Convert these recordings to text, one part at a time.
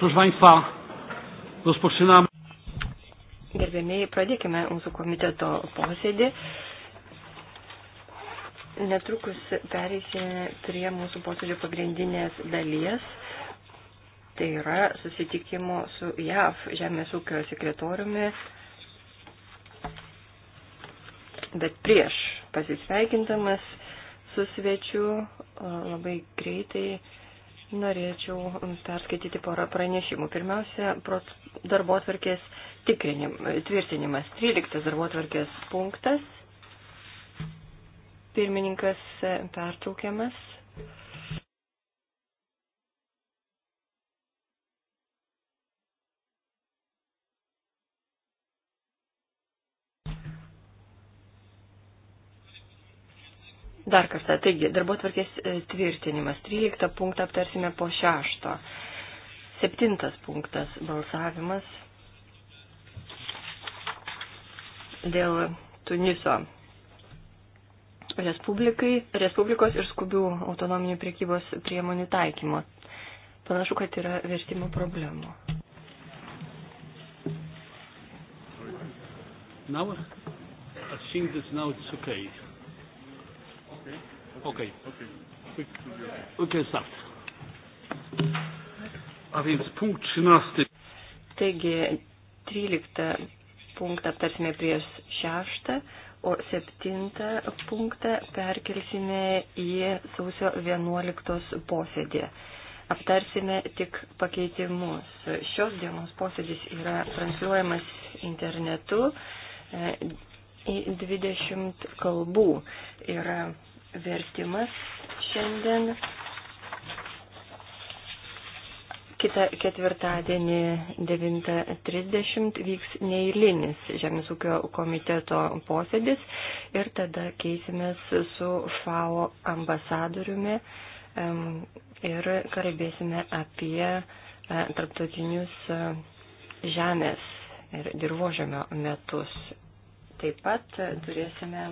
Proszę Państwa, rozpoczynamy. Gerbėmėjai, pradėkime mūsų komiteto posėdį. Netrukus pereisime prie mūsų posėdžio pagrindinės dalies. Tai yra susitikimo su JAV žemės ūkio sekretoriumi. Bet prieš pasisveikindamas su svečiu labai greitai norėčiau perskaityti porą pranešimų. Pirmiausia, darbo atvarkės tvirtinimas. 13 darbo atvarkės punktas. Pirmininkas e, pertraukiamas. Dar kartą, taigi, darbo tvarkės e, tvirtinimas. 13 punktą aptarsime po 6. 7 punktas balsavimas dėl Tuniso Respublikos ir skubių autonominių priekybos priemonių taikymo. Panašu, kad yra vertimo problemų. Now, I think that now it's okay. Okay. Okay. Okay, start. A więc punkt 13. Taigi 13 punktą aptarsime prieš 6, o 7 punktą perkelsime į sausio 11 posėdį. Aptarsime tik pakeitimus. Šios dienos posėdis yra transliuojamas internetu e, į 20 kalbų. Yra vertimas šiandien. Kita ketvirtadienį 9.30 vyks neįlinis Žemės ūkio komiteto posėdis ir tada keisimės su FAO ambasadoriumi ir kalbėsime apie e, tarptautinius e, žemės ir dirbožėmio metus. Taip pat turėsime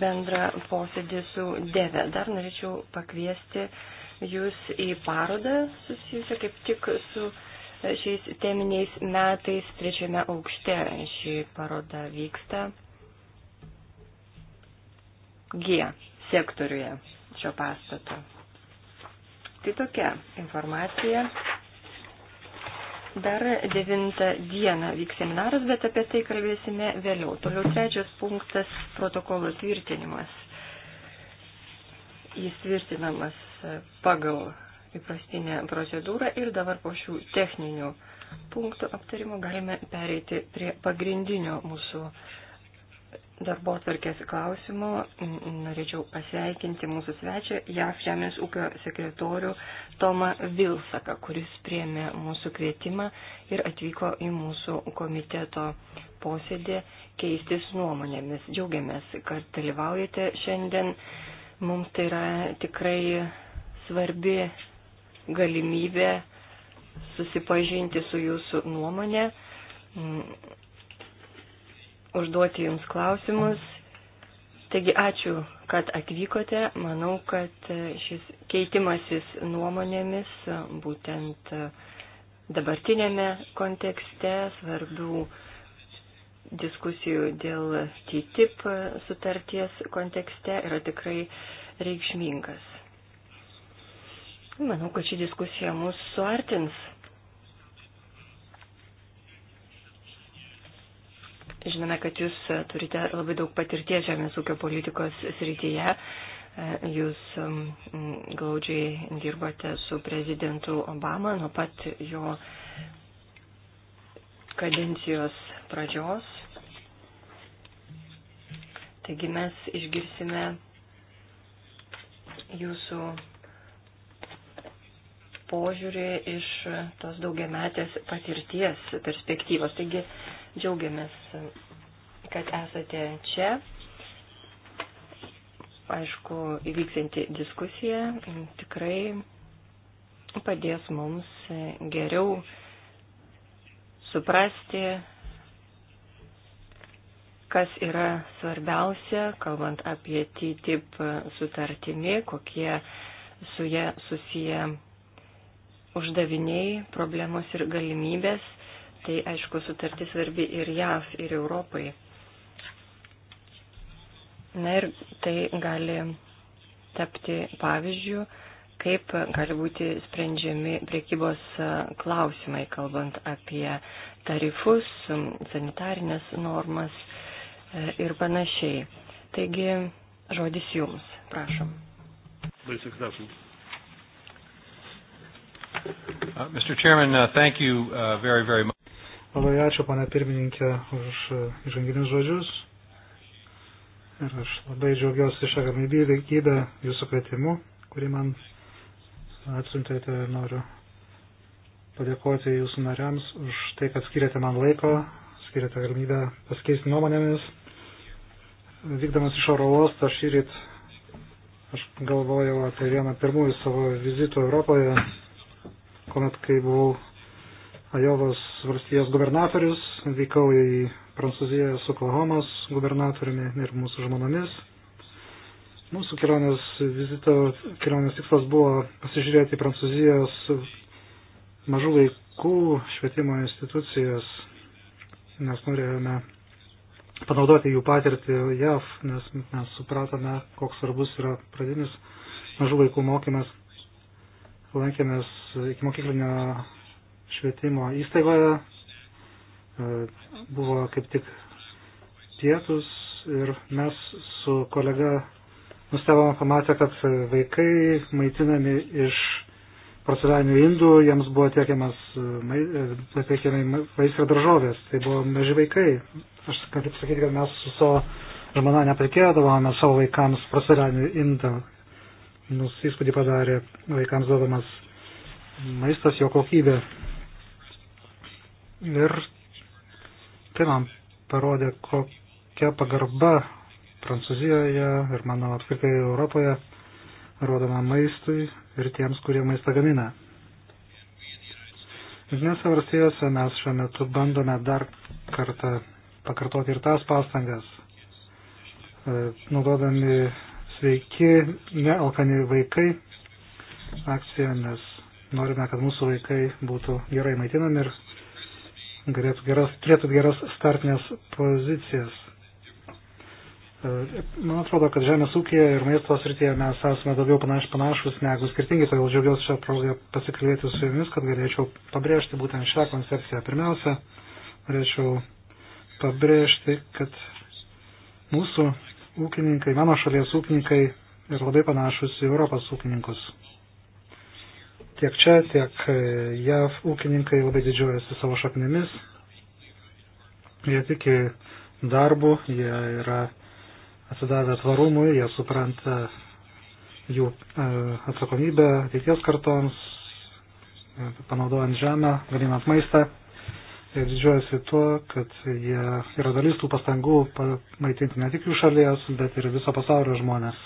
bendrą posėdį su Deve. Dar norėčiau pakviesti jūs į parodą susijusią kaip tik su šiais teminiais metais trečiame aukšte. Ši paroda vyksta G sektoriuje šio pastato. Tai tokia informacija. Dar 9 dieną vyks seminaras, bet apie tai kalbėsime vėliau. Toliau trečias punktas - protokolo tvirtinimas. Jis tvirtinamas pagal įprastinę procedūrą ir dabar po šių techninių punktų aptarimo galime pereiti prie pagrindinio mūsų darbo atvarkės klausimų norėčiau pasveikinti mūsų svečią JAF žemės ūkio sekretorių Tomą Vilsaką, kuris priemė mūsų kvietimą ir atvyko į mūsų komiteto posėdį keistis nuomonėmis. Džiaugiamės, kad dalyvaujate šiandien. Mums tai yra tikrai svarbi galimybė susipažinti su jūsų nuomonė užduoti Jums klausimus. Taigi ačiū, kad atvykote. Manau, kad šis keitimasis nuomonėmis būtent dabartinėme kontekste svarbių diskusijų dėl TTIP sutarties kontekste yra tikrai reikšmingas. Manau, kad ši diskusija mus suartins Žinome, kad jūs e, turite labai daug patirties žemės ūkio politikos srityje. E, jūs glaudžiai dirbote su prezidentu Obama nuo pat jo kadencijos pradžios. Taigi mes išgirsime jūsų požiūrį iš tos daugiametės patirties perspektyvos. Taigi Džiaugiamės, kad esate čia. Aišku, įvyksinti diskusija tikrai padės mums geriau suprasti, kas yra svarbiausia, kalbant apie TTIP sutartimi, kokie su jie susiję uždaviniai, problemos ir galimybės. Tai aišku, sutartis svarbi ir JAV, ir Europai. Na ir tai gali tapti pavyzdžių, kaip gali būti sprendžiami priekybos klausimai, kalbant apie tarifus, sanitarinės normas e, ir panašiai. Taigi, žodis jums, prašom. Basic nothing. Uh, Mr. Chairman, uh, thank you uh, very, very much. Labai ačiū, pane pirmininkė, už įžanginius žodžius. Ir aš labai džiaugiuosi šią galimybę jūsų kvietimu, kurį man atsiuntėte ir noriu padėkoti jūsų nariams už tai, kad skiriate man laiko, skiriate galimybę pasikeisti nuomonėmis. Vykdamas iš oro uosto šį ryt aš galvojau apie vieną pirmųjų savo vizitų Europoje, kuomet kai buvau Ajovos valstijos gubernatorius, vykau į Prancūziją su Oklahomos gubernatoriumi ir mūsų žmonomis. Mūsų kelionės vizito, kelionės tikslas buvo pasižiūrėti Prancūzijos mažų vaikų švietimo institucijas, nes norėjome panaudoti jų patirtį JAV, nes mes supratome, koks svarbus yra pradinis mažų vaikų mokymas. Lankėmės iki mokyklinio švietimo įstaigoje e, buvo kaip tik pietus ir mes su kolega nustebome pamatę, kad vaikai maitinami iš porcelianinių indų, jiems buvo tiekiamas patiekiami e, e, vaisiai ir daržovės. Tai buvo maži vaikai. Aš galiu sakyti, kad mes su savo žmona nepatikėdavome savo vaikams porcelianinių indą. Nus įspūdį padarė vaikams duodamas maistas, jo kokybė. Ir tai man parodė, kokia pagarba Prancūzijoje ir mano apskritai Europoje rodoma maistui ir tiems, kurie maistą gamina. Jungtinėse valstijose mes šiuo metu bandome dar kartą pakartoti ir tas pastangas, e, naudodami sveiki, nealkani vaikai akciją, nes norime, kad mūsų vaikai būtų gerai maitinami ir galėtų geras, turėtų geras startinės pozicijas. E, man atrodo, kad žemės ūkėje ir maisto srityje mes esame daugiau panaš, panašus negu skirtingi, todėl džiaugiuosi šią progą pasikalbėti su jumis, kad galėčiau pabrėžti būtent šią koncepciją. Pirmiausia, norėčiau pabrėžti, kad mūsų ūkininkai, mano šalies ūkininkai yra labai panašus į Europos ūkininkus. Tiek čia, tiek e, JAV ūkininkai labai didžiuojasi savo šaknimis. Jie tiki darbu, jie yra atsidavę tvarumui, jie supranta jų e, atsakomybę ateities kartoms, e, panaudojant žemę, gaminant maistą. Ir didžiuojasi tuo, kad jie yra dalis tų pastangų maitinti ne tik jų šalies, bet ir viso pasaulio žmonės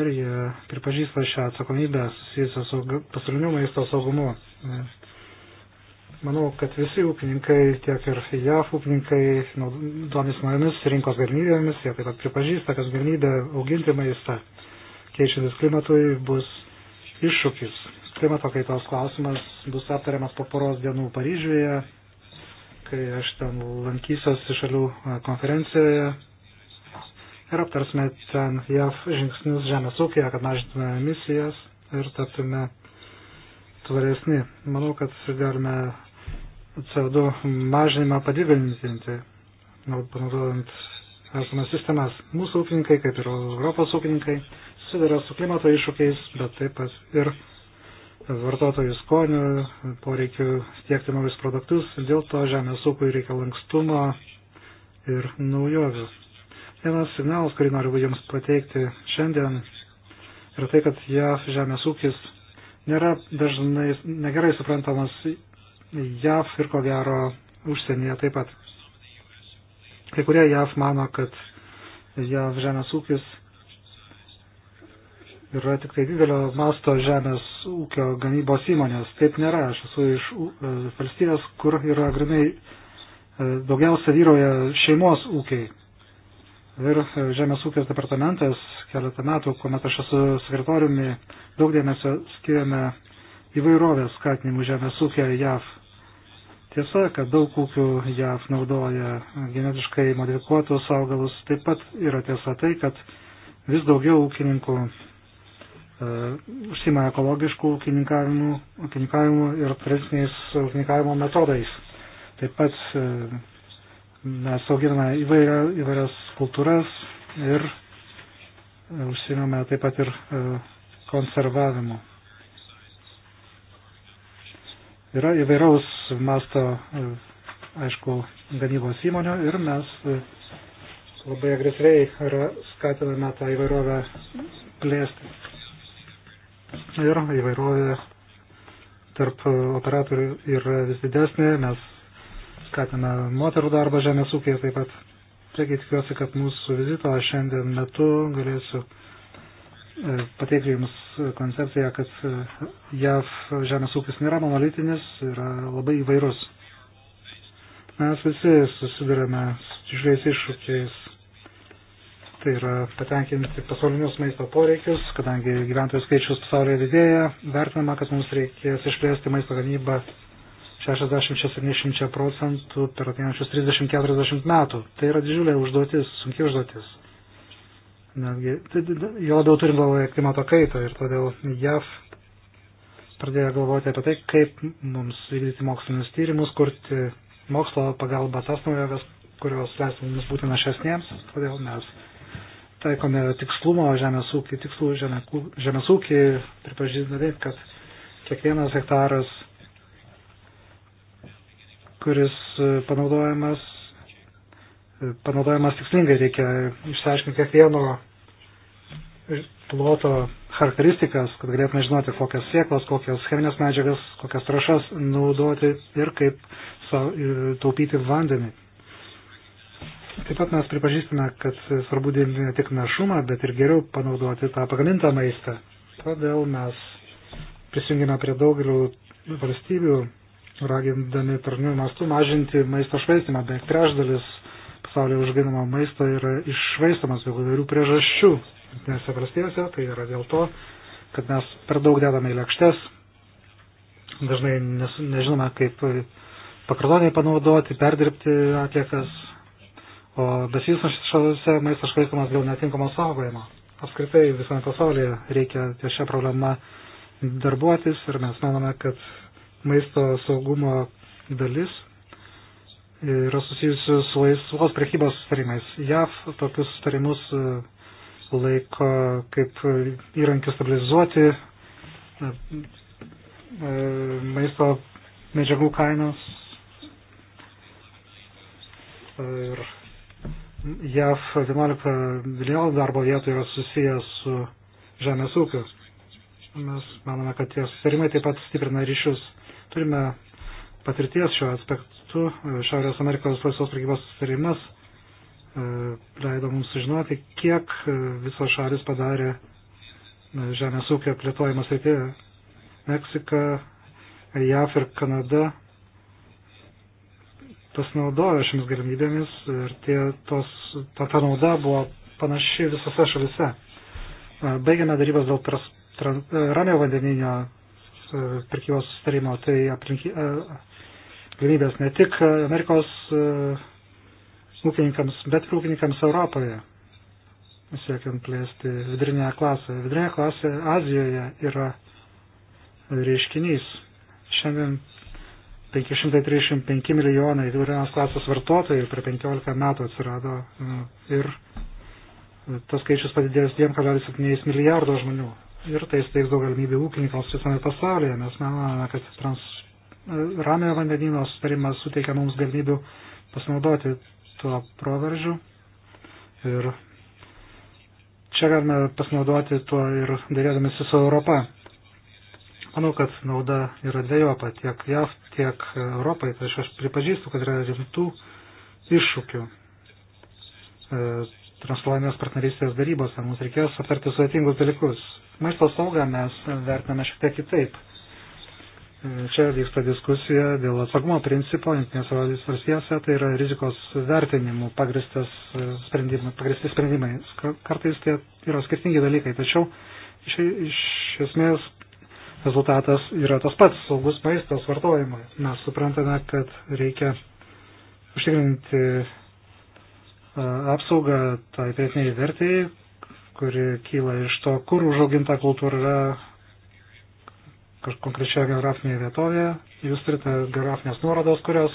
ir jie pripažįsta šią atsakomybę susijusią su pasauliniu maisto saugumu. Manau, kad visi ūkininkai, tiek ir JAF ūkininkai, duomis naujomis rinkos galimybėmis, jie taip pat pripažįsta, kad galimybė auginti maistą keičiantis klimatui bus iššūkis. Klimato kaitos klausimas bus aptariamas po poros dienų Paryžiuje, kai aš ten lankysiuosi šalių konferencijoje ir aptarsime ten JAV žingsnius žemės ūkėje, kad mažintume emisijas ir taptume tvaresni. Manau, kad galime CO2 mažinimą padidinti, panaudojant esamas sistemas. Mūsų ūkininkai, kaip ir Europos ūkininkai, susiduria su klimato iššūkiais, bet taip pat ir vartotojų skonių, poreikių stiekti naujus produktus, dėl to žemės ūkui reikia lankstumo ir naujovių. Vienas signalas, kurį noriu Jums pateikti šiandien, yra tai, kad JAV žemės ūkis nėra dažnai negerai suprantamas JAV ir ko gero užsienyje taip pat. Kai kurie JAV mano, kad JAV žemės ūkis yra tik tai didelio masto žemės ūkio gamybos įmonės. Taip nėra. Aš esu iš e, valstybės, kur yra grinai e, daugiausia vyroja šeimos ūkiai. Ir e, Žemės ūkio departamentas keletą metų, kuomet aš esu sekretoriumi, daug dėmesio skiriame įvairovės skatinimų žemės ūkio JAV. Tiesa, kad daug ūkių JAV naudoja genetiškai modifikuotus augalus. Taip pat yra tiesa tai, kad vis daugiau ūkininkų e, užsima ekologiškų ūkininkavimų, ūkininkavimų ir tradiciniais ūkininkavimo metodais. Taip pat e, mes auginame įvairia, įvairias kultūras ir e, užsimame taip pat ir e, konservavimu. Yra įvairaus masto, e, aišku, gamybos įmonių ir mes labai agresyviai skatiname tą įvairovę plėsti. Ir įvairovė tarp operatorių yra vis didesnė, mes skatina moterų darbą žemės ūkėje taip pat. Taigi tikiuosi, kad mūsų vizito šiandien metu galėsiu e, pateikti Jums koncepciją, kad e, JAV žemės ūkis nėra monolitinis, yra labai įvairus. Mes visi susidurėme su didžiuliais iššūkiais. Tai yra patenkinti pasaulinius maisto poreikius, kadangi gyventojų skaičius pasaulyje didėja, vertinama, kad mums reikės išplėsti maisto gamybą 60-70 procentų per ateinančius 30-40 metų. Tai yra didžiulė užduotis, sunki užduotis. Netgi, tai, tai, tai, jo labiau turim galvoje klimato kaitą ir todėl JAV pradėjo galvoti apie tai, kaip mums vykdyti mokslinius tyrimus, kurti mokslo pagalba tas naujoves, kurios leis mums būti našesniems. Todėl mes taikome tikslumo žemės ūkį, tikslų žemės ūkį, pripažįstami, kad kiekvienas hektaras kuris e, panaudojamas, e, panaudojamas tikslingai. Reikia išsiaiškinti kiekvieno ploto charakteristikas, kad galėtume žinoti, kokias sieklas, kokias cheminės medžiagas, kokias trašas naudoti ir kaip e, taupyti vandenį. Taip pat mes pripažįstame, kad svarbu didinti ne tik našumą, bet ir geriau panaudoti tą pagamintą maistą. Todėl mes prisijungėme prie daugelių valstybių ragindami tarnių mastų mažinti maisto švaistimą. Beveik trešdalis pasaulio užginamo maisto yra iššvaistamas dėl įvairių priežasčių. Jungtinėse valstijose tai yra dėl to, kad mes per daug dedame į lėkštes, dažnai nes, nežinome, kaip pakartoniai panaudoti, perdirbti atliekas, o besivystančiose šalise maistas švaistamas dėl netinkamo saugojimo. Apskritai visame pasaulyje reikia ties šią problemą darbuotis ir mes manome, kad maisto saugumo dalis yra susijusi su laisvos prekybos sutarimais. JAV tokius sutarimus e, laiko kaip įrankį stabilizuoti e, e, maisto medžiagų kainos. Ir JAV 11 milijonų darbo vietų yra susijęs su žemės ūkiu. Mes manome, kad tie sutarimai taip pat stiprina ryšius Turime patirties šiuo aspektu. Šiaurės Amerikos laisvos prekybos sustarimas e, leido mums sužinoti, kiek e, visos šalis padarė e, žemės ūkio plėtojimo srityje. Meksika, JAF ir Kanada pasinaudojo šiomis galimybėmis ir tie, tos, to, ta nauda buvo panaši visose šalise. Baigiame darybas dėl tras, tran, ramio vandeninio E, prekybos sustarimo, tai aplinky, e, galimybės ne tik Amerikos e, ūkininkams, bet ir ūkininkams Europoje, siekiant plėsti vidurinę klasę. Vidurinė klasė Azijoje yra reiškinys. Šiandien 535 milijonai vidurinės klasės vartotojų per 15 metų atsirado ir tas skaičius padidės 2,7 milijardo žmonių ir tai steigs daug galimybių ūkininkams visame pasaulyje. Mes manome, kad trans... E, ramiojo vandenino sutarimas suteikia mums galimybių pasinaudoti tuo proveržiu. Ir čia galime pasinaudoti tuo ir dėrėdamėsi su Europa. Manau, kad nauda yra dviejopa tiek JAV, tiek Europai. Tai aš, aš pripažįstu, kad yra rimtų iššūkių. E, transatlantinės partnerystės darybose. Mums reikės aptarti sudėtingus dalykus. Maisto saugą mes vertiname šiek tiek kitaip. E, čia vyksta diskusija dėl atsakumo principo, nes valstijose tai yra rizikos vertinimų pagristas e, sprendimai, pagristi sprendimai. Kartais tai yra skirtingi dalykai, tačiau iš, iš esmės rezultatas yra tas pats saugus maistas vartojimui. Mes suprantame, kad reikia užtikrinti apsaugą tai pietiniai vertėjai, kuri kyla iš to, kur užauginta kultūra yra konkrečioje geografinėje vietovėje. Jūs turite geografinės nuorodos, kurios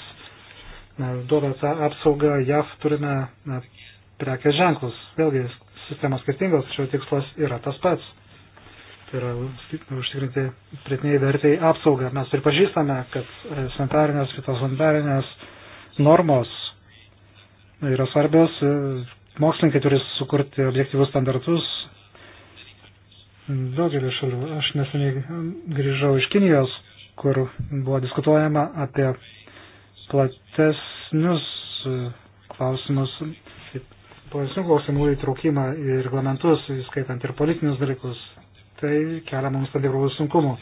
duoda tą apsaugą. JAV turime prekės ženklus. Vėlgi, sistemos skirtingos, tačiau tikslas yra tas pats. Tai yra užtikrinti pritiniai vertėjai apsaugą. Mes pripažįstame, kad sanitarinės, fitosanitarinės normos yra svarbios. Mokslininkai turi sukurti objektyvus standartus daugelį šalių. Aš neseniai grįžau iš Kinijos, kur buvo diskutuojama apie platesnius e, klausimus, platesnių klausimų įtraukimą į reglamentus, įskaitant ir politinius dalykus. Tai kelia mums tam tikrų sunkumų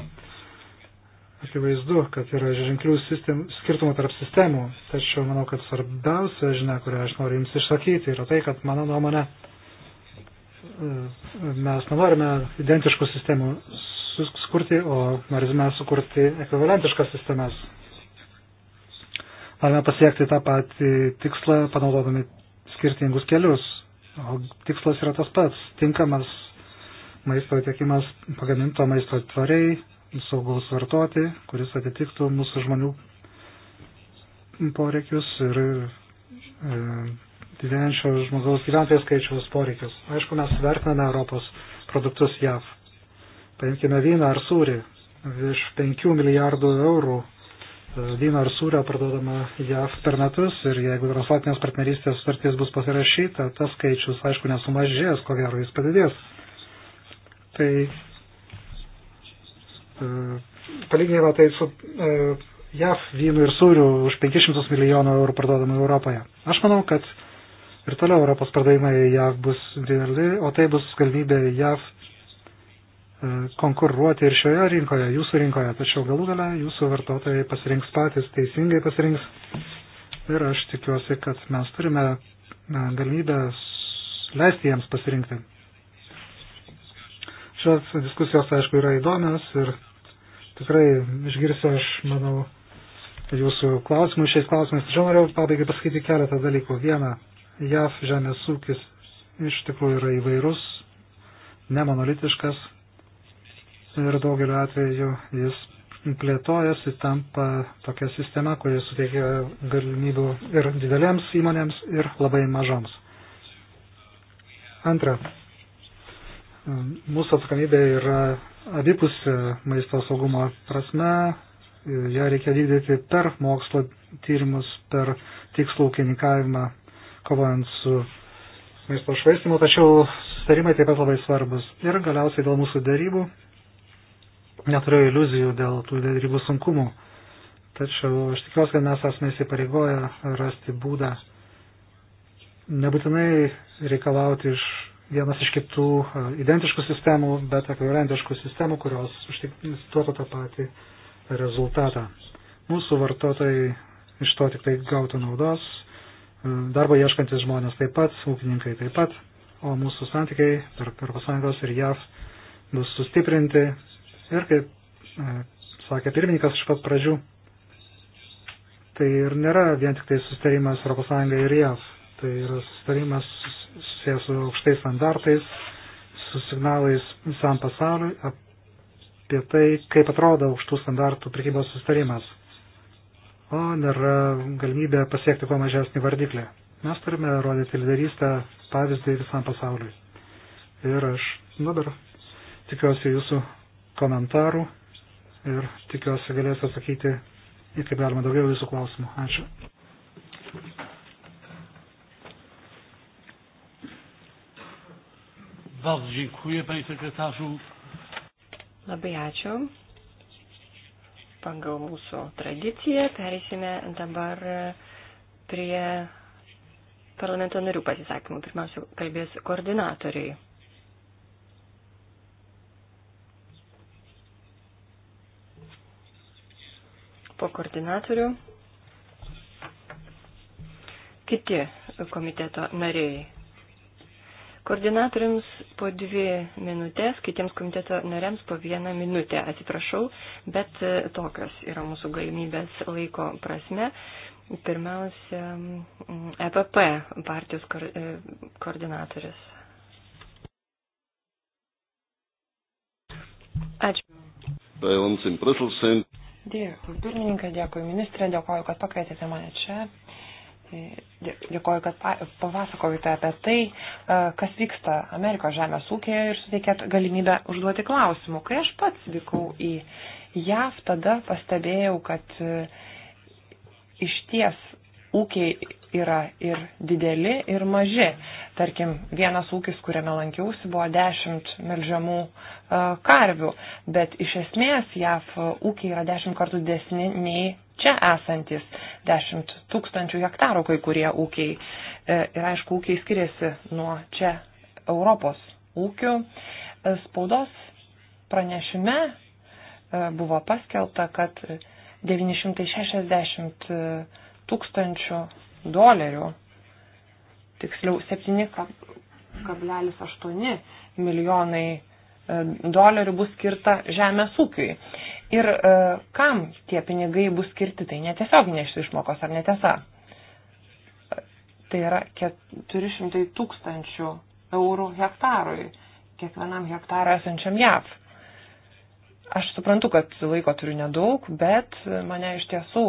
akivaizdu, kad yra ženklių sistem, skirtumų tarp sistemų, tačiau manau, kad svarbiausia žinia, kurią aš noriu Jums išsakyti, yra tai, kad mano nuomonė, e, mes nenorime identiškų sistemų skurti, o norime sukurti ekvivalentiškas sistemas. Norime pasiekti tą patį tikslą, panaudodami skirtingus kelius, o tikslas yra tas pats - tinkamas maisto tiekimas pagaminto maisto tvariai saugaus vartoti, kuris atitiktų mūsų žmonių poreikius ir e, gyvenčio žmogaus gyventojų skaičiaus poreikius. Aišku, mes vertiname Europos produktus JAV. Paimkime vyną ar sūrį. Virš 5 milijardų eurų e, vyno ar sūrio parduodama JAV per metus ir jeigu transatlantinės partnerystės sutartis bus pasirašyta, tas skaičius, aišku, nesumažės, ko gero jis padidės. Tai E, Palyginkime tai su e, JAV vynų ir sūrių už 500 milijonų eurų parduodama Europoje. Aš manau, kad ir toliau Europos pardavimai JAV bus dideli, o tai bus galimybė JAV e, konkuruoti ir šioje rinkoje, jūsų rinkoje, tačiau galų gale jūsų vartotojai pasirinks patys, teisingai pasirinks. Ir aš tikiuosi, kad mes turime galimybę leisti jiems pasirinkti. Šios diskusijos, aišku, yra įdomios ir tikrai išgirsiu, aš manau, jūsų klausimų šiais klausimais. Tačiau norėjau pabaigai pasakyti keletą dalykų. Viena, JAV žemės ūkis iš tikrųjų yra įvairus, nemonolitiškas ir daugeliu atveju jis plėtojasi, tampa tokia sistema, kuri suteikia galimybių ir didelėms įmonėms, ir labai mažoms. Antra, mūsų atsakomybė yra abipusė maisto saugumo prasme, ją reikia vykdyti per mokslo tyrimus, per tikslų ūkininkavimą, kovojant su maisto švaistimu, tačiau sustarimai taip pat labai svarbus. Ir galiausiai dėl mūsų darybų neturiu iliuzijų dėl tų darybų sunkumų, tačiau aš tikiuosi, kad mes esame įsipareigoję rasti būdą nebūtinai reikalauti iš vienas iš kitų e, identiškų sistemų, bet ekvivalentiškų sistemų, kurios užtikrintų tą patį rezultatą. Mūsų vartotojai iš to tik tai gautų naudos, e, darbo ieškantis žmonės taip pat, ūkininkai taip pat, o mūsų santykiai tarp Europos Sąjungos ir JAV bus sustiprinti ir, kaip e, sakė pirmininkas iš pat pradžių, tai ir nėra vien tik tai sustarimas Europos Sąjungai ir JAV Tai yra sustarimas susijęs su aukštais standartais, su signalais visam pasauliui apie tai, kaip atrodo aukštų standartų prekybos sustarimas. O nėra galimybė pasiekti kuo mažesnį vardiklį. Mes turime rodyti lyderystę pavyzdį visam pasauliui. Ir aš nu dabar tikiuosi jūsų komentarų ir tikiuosi galėsiu atsakyti į kaip galima daugiau jūsų klausimų. Ačiū. Bardzo dziękuję, panie sekretarzu. Labai ačiū. Pagal mūsų tradiciją perėsime dabar prie parlamento narių pasisakymų. Pirmiausia, kalbės koordinatoriai. Po koordinatorių kiti komiteto nariai Koordinatoriams po dvi minutės, kitiems komiteto nariams po vieną minutę. Atsiprašau, bet e, tokios yra mūsų galimybės laiko prasme. Pirmiausia, EPP partijos e, koordinatorius. Ačiū. Tai dėkui, pirmininkai, dėkui, ministrė, dėkoju, kad pakvietėte mane čia. Dėkoju, kad papasakojate apie tai, e, kas vyksta Amerikos žemės ūkėje ir suteikėt galimybę užduoti klausimų. Kai aš pats vykau į JAV, tada pastebėjau, kad e, iš ties ūkiai yra ir dideli, ir maži. Tarkim, vienas ūkis, kuriame lankiausi, buvo 10 melžiamų e, karvių, bet iš esmės JAV ūkiai yra 10 kartų desni nei čia esantis 10 tūkstančių hektarų kai kurie ūkiai. E, ir aišku, ūkiai skiriasi nuo čia Europos ūkių. E, spaudos pranešime e, buvo paskelta, kad 960 tūkstančių dolerių, tiksliau 7,8 milijonai dolerių bus skirta žemės ūkiui ir e, kam tie pinigai bus skirti, tai netiesioginės išmokos, ar netiesa. Tai yra 400 tūkstančių eurų hektarui, kiekvienam hektarui esančiam JAV. Aš suprantu, kad laiko turiu nedaug, bet mane iš tiesų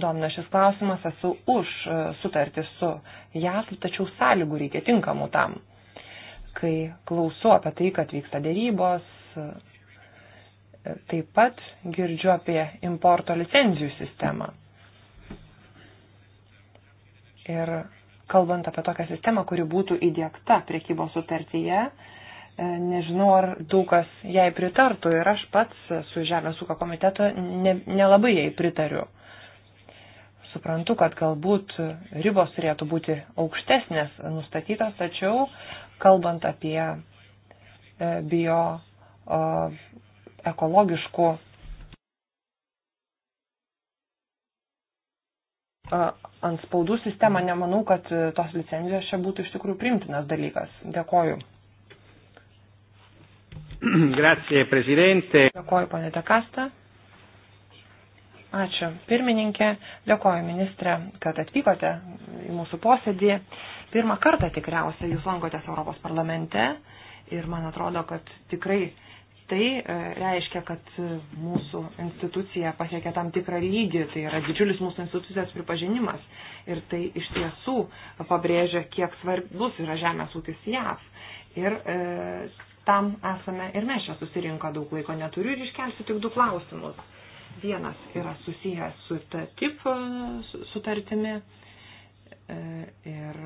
domina šis klausimas, esu už e, sutartį su JAV, tačiau sąlygų reikia tinkamų tam. Kai klausu apie tai, kad vyksta dėrybos, Taip pat girdžiu apie importo licenzijų sistemą. Ir kalbant apie tokią sistemą, kuri būtų įdėkta priekybos sutartyje, e, nežinau, ar daug kas jai pritartų ir aš pats su Žemės ūkio komiteto ne, nelabai jai pritariu. Suprantu, kad galbūt ribos turėtų būti aukštesnės nustatytos, tačiau kalbant apie e, bio ekologiškų ant spaudų sistemą, nemanau, kad e, tos licenzijos čia būtų iš tikrųjų primtinas dalykas. Dėkoju. Grazie, prezidente. Dėkoju, ponė Tekasta. Ačiū, pirmininkė. Dėkoju, ministrė, kad atvykote į mūsų posėdį. Pirmą kartą tikriausiai jūs lankotės Europos parlamente ir man atrodo, kad tikrai Tai e, reiškia, kad mūsų institucija pasiekė tam tikrą lygį, tai yra didžiulis mūsų institucijos pripažinimas ir tai iš tiesų pabrėžia, kiek svarbus yra žemės ūkis JAV. Ir e, tam esame ir mes čia susirinko daug laiko neturiu ir iškelsiu tik du klausimus. Vienas yra susijęs su ta tip e, sutartimi e, ir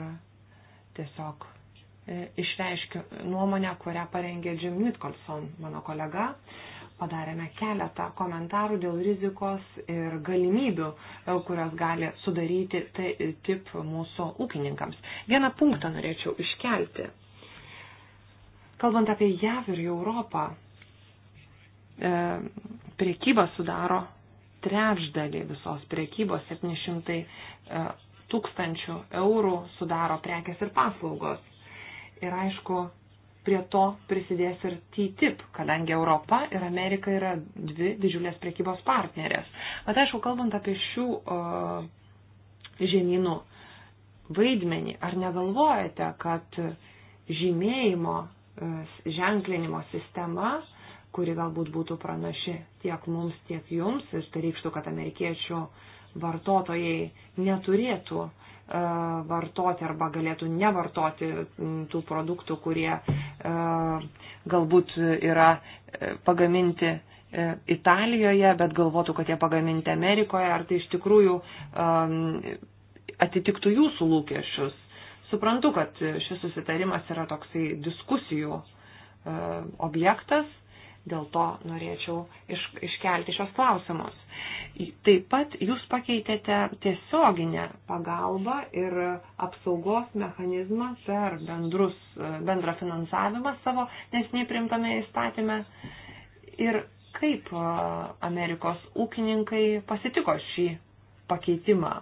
tiesiog E, išreiškiu nuomonę, kurią parengė Jim Nicholson, mano kolega. Padarėme keletą komentarų dėl rizikos ir galimybių, e, kurias gali sudaryti tai tip mūsų ūkininkams. Vieną punktą norėčiau iškelti. Kalbant apie JAV ir Europą, e, priekyba sudaro trečdalį visos priekybos, 700 tūkstančių eurų sudaro prekes ir paslaugos Ir aišku, prie to prisidės ir TTIP, kadangi Europa ir Amerika yra dvi didžiulės prekybos partnerės. Bet aišku, kalbant apie šių uh, žemynų vaidmenį, ar negalvojate, kad žymėjimo uh, ženklinimo sistema, kuri galbūt būtų pranaši tiek mums, tiek jums, ir tai reikštų, kad amerikiečių uh, vartotojai neturėtų e, vartoti arba galėtų nevartoti tų produktų, kurie e, galbūt yra e, pagaminti Italijoje, bet galvotų, kad jie pagaminti Amerikoje, ar tai iš tikrųjų atitiktų jūsų lūkesčius. Suprantu, kad šis susitarimas yra toksai diskusijų objektas, Dėl to norėčiau iš, iškelti šios klausimus. Taip pat jūs pakeitėte tiesioginę pagalbą ir apsaugos mechanizmą per bendrus, bendrą finansavimą savo nesnei primtame įstatymę. Ir kaip Amerikos ūkininkai pasitiko šį pakeitimą?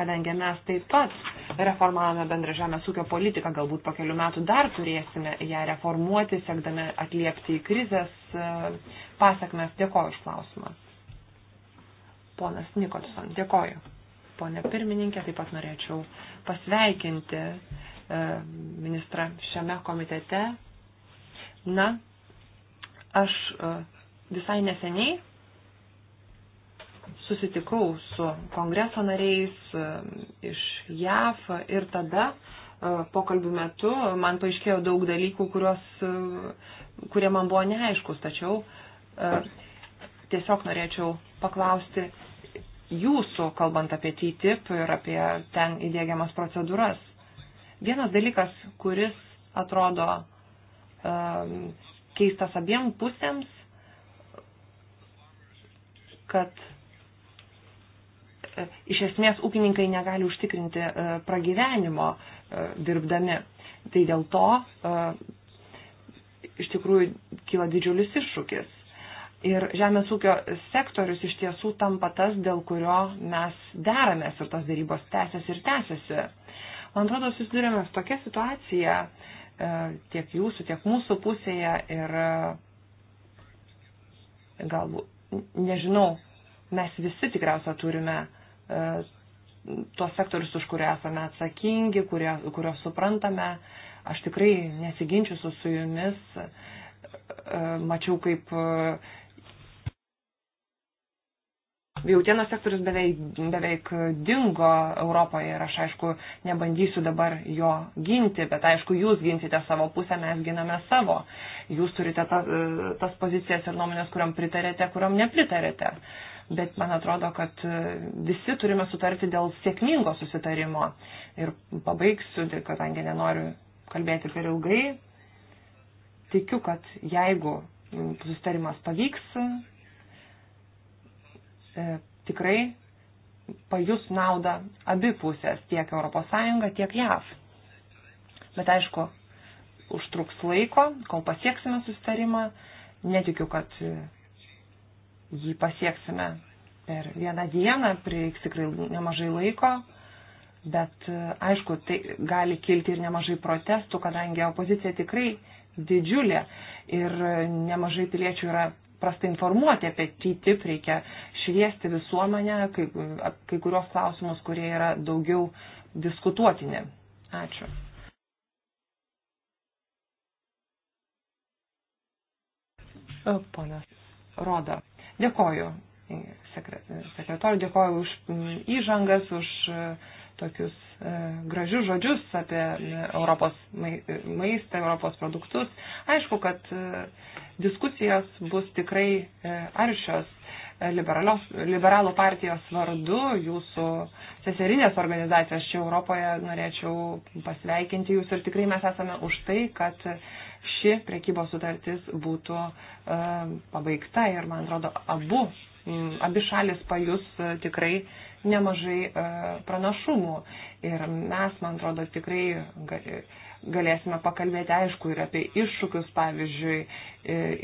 kadangi mes taip pat reformavome bendrą žemės ūkio politiką, galbūt po kelių metų dar turėsime ją reformuoti, siekdami atliepti į krizės e, pasakmes. Dėkoju už klausimą. Ponas Nikolson, dėkoju. Pone pirmininkė, taip pat norėčiau pasveikinti e, ministrą šiame komitete. Na, aš e, visai neseniai susitikau su kongreso nariais e, iš JAF ir tada e, pokalbių metu man paaiškėjo daug dalykų, kurios, e, kurie man buvo neaiškus, tačiau tiesiog norėčiau paklausti jūsų, kalbant apie TTIP ir apie ten įdėgiamas procedūras. Vienas dalykas, kuris atrodo keistas abiem pusėms, kad E, iš esmės ūkininkai negali užtikrinti e, pragyvenimo e, dirbdami. Tai dėl to iš tikrųjų kyla didžiulis iššūkis. Ir žemės ūkio sektorius iš tiesų tampa tas, dėl kurio mes deramės ir tos darybos tęsiasi ir tęsiasi. Man atrodo, susidurėme su tokia situacija tiek jūsų, tiek mūsų pusėje ir galbūt, nežinau, mes visi tikriausia turime E, tuos sektorius, už kurio esame atsakingi, kurio, kurio suprantame. Aš tikrai nesiginčiu su, su jumis. E, mačiau, kaip e, jautienos sektorius beveik, beveik dingo Europoje ir aš, aišku, nebandysiu dabar jo ginti, bet, aišku, jūs ginsite savo pusę, mes giname savo. Jūs turite ta, tas pozicijas ir nuomonės, kuriam pritarėte, kuriam nepritarėte. Uh, bet man atrodo, kad e, visi turime sutarti dėl sėkmingo susitarimo. Ir pabaigsiu, tai kadangi nenoriu kalbėti per ilgai. Tikiu, kad jeigu susitarimas pavyks, e, tikrai pajus naudą abi pusės, tiek ES, tiek JAV. Bet aišku, užtruks laiko, kol pasieksime susitarimą. Netikiu, kad e, jį pasieksime per vieną dieną, prieiks tikrai nemažai laiko, bet e, aišku, tai gali kilti ir nemažai protestų, kadangi opozicija tikrai didžiulė ir e, nemažai piliečių yra prastai informuoti apie TTIP, reikia šviesti visuomenę, kai, kai kurios klausimus, kurie yra daugiau diskutuotini. Ačiū. Ponas Roda. Dėkoju sekretoriu, dėkoju už įžangas, už e, tokius e, gražius žodžius apie e, Europos maistą, Europos produktus. Aišku, kad diskusijos bus tikrai aršios liberalų partijos vardu, jūsų seserinės organizacijos čia Europoje norėčiau pasveikinti jūs ir tikrai mes esame už tai, kad ši prekybos sutartis būtų e, pabaigta ir, man atrodo, abu, abi šalis pajus e, tikrai nemažai e, pranašumų. Ir mes, man atrodo, tikrai galėsime pakalbėti, aišku, ir apie iššūkius, pavyzdžiui,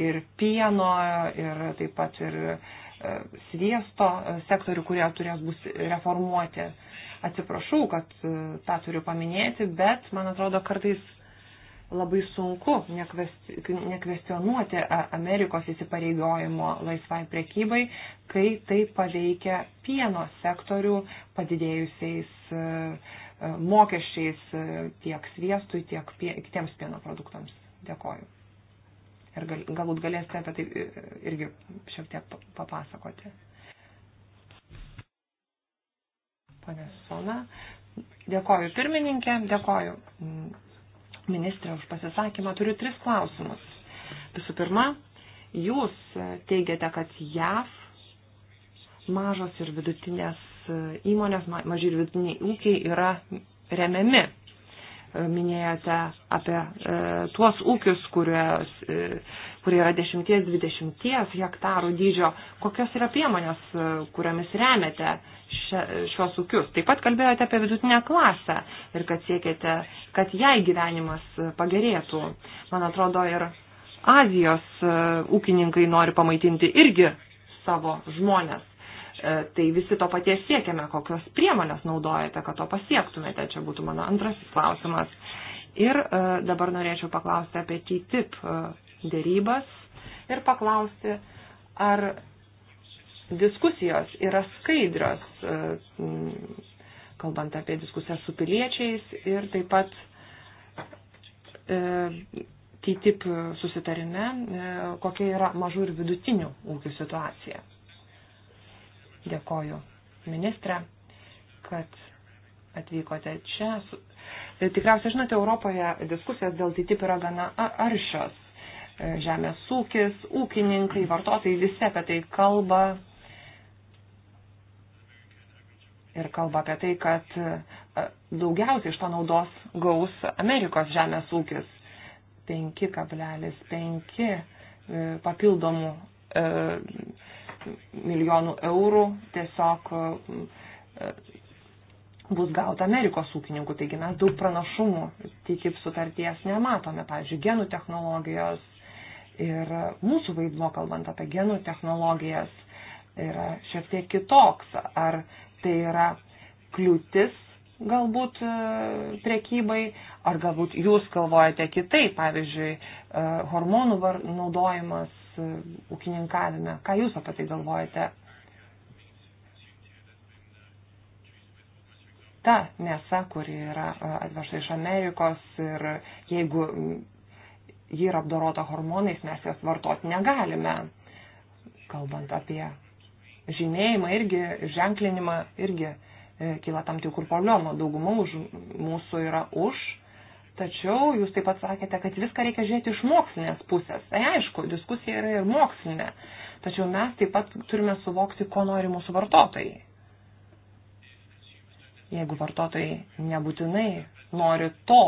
ir pieno, ir taip pat ir sviesto sektorių, kurie turės bus reformuoti. Atsiprašau, kad tą turiu paminėti, bet man atrodo kartais labai sunku nekvestionuoti Amerikos įsipareigojimo laisvai prekybai, kai tai paveikia pieno sektorių padidėjusiais mokesčiais tiek sviestui, tiek pie, kitiems pieno produktams. Dėkoju. Ir gal, galbūt galėsite apie tai e, irgi šiek tiek papasakoti. Pane Sona, dėkoju pirmininkė, dėkoju ministrė už pasisakymą. Turiu tris klausimus. Visų pirma, jūs teigiate, kad JAV mažos ir vidutinės įmonės, maži ir vidutiniai ūkiai yra remiami minėjote apie e, tuos ūkius, kurios, e, kurie yra 10-20 hektarų dydžio, kokios yra priemonės, e, kuriamis remiate šios ūkius. Taip pat kalbėjote apie vidutinę klasę ir kad siekėte, kad jai gyvenimas pagerėtų. Man atrodo, ir Azijos ūkininkai nori pamaitinti irgi savo žmonės. E, tai visi to paties siekiame, kokios priemonės naudojate, kad to pasiektumėte. Čia būtų mano antrasis klausimas. Ir e, dabar norėčiau paklausti apie TTIP e, dėrybas ir paklausti, ar diskusijos yra skaidrios, kalbant apie diskusiją su piliečiais ir taip pat TTIP susitarime, kokia yra mažų ir vidutinių ūkių situacija. Dėkoju ministrė, kad atvykote čia. E, tikriausiai žinote, Europoje diskusijos dėl TTIP yra gana aršios. E, žemės ūkis, ūkininkai, vartotojai visi apie tai kalba. Ir kalba apie tai, kad e, daugiausiai iš to naudos gaus Amerikos žemės ūkis. 5,5 papildomų milijonų eurų tiesiog e, bus gauta Amerikos ūkininkų. Taigi mes daug pranašumų TTIP sutarties nematome, pavyzdžiui, genų technologijos ir mūsų vaidmo, kalbant apie genų technologijas, yra šiek tiek kitoks. Ar tai yra kliūtis galbūt e, prekybai, ar galbūt jūs galvojate kitaip, pavyzdžiui, e, hormonų naudojimas E, ūkininkavime. Ką Jūs apie tai galvojate? Ta mėsa, kuri yra e, atvežta iš Amerikos ir jeigu e, ji yra apdorota hormonais, mes jas vartoti negalime. Kalbant apie žymėjimą irgi, ženklinimą irgi kyla tam tikrų problemų. Dauguma už, mūsų yra už Tačiau jūs taip pat sakėte, kad viską reikia žiūrėti iš mokslinės pusės. Tai aišku, diskusija yra ir mokslinė. Tačiau mes taip pat turime suvokti, ko nori mūsų vartotojai. Jeigu vartotojai nebūtinai nori to,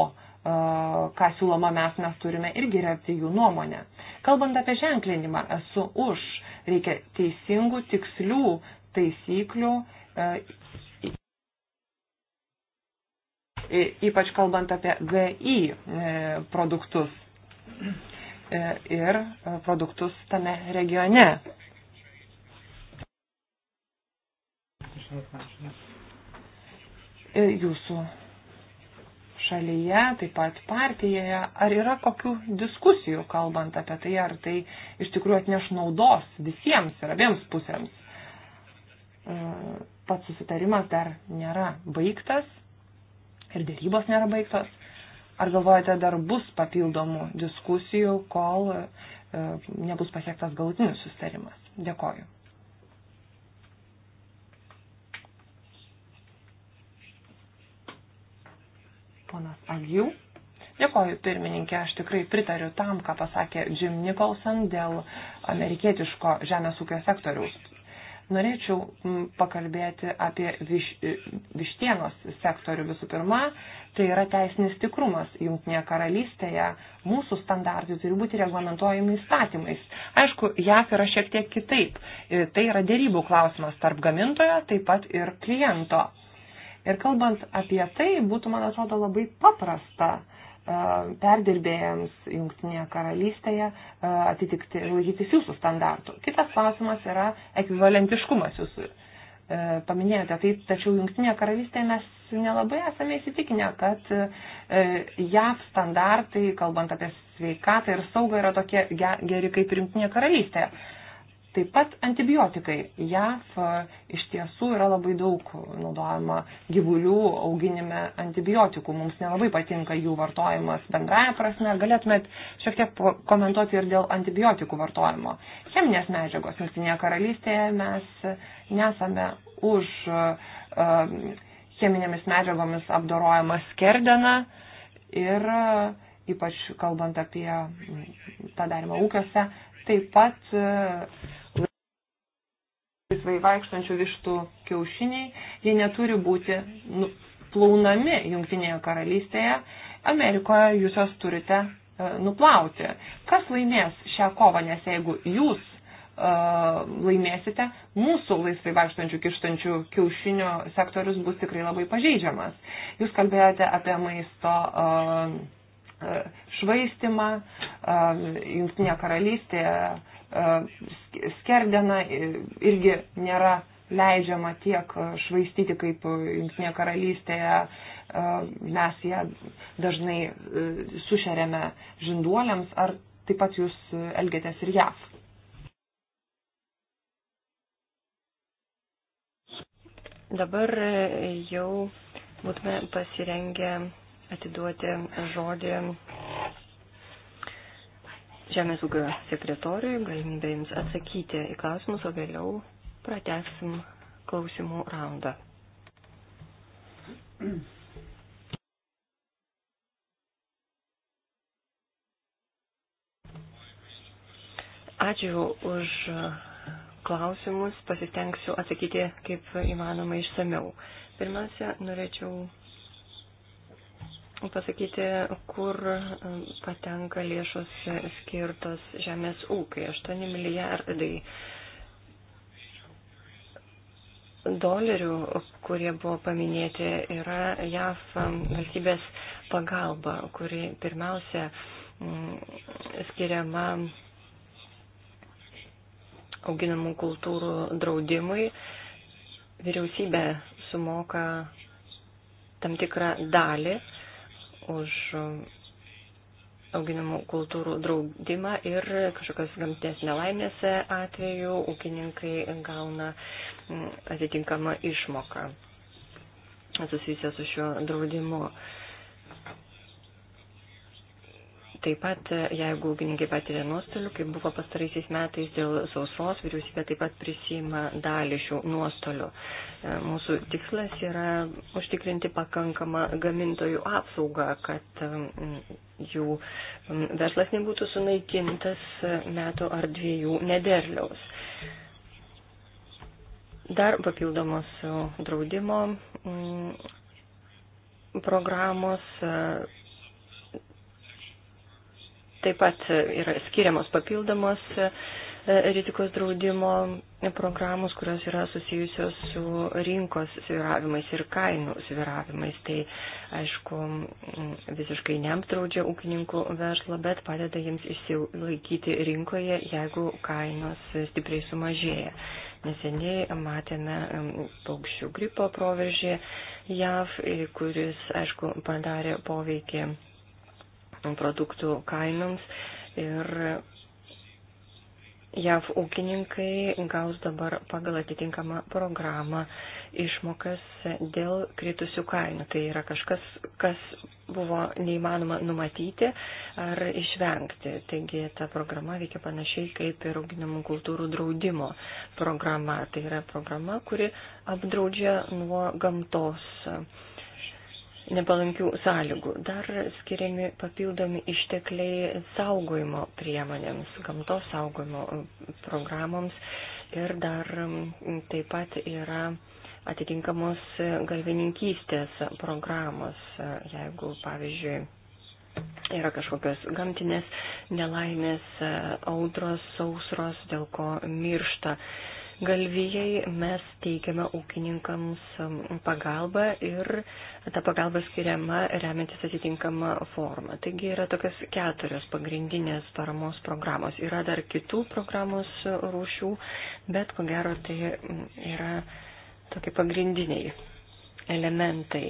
ką siūloma mes, mes turime irgi remti jų nuomonę. Kalbant apie ženklinimą, esu už. Reikia teisingų, tikslių taisyklių ypač kalbant apie GI e, produktus e, ir e, produktus tame regione. Jūsų šalyje, taip pat partijoje, ar yra kokių diskusijų kalbant apie tai, ar tai iš tikrųjų atneš naudos visiems ir abiems pusėms. Pats susitarimas dar nėra baigtas, ir dėrybos nėra baigtos. Ar galvojate, dar bus papildomų diskusijų, kol e, e nebus pasiektas galutinis sustarimas? Dėkoju. Ponas Agiu. Dėkoju, pirmininkė, aš tikrai pritariu tam, ką pasakė Jim Nicholson dėl amerikietiško žemės ūkio sektoriaus. Norėčiau mm, pakalbėti apie viš, e, vištienos sektorių visų pirma. Tai yra teisinis tikrumas. Junktinėje karalystėje mūsų standartai turi būti reglamentojami įstatymais. Aišku, JAF yra šiek tiek kitaip. E, tai yra dėrybų klausimas tarp gamintojo, taip pat ir kliento. Ir kalbant apie tai, būtų, man atrodo, labai paprasta uh, perdirbėjams Junktinėje karalystėje atitikti ir laikytis jūsų standartų. Kitas klausimas yra ekvivalentiškumas jūsų. E, paminėjote tai, tačiau Junktinėje karalystėje mes nelabai esame įsitikinę, kad e, JAV standartai, kalbant apie sveikatą ir saugą, yra tokie geri kaip Junktinėje karalystėje. Taip pat antibiotikai. JAF e, iš tiesų yra labai daug naudojama gyvulių auginime antibiotikų. Mums nelabai patinka jų vartojimas bendraja prasme. Galėtumėt šiek tiek komentuoti ir dėl antibiotikų vartojimo. Cheminės medžiagos. Jungtinėje karalystėje mes nesame už e, cheminėmis medžiagomis apdorojama skerdena ir e, ypač kalbant apie tą darimą ūkiuose Taip pat e, laisvai vaikštančių vištų kiaušiniai, jie neturi būti nu, plaunami Junktinėje karalystėje. Amerikoje jūs jos turite e, nuplauti. Kas laimės šią kovą, nes jeigu jūs uh, laimėsite, mūsų laisvai vaikštančių kištančių kiaušinių sektorius bus tikrai labai pažeidžiamas. Jūs kalbėjote apie maisto uh, E, švaistimą, e, Junktinė karalystė e, skerdena irgi nėra leidžiama tiek švaistyti, kaip Junktinė karalystėje mes ją dažnai sušeriame žinduoliams, ar taip pat jūs elgėtės ir JAV. Dabar jau būtume pasirengę atiduoti žodį Žemės ūkio sekretoriui, galimybę jums atsakyti į klausimus, o vėliau pratesim klausimų raundą. Ačiū už klausimus, pasistengsiu atsakyti kaip įmanoma išsameu. Pirmiausia, norėčiau pasakyti, kur patenka lėšos skirtos žemės ūkiai. 8 milijardai dolerių, kurie buvo paminėti, yra JAF valstybės pagalba, kuri pirmiausia mm, skiriama auginamų kultūrų draudimui. Vyriausybė sumoka tam tikrą dalį už auginamų kultūrų draudimą ir kažkokios gamtinės nelaimės atveju ūkininkai gauna mm, atitinkamą išmoką susijusią su šiuo draudimu. Taip pat, jeigu ūkininkai patiria nuostolių, kaip buvo pastaraisiais metais dėl sausros, vyriausybė taip pat prisima dalį šių nuostolių. E, mūsų tikslas yra užtikrinti pakankamą gamintojų apsaugą, kad e, jų verslas nebūtų sunaikintas metų ar dviejų nederliaus. Dar papildomos draudimo programos e, Taip pat yra skiriamos papildomos e, rizikos draudimo programos, kurios yra susijusios su rinkos sviravimais ir kainų sviravimais. Tai, aišku, visiškai neapdraudžia ūkininkų verslą, bet padeda jiems išsilaikyti rinkoje, jeigu kainos stipriai sumažėja. Neseniai matėme paukščių gripo proveržį JAV, kuris, aišku, padarė poveikį produktų kainoms ir JAV ūkininkai gaus dabar pagal atitinkamą programą išmokas dėl kritusių kainų. Tai yra kažkas, kas buvo neįmanoma numatyti ar išvengti. Taigi ta programa veikia panašiai kaip ir auginamų kultūrų draudimo programa. Tai yra programa, kuri apdraudžia nuo gamtos nepalankių sąlygų. Dar skiriami papildomi ištekliai saugojimo priemonėms, gamtos saugojimo programoms ir dar taip pat yra atitinkamos galvininkystės programos, jeigu, pavyzdžiui, yra kažkokios gamtinės nelaimės, audros, sausros, dėl ko miršta galvijai, mes teikiame ūkininkams um, pagalbą ir ta pagalba skiriama remiantis atitinkamą formą. Taigi yra tokios keturios pagrindinės paramos programos. Yra dar kitų programos rūšių, bet ko gero tai mm, yra tokie pagrindiniai elementai.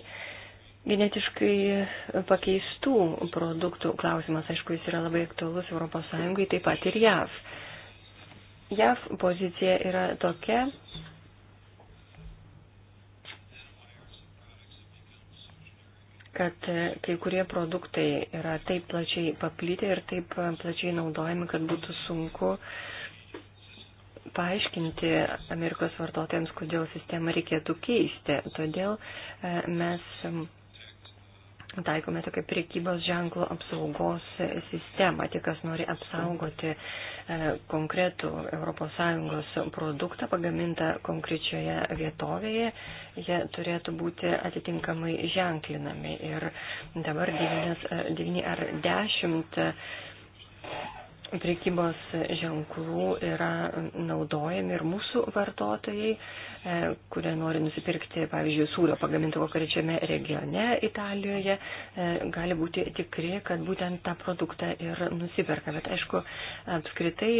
Genetiškai pakeistų produktų klausimas, aišku, jis yra labai aktualus ES, taip pat ir JAV. JAV pozicija yra tokia, kad e, kai kurie produktai yra taip plačiai paplitę ir taip e, plačiai naudojami, kad būtų sunku paaiškinti Amerikos vartotojams, kodėl sistemą reikėtų keisti. Todėl e, mes taikome tokią priekybos ženklo apsaugos sistemą. Tik kas nori apsaugoti e, konkretų ES produktą pagamintą konkrečioje vietovėje, jie turėtų būti atitinkamai ženklinami. Ir dabar 9 e, ar 10 prekybos ženklų yra naudojami ir mūsų vartotojai, e, kurie nori nusipirkti, pavyzdžiui, sūrio pagaminto konkrečiame regione Italijoje, e, gali būti tikri, kad būtent tą produktą ir nusiperka. Bet aišku, apskritai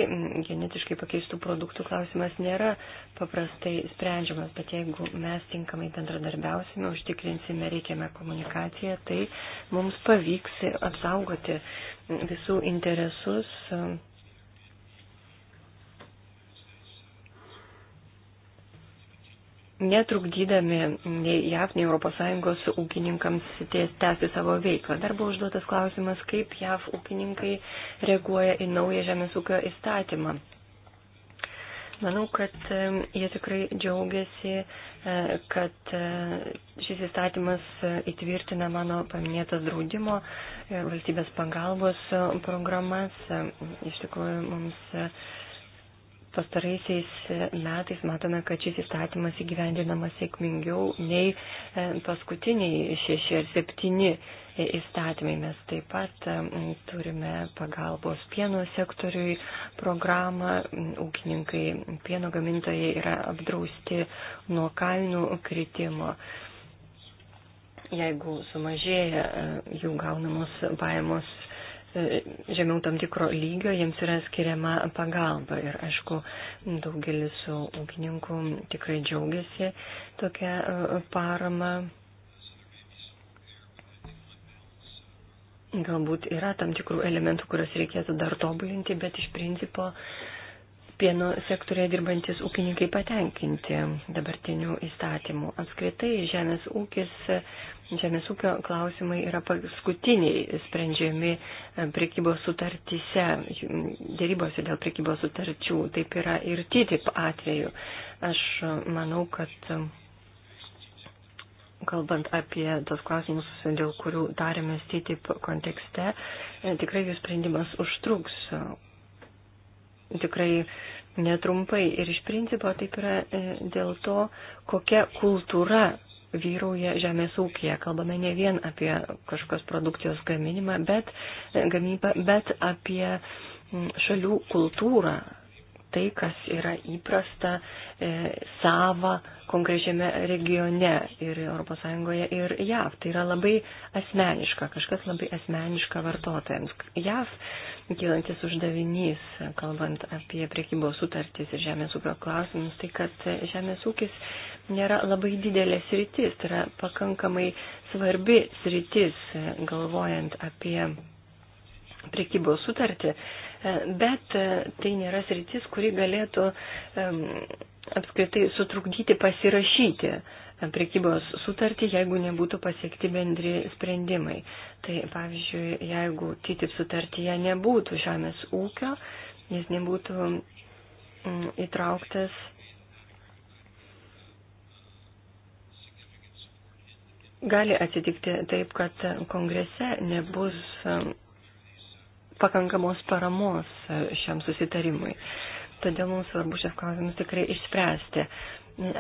genetiškai pakeistų produktų klausimas nėra paprastai sprendžiamas, bet jeigu mes tinkamai bendradarbiausime, užtikrinsime reikiamą komunikaciją, tai mums pavyks apsaugoti visų interesus. Netrukdydami nei JAV, nei ES ūkininkams tęsti savo veiklą. Dar buvo užduotas klausimas, kaip JAV ūkininkai reaguoja į naują žemės ūkio įstatymą. Manau, kad jie tikrai džiaugiasi uh, E, kad e, šis įstatymas įtvirtina mano paminėtas draudimo ir valstybės pagalbos programas. Iš tikrųjų, mums e, pastaraisiais metais matome, kad šis įstatymas įgyvendinamas sėkmingiau nei paskutiniai šeši ar septyni įstatymai. Mes taip pat mm, turime pagalbos pieno sektoriui programą. Ūkininkai, pieno gamintojai yra apdrausti nuo kainų kritimo. Jeigu sumažėja e, jų gaunamos pajamos e, žemiau tam tikro lygio, jiems yra skiriama pagalba. Ir aišku, daugelis ūkininkų tikrai džiaugiasi tokią e, paramą Galbūt yra tam tikrų elementų, kuriuos reikėtų dar tobulinti, bet iš principo pieno sektorėje dirbantis ūkininkai patenkinti dabartinių įstatymų. Apskritai, žemės ūkis, žemės ūkio klausimai yra paskutiniai sprendžiami e, prekybos sutartyse, dėrybose dėl prekybos sutarčių. Taip yra ir TTIP atveju. Aš e, manau, kad kalbant apie tos klausimus, dėl kurių darėmės TTIP kontekste, e, tikrai jų sprendimas užtruks. Tikrai netrumpai. Ir iš principo taip yra e, dėl to, kokia kultūra vyrauja žemės ūkija. Kalbame ne vien apie kažkokios produkcijos gaminimą, bet, e, gamybą, bet apie šalių kultūrą, tai, kas yra įprasta e, sava konkrečiame regione ir ES ir JAV. Tai yra labai asmeniška, kažkas labai asmeniška vartotojams. JAV kylantis uždavinys, kalbant apie priekybos sutartys ir žemės ūkio klausimus, tai kad žemės ūkis nėra labai didelė sritis, tai yra pakankamai svarbi sritis, galvojant apie priekybos sutartį. E, E, bet e, tai nėra sritis, kuri galėtų apskritai sutrukdyti pasirašyti e, prekybos sutartį, jeigu nebūtų pasiekti bendri sprendimai. Tai pavyzdžiui, jeigu TTIP sutartyje nebūtų žemės ūkio, jis nebūtų įtrauktas gali atsitikti taip, kad kongrese nebus pakankamos paramos e, šiam susitarimui. Todėl mums svarbu šias klausimus tikrai išspręsti.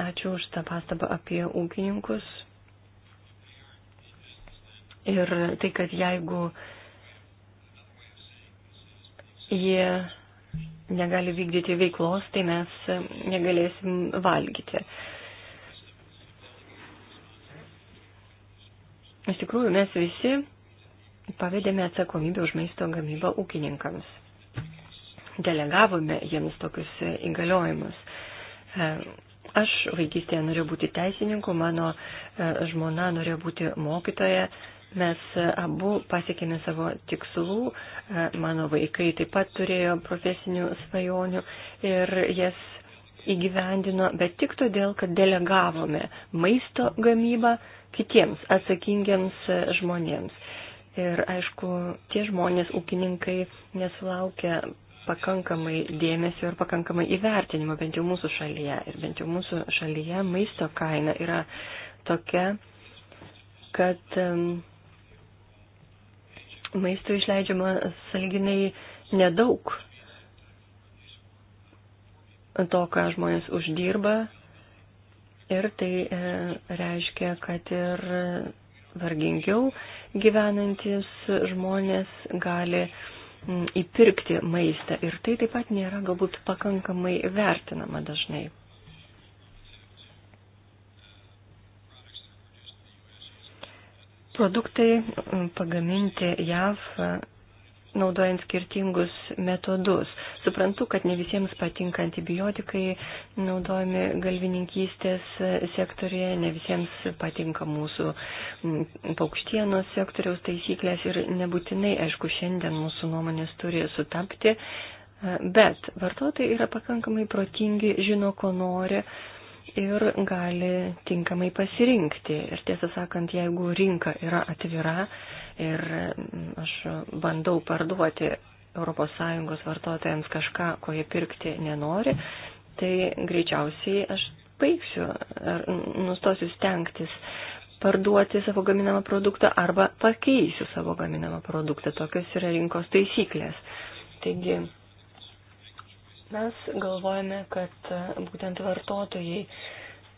Ačiū už tą pastabą apie ūkininkus. Ir tai, kad jeigu jie negali vykdyti veiklos, tai mes negalėsim valgyti. Iš tikrųjų, mes visi pavedėme atsakomybę už maisto gamybą ūkininkams. Delegavome jiems tokius įgaliojimus. E, aš vaikystėje norėjau būti teisininku, mano e, žmona norėjo būti mokytoja. Mes e, abu pasiekėme savo tikslų, mano vaikai taip pat turėjo profesinių svajonių ir jas įgyvendino, bet tik todėl, kad delegavome maisto gamybą kitiems atsakingiams žmonėms. Ir aišku, tie žmonės, ūkininkai, nesulaukia pakankamai dėmesio ir pakankamai įvertinimo, bent jau mūsų šalyje. Ir bent jau mūsų šalyje maisto kaina yra tokia, kad maisto išleidžiama salginai nedaug to, ką žmonės uždirba. Ir tai e, reiškia, kad ir vargingiau gyvenantis žmonės gali mm, įpirkti maistą ir tai taip pat nėra galbūt pakankamai vertinama dažnai. Produktai mm, pagaminti JAV naudojant skirtingus metodus. Suprantu, kad ne visiems patinka antibiotikai naudojami galvininkystės sektorėje, ne visiems patinka mūsų mm, paukštienos sektoriaus taisyklės ir nebūtinai, aišku, šiandien mūsų nuomonės turi sutapti, e, bet vartotojai yra pakankamai protingi, žino, ko nori ir gali tinkamai pasirinkti. Ir tiesą sakant, jeigu rinka yra atvira, ir mm, aš bandau parduoti ES vartotojams kažką, ko jie pirkti nenori, tai greičiausiai aš baigsiu ar nustosiu stengtis parduoti savo gaminamą produktą arba pakeisiu savo gaminamą produktą. Tokios yra rinkos taisyklės. Taigi mes galvojame, kad būtent vartotojai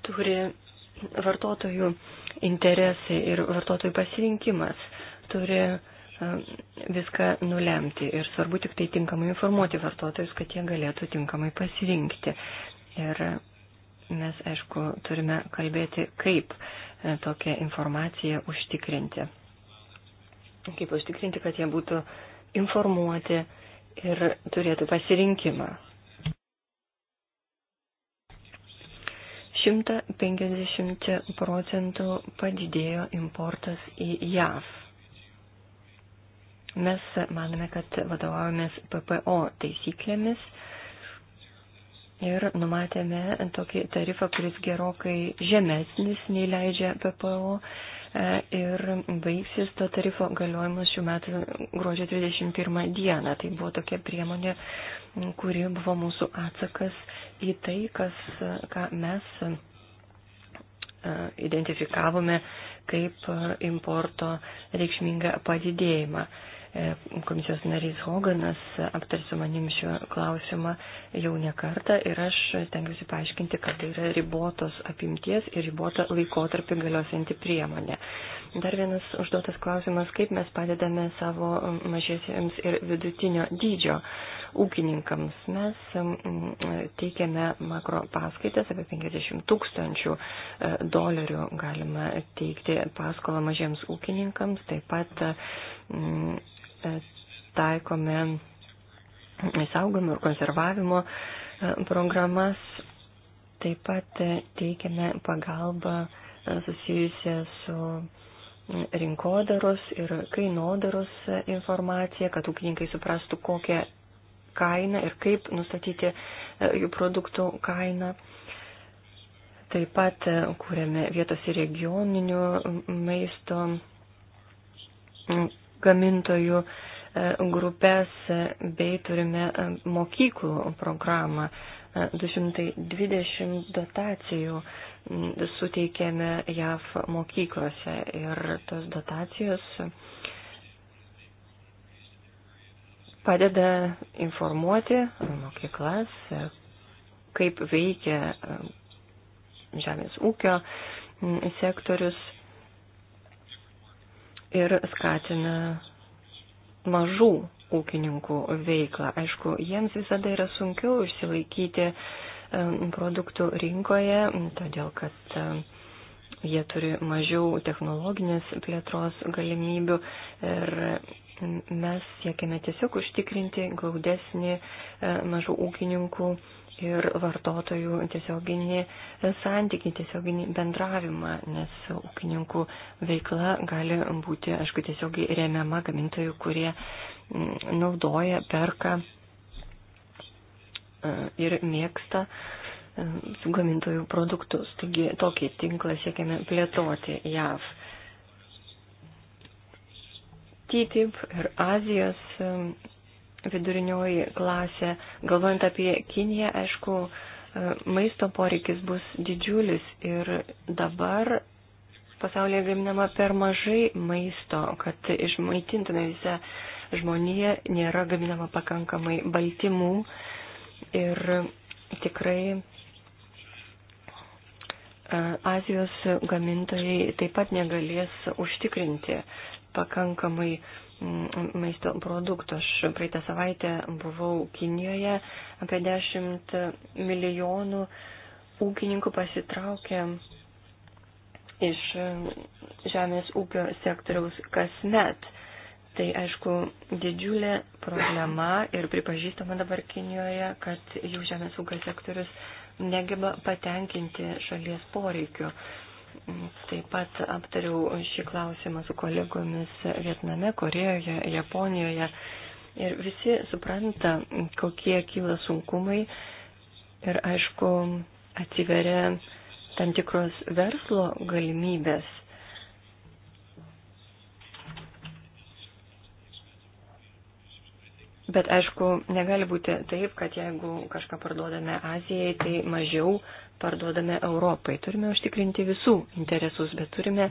turi vartotojų interesai ir vartotojų pasirinkimas turi viską nulemti ir svarbu tik tai tinkamai informuoti vartotojus, kad jie galėtų tinkamai pasirinkti. Ir mes, aišku, turime kalbėti, kaip tokią informaciją užtikrinti. Kaip užtikrinti, kad jie būtų informuoti ir turėtų pasirinkimą. 150 procentų padidėjo importas į JAV Mes manome, kad vadovaujamės PPO taisyklėmis ir numatėme tokį tarifą, kuris gerokai žemesnis nei leidžia PPO e, ir baigsis to tarifo galiojimas šių metų gruodžio 31 dieną. Tai buvo tokia priemonė, kuri buvo mūsų atsakas į tai, kas, ką mes e, identifikavome kaip importo reikšmingą padidėjimą. E, komisijos narys Hoganas aptar su manim šio klausimą jau ne kartą ir aš tengiuosi paaiškinti, kad tai yra ribotos apimties ir ribota laikotarpį galiosianti priemonė. Dar vienas užduotas klausimas, kaip mes padedame savo mažiesiems ir vidutinio dydžio ūkininkams. Mes teikiame makro paskaitas apie 50 tūkstančių e, dolerių galima teikti paskolą mažiems ūkininkams, taip pat E, taikome saugomų ir konservavimo e, programas. Taip pat e, teikiame pagalbą susijusią su rinkodaros ir kainodaros informacija, kad ūkininkai suprastų, kokią kainą ir kaip nustatyti jų produktų kainą. Taip pat kūrėme vietos ir regioninių maisto gamintojų e, grupės e, bei turime e, mokyklų programą. 220 dotacijų suteikėme JAV mokyklose ir tos dotacijos padeda informuoti mokyklas, kaip veikia žemės ūkio sektorius ir skatina mažų ūkininkų veiklą. Aišku, jiems visada yra sunkiau išsilaikyti produktų rinkoje, todėl kad jie turi mažiau technologinės plėtros galimybių ir mes siekiame tiesiog užtikrinti glaudesnį e, mažų ūkininkų ir vartotojų tiesioginį santykį, tiesioginį bendravimą, nes ūkininkų veikla gali būti, aišku, tiesiogiai remiama gamintojų, kurie mm, naudoja, perka e, ir mėgsta e, gamintojų produktus. Taigi tokį tinklą siekiame plėtoti JAV. TTIP ir Azijos e, vidurinioji klasė. Galvojant apie Kiniją, aišku, e, maisto poreikis bus didžiulis ir dabar pasaulyje gaminama per mažai maisto, kad išmaitintume visą žmoniją, nėra gaminama pakankamai baltymų ir tikrai e, Azijos gamintojai taip pat negalės užtikrinti pakankamai uh, maisto produktų. Aš praeitą savaitę buvau Kinijoje, apie 10 milijonų ūkininkų pasitraukė iš žemės ūkio sektoriaus kasmet. Tai aišku didžiulė problema ir pripažįstama dabar Kinijoje, kad jų žemės ūkio sektorius negeba patenkinti šalies poreikių. Taip pat aptariau šį klausimą su kolegomis Vietname, Korejoje, Japonijoje. Ir visi supranta, kokie kyla sunkumai. Ir aišku, atsiveria tam tikros verslo galimybės. Bet aišku, negali būti taip, kad jeigu kažką parduodame Azijai, tai mažiau parduodame Europai. Turime užtikrinti visų interesus, bet turime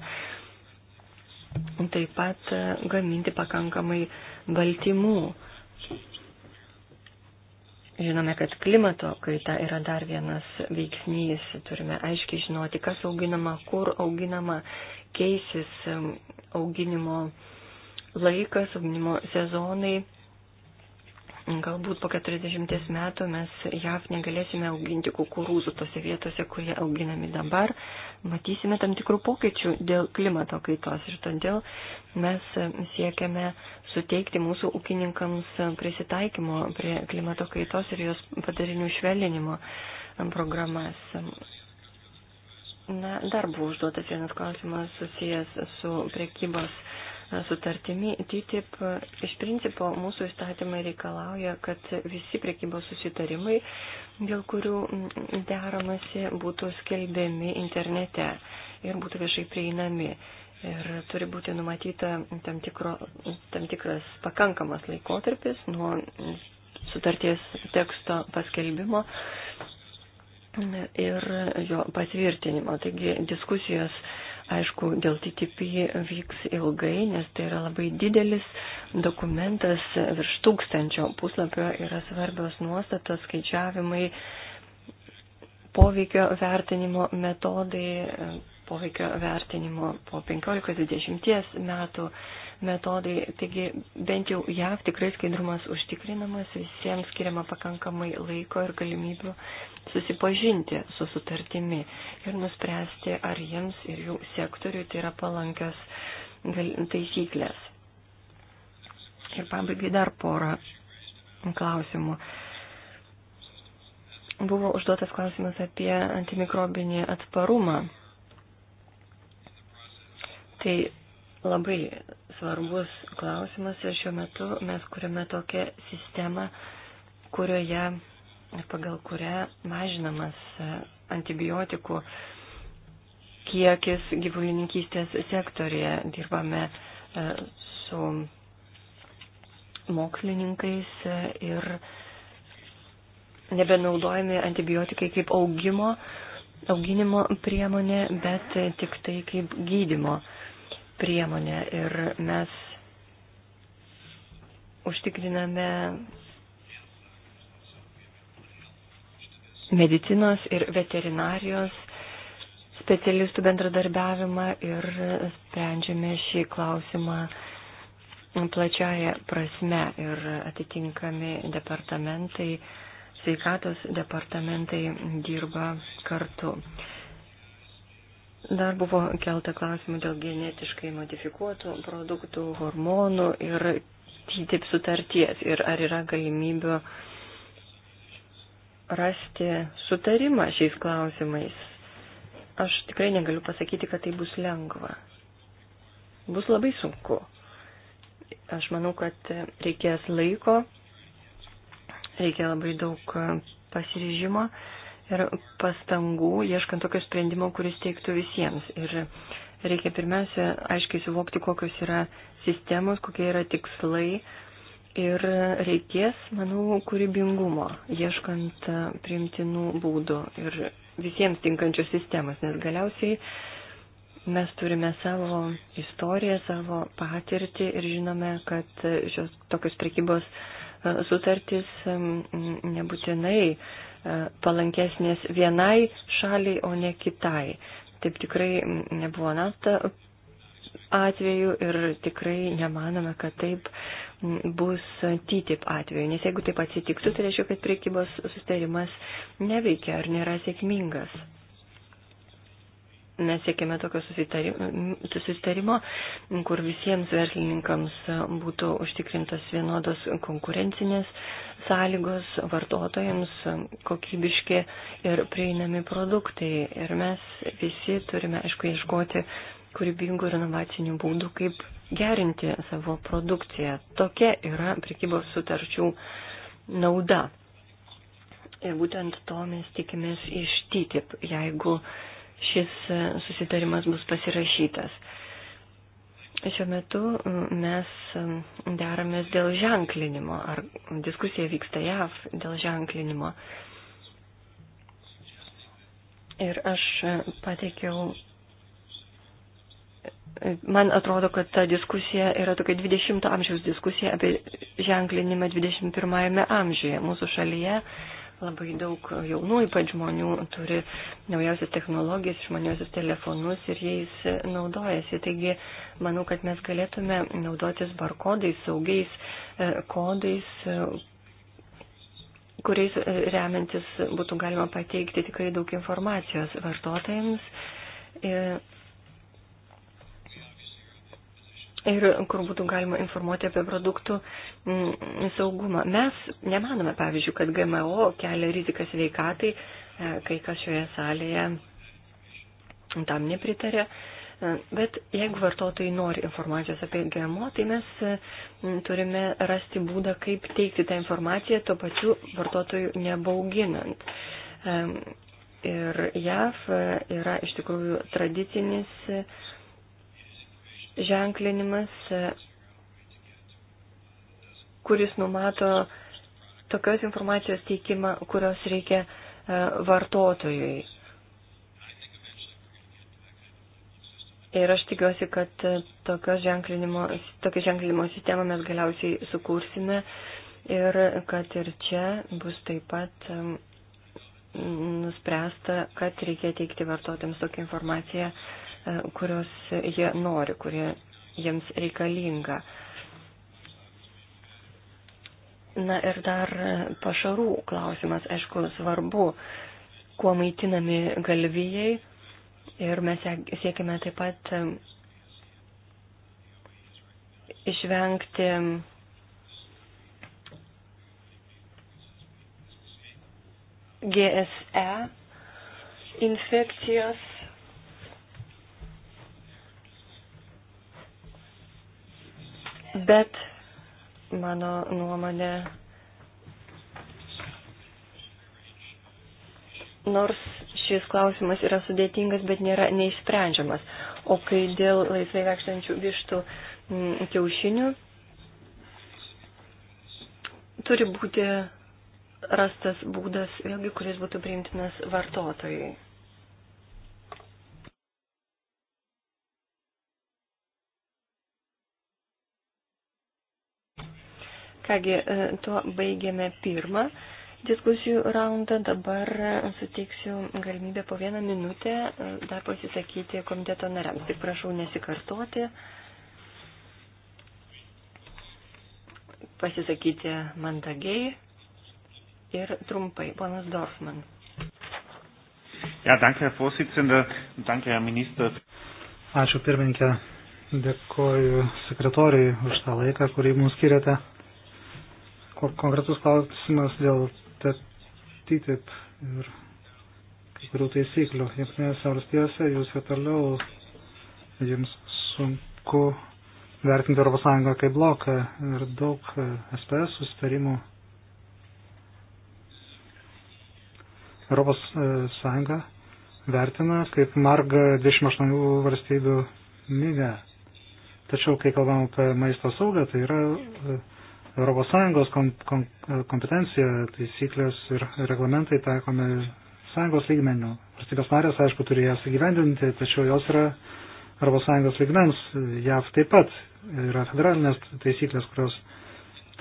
taip pat e, gaminti pakankamai baltymų. Žinome, kad klimato kaita yra dar vienas veiksnys. Turime aiškiai žinoti, kas auginama, kur auginama, keisis e, auginimo laikas, auginimo sezonai Galbūt po 40 metų mes JAV negalėsime auginti kukurūzų tose vietose, kur jie auginami dabar. Matysime tam tikrų pokyčių dėl klimato kaitos ir todėl mes siekiame suteikti mūsų ūkininkams prisitaikymo prie klimato kaitos ir jos padarinių švelninimo programas. Na, dar buvo užduotas vienas klausimas susijęs su prekybos sutartimi TTIP iš principo mūsų įstatymai reikalauja, kad visi prekybos susitarimai, dėl kurių deramasi, būtų skelbiami internete ir būtų viešai prieinami. Ir turi būti numatyta tam, tikro, tam tikras pakankamas laikotarpis nuo sutarties teksto paskelbimo ir jo patvirtinimo. Taigi diskusijos Aišku, dėl TTP vyks ilgai, nes tai yra labai didelis dokumentas, virš tūkstančio puslapio yra svarbios nuostatos, skaičiavimai, poveikio vertinimo metodai, poveikio vertinimo po 15-20 metų metodai. Taigi bent jau JAV tikrai skaidrumas užtikrinamas, visiems skiriama pakankamai laiko ir galimybių susipažinti su sutartimi ir nuspręsti, ar jiems ir jų sektoriui tai yra palankios taisyklės. Ir pabaigai dar porą klausimų. Buvo užduotas klausimas apie antimikrobinį atsparumą. Tai labai svarbus klausimas ir šiuo metu mes kuriame tokią sistemą, kurioje ir pagal kurią mažinamas e, antibiotikų kiekis gyvulininkystės sektorėje. Dirbame e, su mokslininkais e, ir nebenaudojami antibiotikai kaip augimo, auginimo priemonė, bet tik tai kaip gydimo priemonė priemonė ir mes užtikriname medicinos ir veterinarijos specialistų bendradarbiavimą ir sprendžiame šį klausimą plačiaja prasme ir atitinkami departamentai, sveikatos departamentai dirba kartu. Dar buvo keltą klausimų dėl genetiškai modifikuotų produktų, hormonų ir TTIP sutarties. Ir ar yra galimybių rasti sutarimą šiais klausimais. Aš tikrai negaliu pasakyti, kad tai bus lengva. Bus labai sunku. Aš manau, kad reikės laiko, reikia labai daug pasiryžimo ir pastangų, ieškant tokio sprendimo, kuris teiktų visiems. Ir reikia pirmiausia aiškiai suvokti, kokios yra sistemos, kokie yra tikslai. Ir reikės, manau, kūrybingumo, ieškant priimtinų būdų ir visiems tinkančios sistemos, nes galiausiai mes turime savo istoriją, savo patirtį ir žinome, kad šios tokios prekybos sutartys mm, nebūtinai uh, E, palankesnės vienai šaliai, o ne kitai. Taip tikrai nebuvo nafta atveju ir tikrai nemanome, kad taip bus TTIP atveju. Nes jeigu taip atsitiktų, tai reiškia, kad priekybos sustarimas neveikia ar nėra sėkmingas mes siekėme tokio susitarimo, kur visiems verslininkams būtų užtikrintos vienodos konkurencinės sąlygos, vartotojams kokybiški ir prieinami produktai. Ir mes visi turime, aišku, ieškoti kūrybingų ir inovacinių būdų, kaip gerinti savo produkciją. Tokia yra prekybos sutarčių nauda. Ir būtent to mes tikimės iš TTIP, jeigu uh, šis e, susitarimas bus pasirašytas. Šiuo metu mes e, deramės dėl ženklinimo, ar diskusija vyksta JAV dėl ženklinimo. Ir aš e, pateikiau, man atrodo, kad ta diskusija yra tokia 20 amžiaus diskusija apie ženklinimą 21 amžiuje. Mūsų šalyje Labai daug jaunų ypač žmonių turi naujausias technologijas, išmaniosius telefonus ir jais naudojasi. Taigi, manau, kad mes galėtume naudotis barkodais, saugiais e, kodais, e, kuriais e, remiantis būtų galima pateikti tikrai daug informacijos vartotojams. Ir ir kur būtų galima informuoti apie produktų mm, saugumą. Mes nemanome, pavyzdžiui, kad GMO kelia riziką sveikatai, e, kai kas šioje salėje tam nepritarė. E, bet jeigu vartotojai nori informacijos apie GMO, tai mes e, turime rasti būdą, kaip teikti tą informaciją, tuo pačiu vartotojų nebauginant. Ir JAV yra iš tikrųjų tradicinis ženklinimas, kuris numato tokios informacijos teikimą, kurios reikia e, vartotojui. Ir aš tikiuosi, kad ženklinimo, tokią ženklinimo sistemą mes galiausiai sukursime ir kad ir čia bus taip pat e, nuspręsta, kad reikia teikti vartotojams tokią informaciją, E, kurios jie nori, kurie jiems reikalinga. Na ir dar pašarų klausimas, aišku, svarbu, kuo maitinami galvijai ir mes siekime taip pat e, išvengti GSE infekcijos bet mano nuomonė, nors šis klausimas yra sudėtingas, bet nėra neišsprendžiamas. O kai dėl laisvai vaikštančių vištų mm, kiaušinių turi būti rastas būdas, vėlgi, kuris būtų priimtinas vartotojai. Kągi, e, tuo baigėme pirmą diskusijų raundą. Dabar e, suteiksiu galimybę po vieną minutę e, dar pasisakyti komiteto nariams. Tik prašau nesikartoti. Pasisakyti mandagiai ir trumpai. Ponas Dorfman. Ja, danke, Herr Vorsitzender, und danke, Herr Minister. Ačiū pirmininkė, dėkoju sekretoriui už tą laiką, kurį mums skiriate konkretus klausimas dėl TTIP ir kai kurių taisyklių. Jungtinėse valstijose jūs ir toliau jums sunku vertinti Europos Sąjungą kaip bloką ir daug SPS susitarimų. Europos e, Sąjunga vertina kaip marga 28 valstybių minę. Tačiau, kai kalbam apie maisto saugą, tai yra e, ES kom, kom, kompetencija, taisyklės ir reglamentai taikomi sąjungos lygmenių. Valstybės narės, aišku, turėjo įgyvendinti, tačiau jos yra ES lygmens. JAV taip pat yra federalinės taisyklės, kurios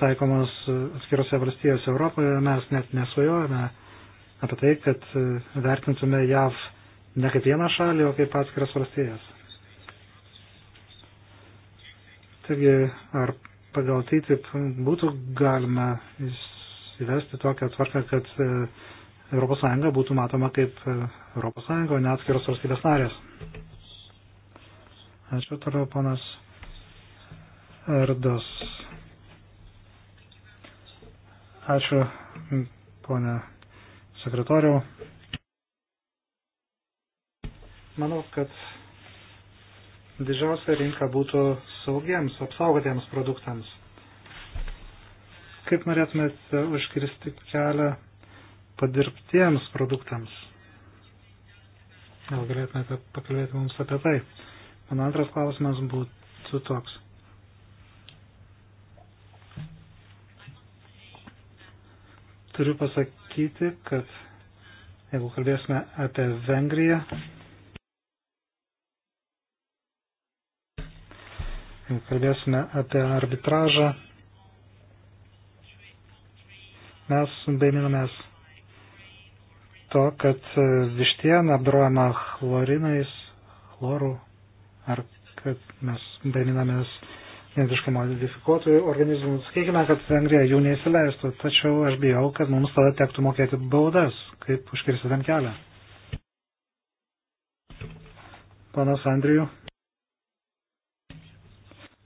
taikomos atskirose valstijose Europoje. Mes net nesvajojame apie tai, kad vertintume JAV ne kaip vieną šalį, o kaip atskiras valstijas. Taigi, ar pagal tai taip būtų galima įvesti tokią tvarką, kad ES būtų matoma kaip ES, o ne atskiros valstybės narės. Ačiū toliau, ponas Erdos. Ačiū, ponė sekretoriau. Manau, kad didžiausia rinka būtų saugiems, apsaugotiems produktams. Kaip norėtumėte užkirsti kelią padirbtiems produktams? Gal galėtumėte pakalbėti mums apie tai? Mano antras klausimas būtų toks. Turiu pasakyti, kad jeigu kalbėsime apie Vengriją, kalbėsime apie arbitražą, mes baiminamės to, kad vištiena apdorojama chlorinais, chlorų, ar kad mes baiminamės genetiškai modifikuotojų organizmų. Sakykime, kad Vengrija jų neįsileistų, tačiau aš bijau, kad mums tada tektų mokėti baudas, kaip užkirsti tam kelią. Panas Andriju.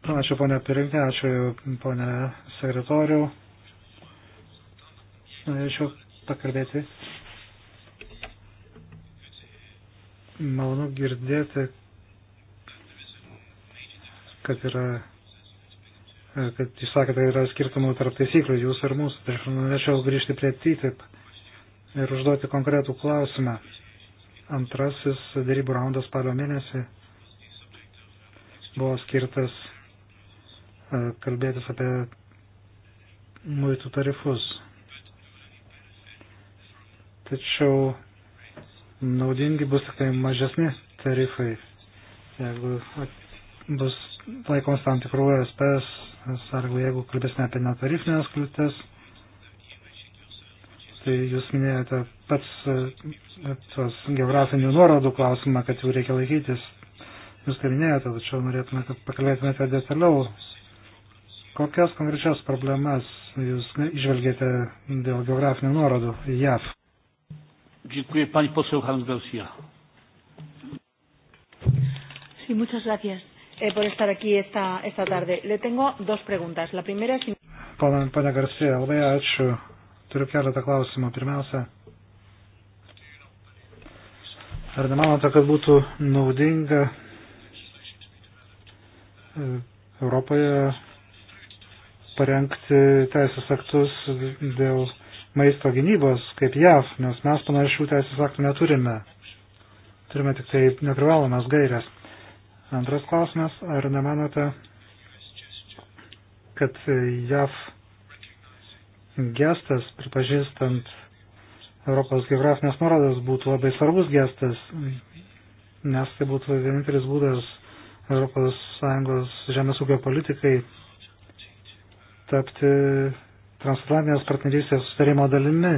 Ačiū ponia Pirinkė, ačiū ponia sekretorių. Norėčiau pakalbėti. Malonu girdėti, kad yra kad jūs sakėte, kad yra skirtumų tarp taisyklių jūsų ir mūsų. Tai aš norėčiau grįžti prie TTIP ir užduoti konkretų klausimą. Antrasis darybų raundas spalio mėnesį buvo skirtas E, kalbėtis apie muitų tarifus. Tačiau naudingi bus tik tai mažesni tarifai, jeigu bus laikomas tam tikrų SPS sąlygų, jeigu kalbėsime apie netarifinės kliūtis. Tai jūs minėjote pats e, tos geografinių nuorodų klausimą, kad jų reikia laikytis. Jūs tai minėjote, tačiau norėtumėte pakalbėtumėte detaliau Kokias konkrečias problemas jūs išvelgėte dėl geografinių nuorodų JAV? Dziękuję. Pani poseł Hans Garcia. Sí, muchas gracias eh, por estar aquí esta, esta tarde. Le tengo dos preguntas. La primera es... Pana, pana Garcia, labai ačiū. Turiu keletą klausimų. Pirmiausia, ar nemanote, kad būtų naudinga e, Europoje parengti teisės aktus dėl maisto gynybos kaip JAV, nes mes panašių teisės aktų neturime. Turime tik tai neprivalomas gairias. Antras klausimas, ar nemanote, kad JAV gestas, pripažįstant Europos geografinės nuorodas, būtų labai svarbus gestas, nes tai būtų vienintelis būdas Europos Sąjungos žemės ūkio politikai tapti transatlantinės partnerystės sustarimo dalimi.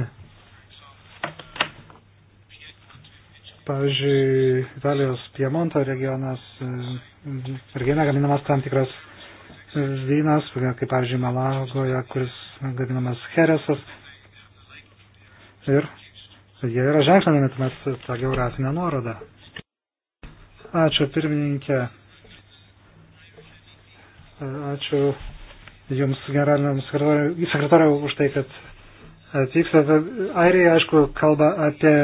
Pavyzdžiui, Italijos Piemonto regionas, e, regione gaminamas tam tikras e, vynas, kaip pavyzdžiui Malagoje, kuris gaminamas Heresas. Ir jie yra ženklinami tuomet tą geografinę nuorodą. Ačiū pirmininkė. Ačiū jums generaliniam sekretoriau už tai, kad atvykstate. Airija, aišku, kalba apie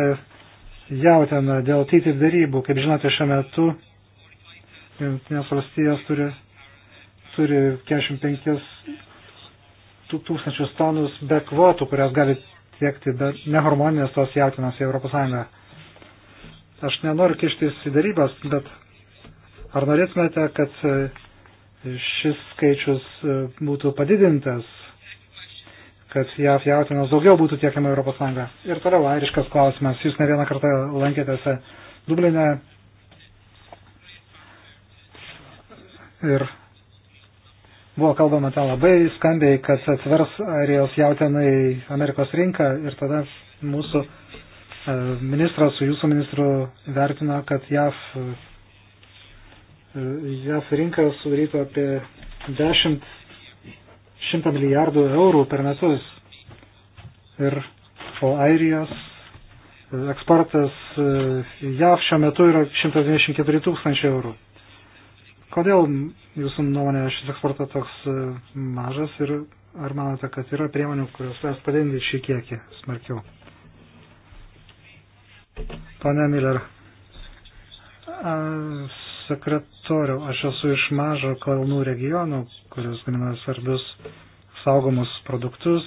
jautieną dėl TTIP darybų. Kaip žinote, šiuo metu Junktinės valstijos turi, turi 45 tūkstančius tonus be kvotų, kurias gali tiekti be nehormoninės tos jautinos į Europos Sąjungą. Aš nenoriu kištis į darybas, bet ar norėtumėte, kad šis skaičius e, būtų padidintas, kad JAF jautinos daugiau būtų tiekiama Europos Sąjunga. Ir toliau airiškas klausimas. Jūs ne vieną kartą lankėtės e, Dublinė ir buvo kalbama ten labai skambiai, kad atvers airijos jautinai Amerikos rinką ir tada mūsų e, ministras su jūsų ministru vertino, kad JAF JAF rinka sudarytų apie 10 100 milijardų eurų per metus. Ir o Airijos eksportas e, JAV šiuo metu yra 124 tūkstančiai eurų. Kodėl jūsų nuomonė šis eksportas toks e, mažas ir ar manote, kad yra priemonių, kurios leis padidinti šį kiekį smarkiau? Pane Miller, sekretoriu, aš esu iš mažo kalnų regionų, kuris gamina svarbius saugomus produktus,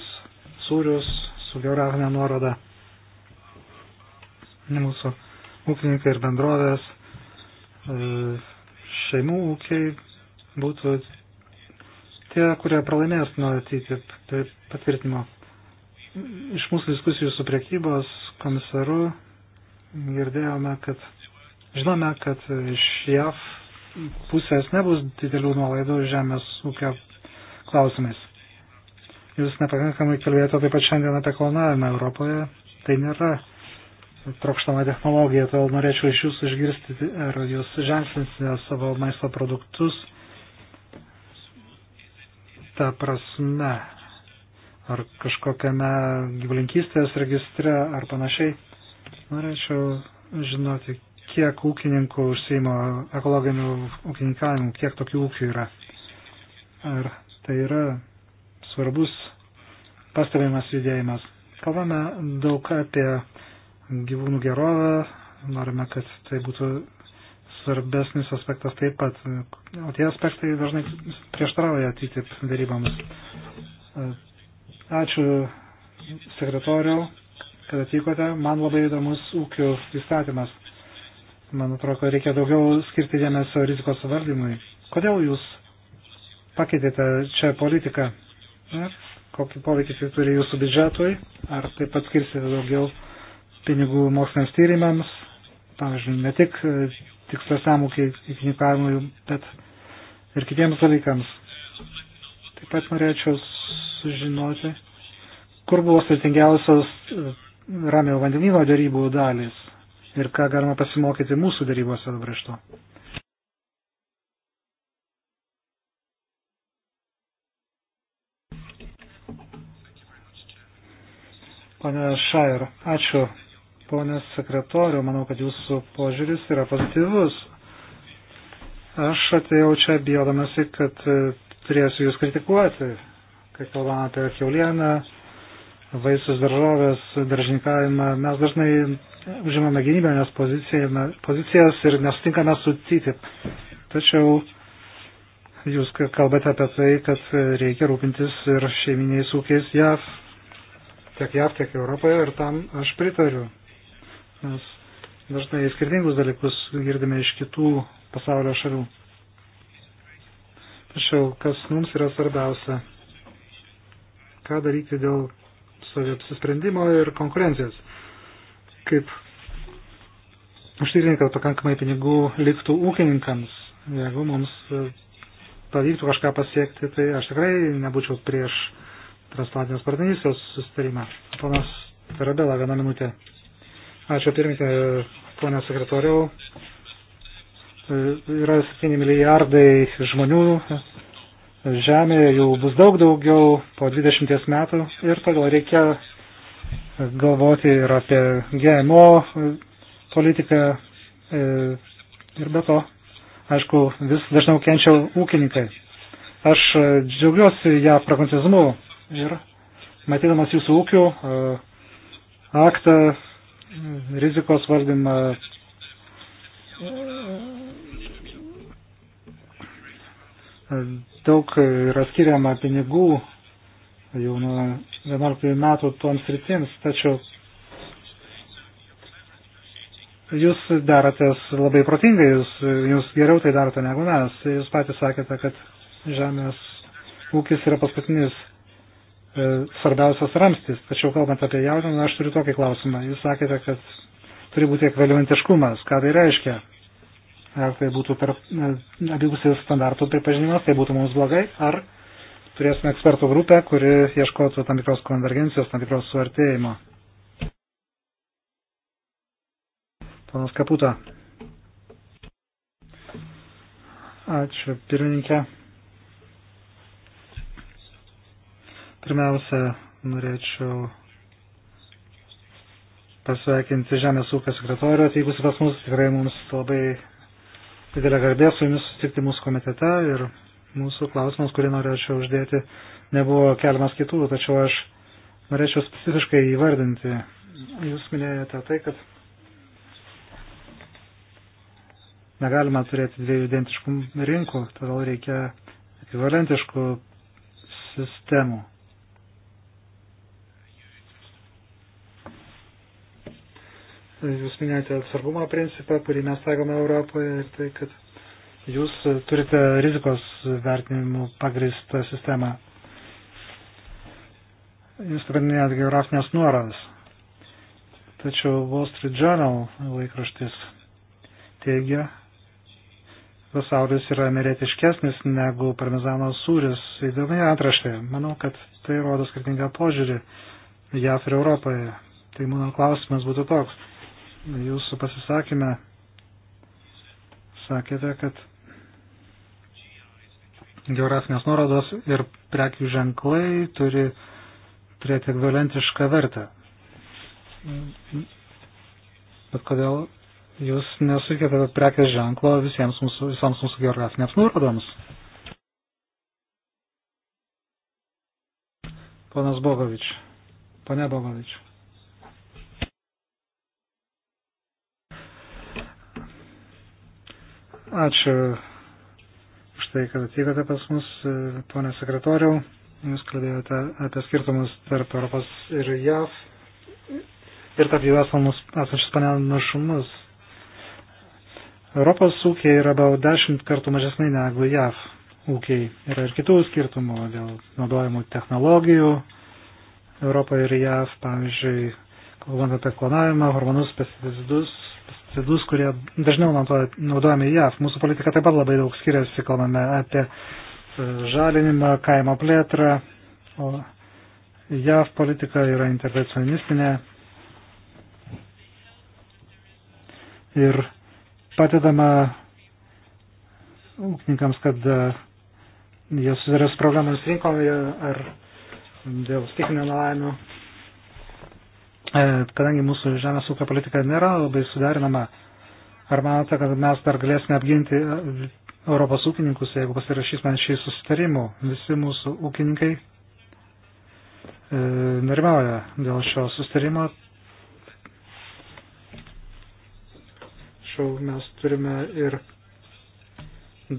sūrius su geografinė nuoroda. Mūsų ūkininkai ir bendrovės, e, šeimų ūkiai būtų tie, kurie pralaimės nuo TTIP patvirtinimo. Iš mūsų diskusijų su priekybos komisaru girdėjome, kad Žinome, kad iš JAV pusės nebus didelių nuolaidų žemės ūkio klausimais. Jūs nepakankamai kalbėjote taip pat šiandien apie klonavimą Europoje. Tai nėra trokštama technologija, todėl norėčiau iš jūsų išgirsti, ar jūs ženklinsite savo maisto produktus. Ta prasme, ar kažkokiame gyvulinkystės registre ar panašiai. Norėčiau žinoti, kiek ūkininkų užsima ekologinių ūkininkavimų, kiek tokių ūkių yra. Ar tai yra svarbus pastebimas judėjimas. Kalbame daug apie gyvūnų gerovę, norime, kad tai būtų svarbesnis aspektas taip pat. O tie aspektai dažnai prieštarauja TTIP darybams. Ačiū sekretoriau, kad atvykote. Man labai įdomus ūkio įstatymas man atrodo, kad reikia daugiau skirti dėmesio rizikos valdymui. Kodėl jūs pakeitėte čia politiką ir kokį poveikį tai turi jūsų biudžetui, ar taip pat skirsite daugiau pinigų moksliniams tyrimams, pavyzdžiui, ne tik e, tikslesiam ūkininkavimui, bet ir kitiems dalykams. Taip pat norėčiau sužinoti, kur buvo sudėtingiausios e, ramio vandenino dėrybų dalis ir ką galima pasimokyti mūsų darybose dabar iš to. Pane Šair, ačiū. Pone sekretoriu, manau, kad jūsų požiūris yra pozityvus. Aš atėjau čia bijodamasi, kad turėsiu jūs kritikuoti, kai kalbame apie keulieną, vaisius daržovės, daržininkavimą. Mes dažnai užimame gynybinės pozicijas ir nesutinkame su TTIP. Tačiau jūs kalbate apie tai, kad reikia rūpintis ir šeiminiais ūkiais JAV, tiek JAV, tiek Europoje ir tam aš pritariu. Nes dažnai skirtingus dalykus girdime iš kitų pasaulio šalių. Tačiau kas mums yra svarbiausia? Ką daryti dėl savo apsisprendimo ir konkurencijos? kaip užtikrinti, kad pakankamai pinigų liktų ūkininkams. Jeigu mums e, pavyktų kažką pasiekti, tai aš tikrai nebūčiau prieš transatlantinės partnerystės sustarimą. Ponas Tarabela, vieną minutę. Ačiū pirmininkė, ponė sekretoriau. E, yra 7 milijardai žmonių žemėje, jų bus daug daugiau po 20 metų ir todėl reikia galvoti ir apie GMO politiką e, ir be to, aišku, vis dažniau kenčia ūkininkai. Aš e, džiaugiuosi ją pragmatizmu ir matydamas jūsų ūkių e, aktą, rizikos valdymą, daug yra skiriama pinigų jau nuo 11 metų toms rytims, tačiau jūs daratės labai protingai, jūs, jūs geriau tai darote negu mes. Jūs patys sakėte, kad žemės ūkis yra paskutinis e, svarbiausias ramstis. Tačiau kalbant apie jautiną, aš turiu tokį klausimą. Jūs sakėte, kad turi būti ekvivalentiškumas. Ką tai reiškia? Ar tai būtų per e, abipusis standartų pripažinimas, tai būtų mums blogai, ar turėsime ekspertų grupę, kuri ieškotų tam tikros konvergencijos, tam tikros suartėjimo. Panas Kaputa. Ačiū, pirmininkė. Pirmiausia, norėčiau pasveikinti Žemės ūkio sekretorių atvykus pas mus. Tikrai mums labai didelė garbė su jumis susitikti mūsų komitete ir Mūsų klausimas, kurį norėčiau uždėti, nebuvo keliamas kitų, tačiau aš norėčiau specifiškai įvardinti. Jūs minėjote tai, kad negalima turėti dviejų identiškų rinkų, todėl reikia ekvivalentiškų sistemų. Jūs minėjote atsargumo principą, kurį mes taikome Europoje ir tai, kad jūs turite rizikos vertinimų pagristą sistemą. Jūs paminėjot geografinės nuorodas. Tačiau Wall Street Journal laikraštis teigia, pasaulis yra amerietiškesnis negu parmezano sūris įdomiai atrašė. Manau, kad tai rodo skirtingą požiūrį JAF ir Europoje. Tai mano klausimas būtų toks. Jūsų pasisakymę sakėte, kad geografinės nuorodos ir prekių ženklai turi turėti ekvivalentišką vertę. Bet kodėl jūs nesukėtėte prekės ženklo visiems mūsų, visoms mūsų geografinėms nuorodoms? Ponas Bogovič. Pane Bogovič. Ačiū tai, kad atvykote pas mus, e, ponė sekretoriau. Jūs kalbėjote apie skirtumus tarp Europos ir JAV ir tarp jų esamus esančius panašumus. Europos ūkiai yra beveik dešimt kartų mažesni negu JAV ūkiai. Yra ir kitų skirtumų dėl naudojimų technologijų Europoje ir JAV, pavyzdžiui, kalbant apie klonavimą, hormonus, pesticidus, pesticidus, kurie dažniau naudojami JAV. Mūsų politika taip pat labai daug skiriasi, kalbame apie e, žalinimą, kaimo plėtrą, o JAV politika yra intervencionistinė ir padedama ūkininkams, kad e, jie susidarės problemas rinkoje ar dėl stiklinio nelaimių E, kadangi mūsų žemės ūkio politika nėra labai suderinama, ar manote, kad mes dar galėsime apginti e, Europos ūkininkus, jeigu pasirašysime šį susitarimų? Visi mūsų ūkininkai e, nerimauja dėl šio susitarimo. Šiau mes turime ir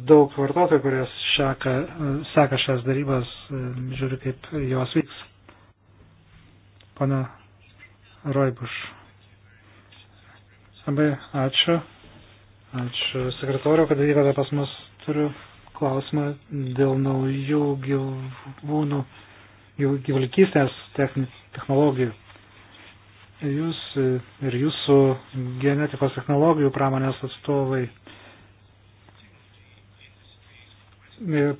daug vartotojų, kurie seka šias darybas, e, žiūri, kaip jos vyks. Pana Roibuš. Labai ačiū. Ačiū sekretoriu, kad įvedė pas mus. Turiu klausimą dėl naujų gyvūnų, gyvulkystės technologijų. Jūs ir jūsų genetikos technologijų pramonės atstovai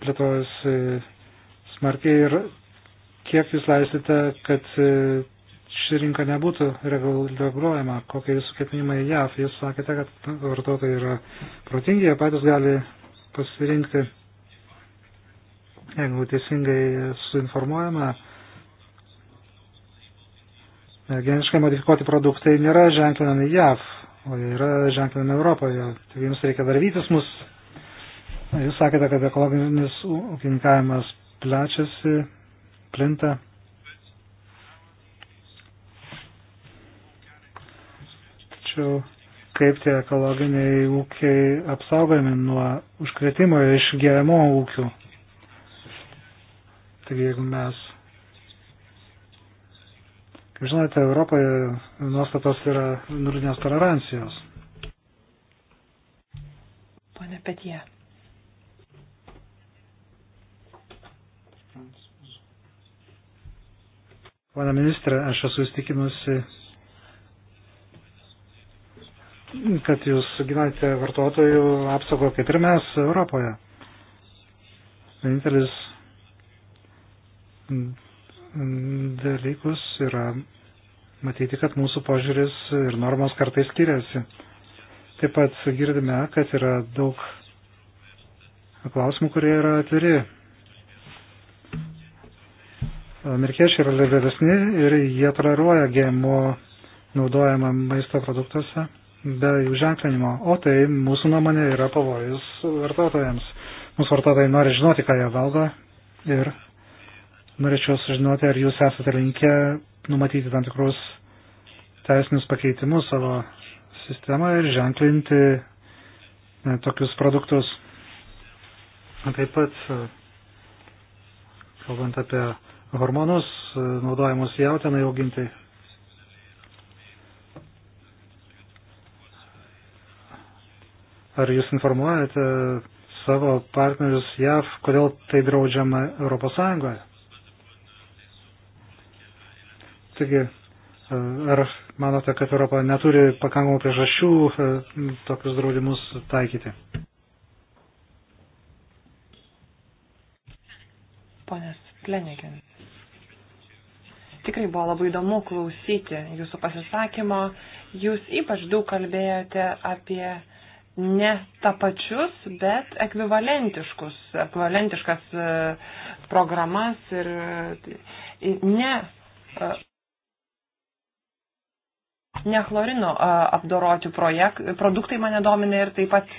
plėtojasi smarkiai ir kiek jūs leisite, kad ši rinka nebūtų reguliuojama, kokie jūsų ketinimai JAV. Jūs sakėte, kad vartotojai yra protingi, jie patys gali pasirinkti, jeigu teisingai suinformuojama. Geniškai modifikuoti produktai nėra ženklinami JAV, o yra ženklinami Europoje. Tai jums reikia darbytis mus. Jūs sakėte, kad ekologinis ūkininkavimas plečiasi, plinta. Tačiau kaip tie ekologiniai ūkiai apsaugomi nuo užkretimo iš GMO ūkių. Taigi jeigu mes, kaip žinote, Europoje nuostatos yra nulinės tolerancijos. Pane Petie. Pane ministrė, aš esu įstikinusi kad jūs gyvenate vartotojų apsaugo kaip ir mes Europoje. Vienintelis dalykus yra matyti, kad mūsų požiūris ir normos kartais skiriasi. Taip pat girdime, kad yra daug klausimų, kurie yra atviri. Amerikiečiai yra liberalesni ir jie toleruoja GMO naudojamą maisto produktuose be jų ženklinimo, o tai mūsų nuomonė yra pavojus vartotojams. Mūsų vartotojai nori žinoti, ką jie valgo ir norėčiau sužinoti, ar jūs esate linkę numatyti tam tikrus teisinius pakeitimus savo sistemoje ir ženklinti e, tokius produktus. Taip pat, e, kalbant apie hormonus e, naudojamus jautinai auginti, Ar jūs informuojate savo partnerius JAV, kodėl tai draudžiama Europos Sąjungoje? Taigi, ar manote, kad Europa neturi pakankamų priežasčių e, tokius draudimus taikyti? Ponas Plenegin. Tikrai buvo labai įdomu klausyti jūsų pasisakymo. Jūs ypač daug kalbėjote apie ne tapačius, bet ekvivalentiškus, ekvivalentiškas e, programas ir e, ne, e, ne chlorino apdoroti projekt, produktai mane domina ir taip pat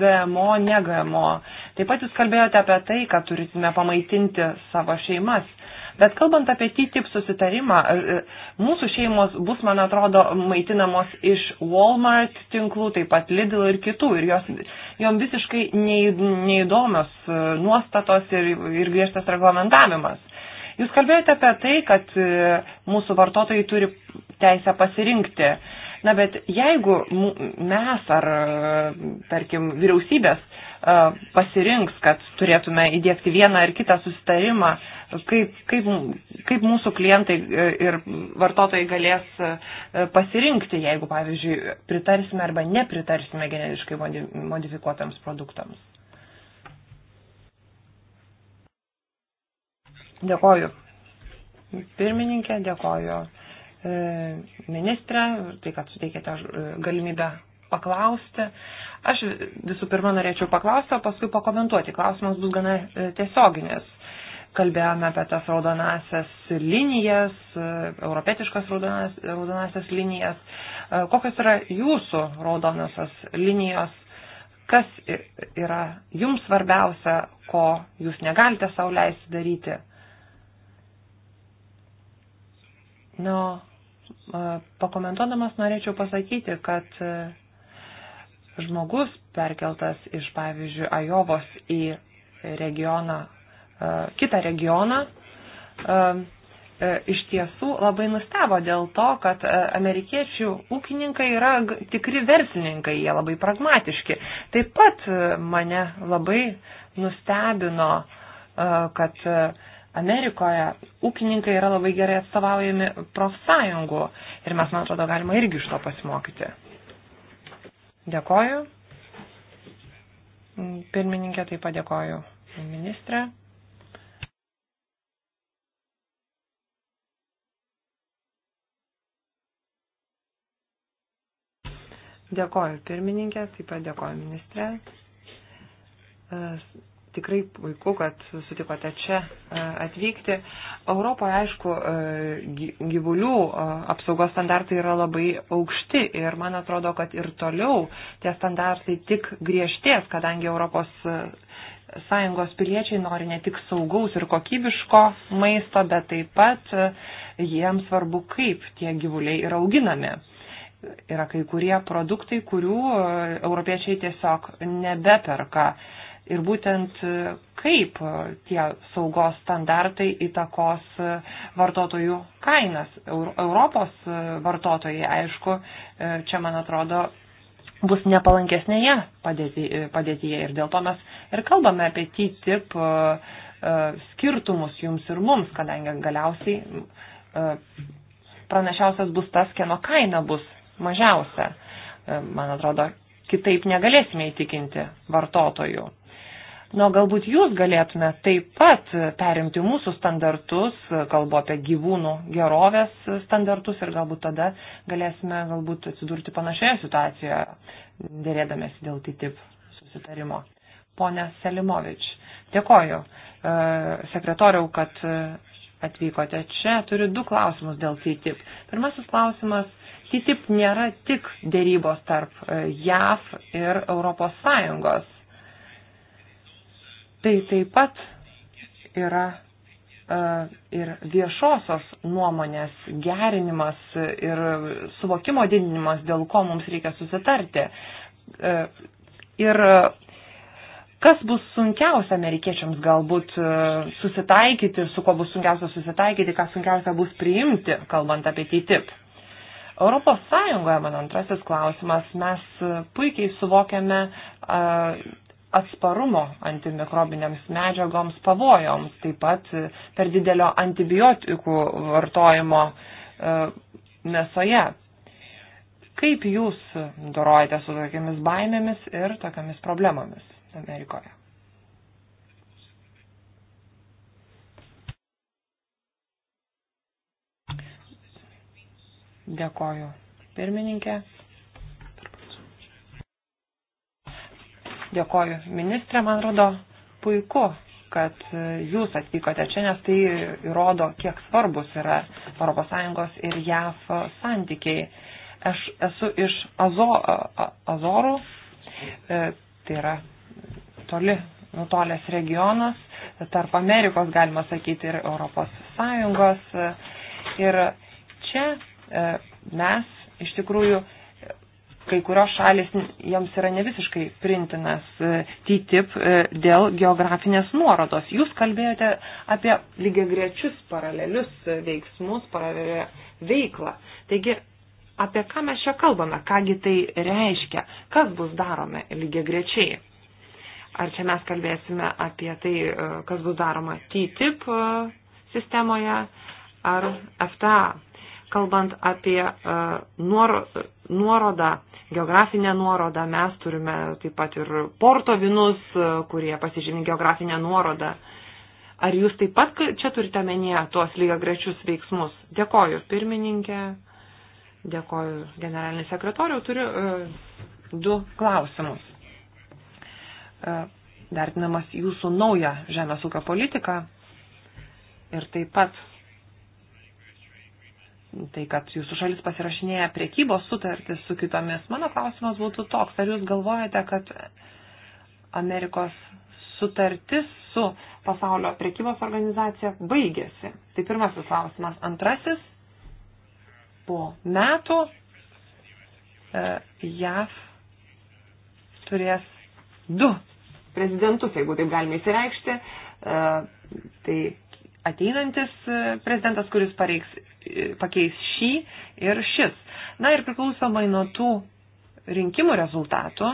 GMO, ne GMO. Taip pat jūs kalbėjote apie tai, kad turėtume pamaitinti savo šeimas. Bet kalbant apie TTIP susitarimą, e, mūsų šeimos bus, man atrodo, maitinamos iš Walmart tinklų, taip pat Lidl ir kitų. Ir jos, jom visiškai neįdomios e, nuostatos ir, ir griežtas reglamentavimas. Jūs kalbėjote apie tai, kad e, mūsų vartotojai turi teisę pasirinkti. Na bet jeigu mes ar, tarkim, vyriausybės E, pasirinks, kad turėtume įdėkti vieną ar kitą susitarimą, kaip, kaip, kaip mūsų klientai e, ir vartotojai galės e, pasirinkti, jeigu, pavyzdžiui, pritarsime arba nepritarsime generiškai modifikuotams produktams. Dėkoju. Pirmininkė, dėkoju ministrė, tai kad suteikėte galimybę paklausti. Aš visų pirma norėčiau paklausti, o paskui pakomentuoti. Klausimas bus gana e, tiesioginis. Kalbėjome apie tas raudonasias linijas, e, europietiškas raudonas, raudonasias linijas. E, kokios yra jūsų raudonasios linijos? Kas yra jums svarbiausia, ko jūs negalite sauliaisti daryti? Nu, pakomentuodamas norėčiau pasakyti, kad žmogus perkeltas iš, pavyzdžiui, Ajovos į regioną, e, kitą regioną, e, e, iš tiesų labai nustebo dėl to, kad amerikiečių ūkininkai yra tikri verslininkai, jie labai pragmatiški. Taip pat mane labai nustebino, kad Amerikoje ūkininkai yra labai gerai atstovaujami profsąjungų ir mes, man atrodo, galima irgi iš to pasimokyti. Dėkoju. Pirmininkė taip pat dėkoju ministrė. Dėkoju pirmininkė, taip pat dėkoju ministrė tikrai puiku, kad sutikote čia e, atvykti. Europoje, aišku, e, gyvulių e, apsaugos standartai yra labai aukšti ir man atrodo, kad ir toliau tie standartai tik griežtės, kadangi Europos sąjungos piliečiai nori ne tik saugaus ir kokybiško maisto, bet taip pat jiems svarbu, kaip tie gyvuliai yra auginami. Yra kai kurie produktai, kurių europiečiai tiesiog nebeperka ir būtent e, kaip e, tie saugos standartai įtakos e, vartotojų kainas. Europos vartotojai, aišku, čia, man atrodo, bus nepalankesnėje padėtyje ir dėl to mes ir kalbame apie T-tip skirtumus jums ir mums, kadangi galiausiai pranašiausias bus tas, kieno kaina bus mažiausia. Man atrodo, kitaip negalėsime įtikinti vartotojų. Nu, galbūt jūs galėtumėte taip pat perimti mūsų standartus, kalbu apie gyvūnų gerovės standartus ir galbūt tada galėsime galbūt atsidurti panašioje situacijoje, dėrėdamėsi dėl TTIP susitarimo. Pone Selimovič, dėkoju e, sekretoriau, kad atvykote čia. Turiu du klausimus dėl TTIP. Pirmasis klausimas TTIP nėra tik dėrybos tarp e, JAV ir ES. Tai taip pat yra e, ir viešosios nuomonės gerinimas ir suvokimo didinimas, dėl ko mums reikia susitarti. E, ir kas bus sunkiausia amerikiečiams galbūt e, susitaikyti, su kuo bus sunkiausia susitaikyti, ką sunkiausia bus priimti, kalbant apie TTIP. Europos Sąjungoje, man antrasis klausimas, mes puikiai suvokiame atsparumo antimikrobinėms medžiagoms pavojoms, taip pat e, per didelio antibiotikų vartojimo e, mėsoje. Kaip jūs dorojate su tokiamis baimėmis ir tokiamis problemomis Amerikoje? Dėkoju pirmininkė. Dėkoju ministrė, man rodo puiku, kad e, jūs atvykote čia, nes tai įrodo, kiek svarbus yra ES ir JAF santykiai. Aš esu iš Azo, Azorų, e, tai yra toli, nutolęs regionas, tarp Amerikos, galima sakyti, ir ES. E, ir čia mes iš tikrųjų kai kurios šalis joms yra nevisiškai printinas e, TTIP e, dėl geografinės nuorodos. Jūs kalbėjote apie lygiagrečius paralelius e, veiksmus, paralelę veiklą. Taigi, apie ką mes čia kalbame, kągi tai reiškia, kas bus darome lygiagrečiai. Ar čia mes kalbėsime apie tai, kas bus daroma TTIP sistemoje ar FTA Kalbant apie e, nuorodą, geografinę nuorodą, mes turime taip pat ir porto vinus, e, kurie pasižymi geografinę nuorodą. Ar jūs taip pat čia turite menyje tuos lygiagrečius veiksmus? Dėkoju pirmininkė, dėkoju generalinį sekretorių. Turiu e, du klausimus. Vertinamas jūsų naują žemės ūkio politiką ir taip pat tai, kad jūsų šalis pasirašinėja priekybos sutartis su kitomis. Mano klausimas būtų toks, ar jūs galvojate, kad Amerikos sutartis su pasaulio priekybos organizacija baigėsi? Tai pirmasis klausimas. Antrasis, po metų e, JAV turės du prezidentus, jeigu taip galime įsireikšti. E, tai ateinantis e, prezidentas, kuris pareiks, e, pakeis šį ir šis. Na ir priklausomai nuo tų rinkimų rezultatų,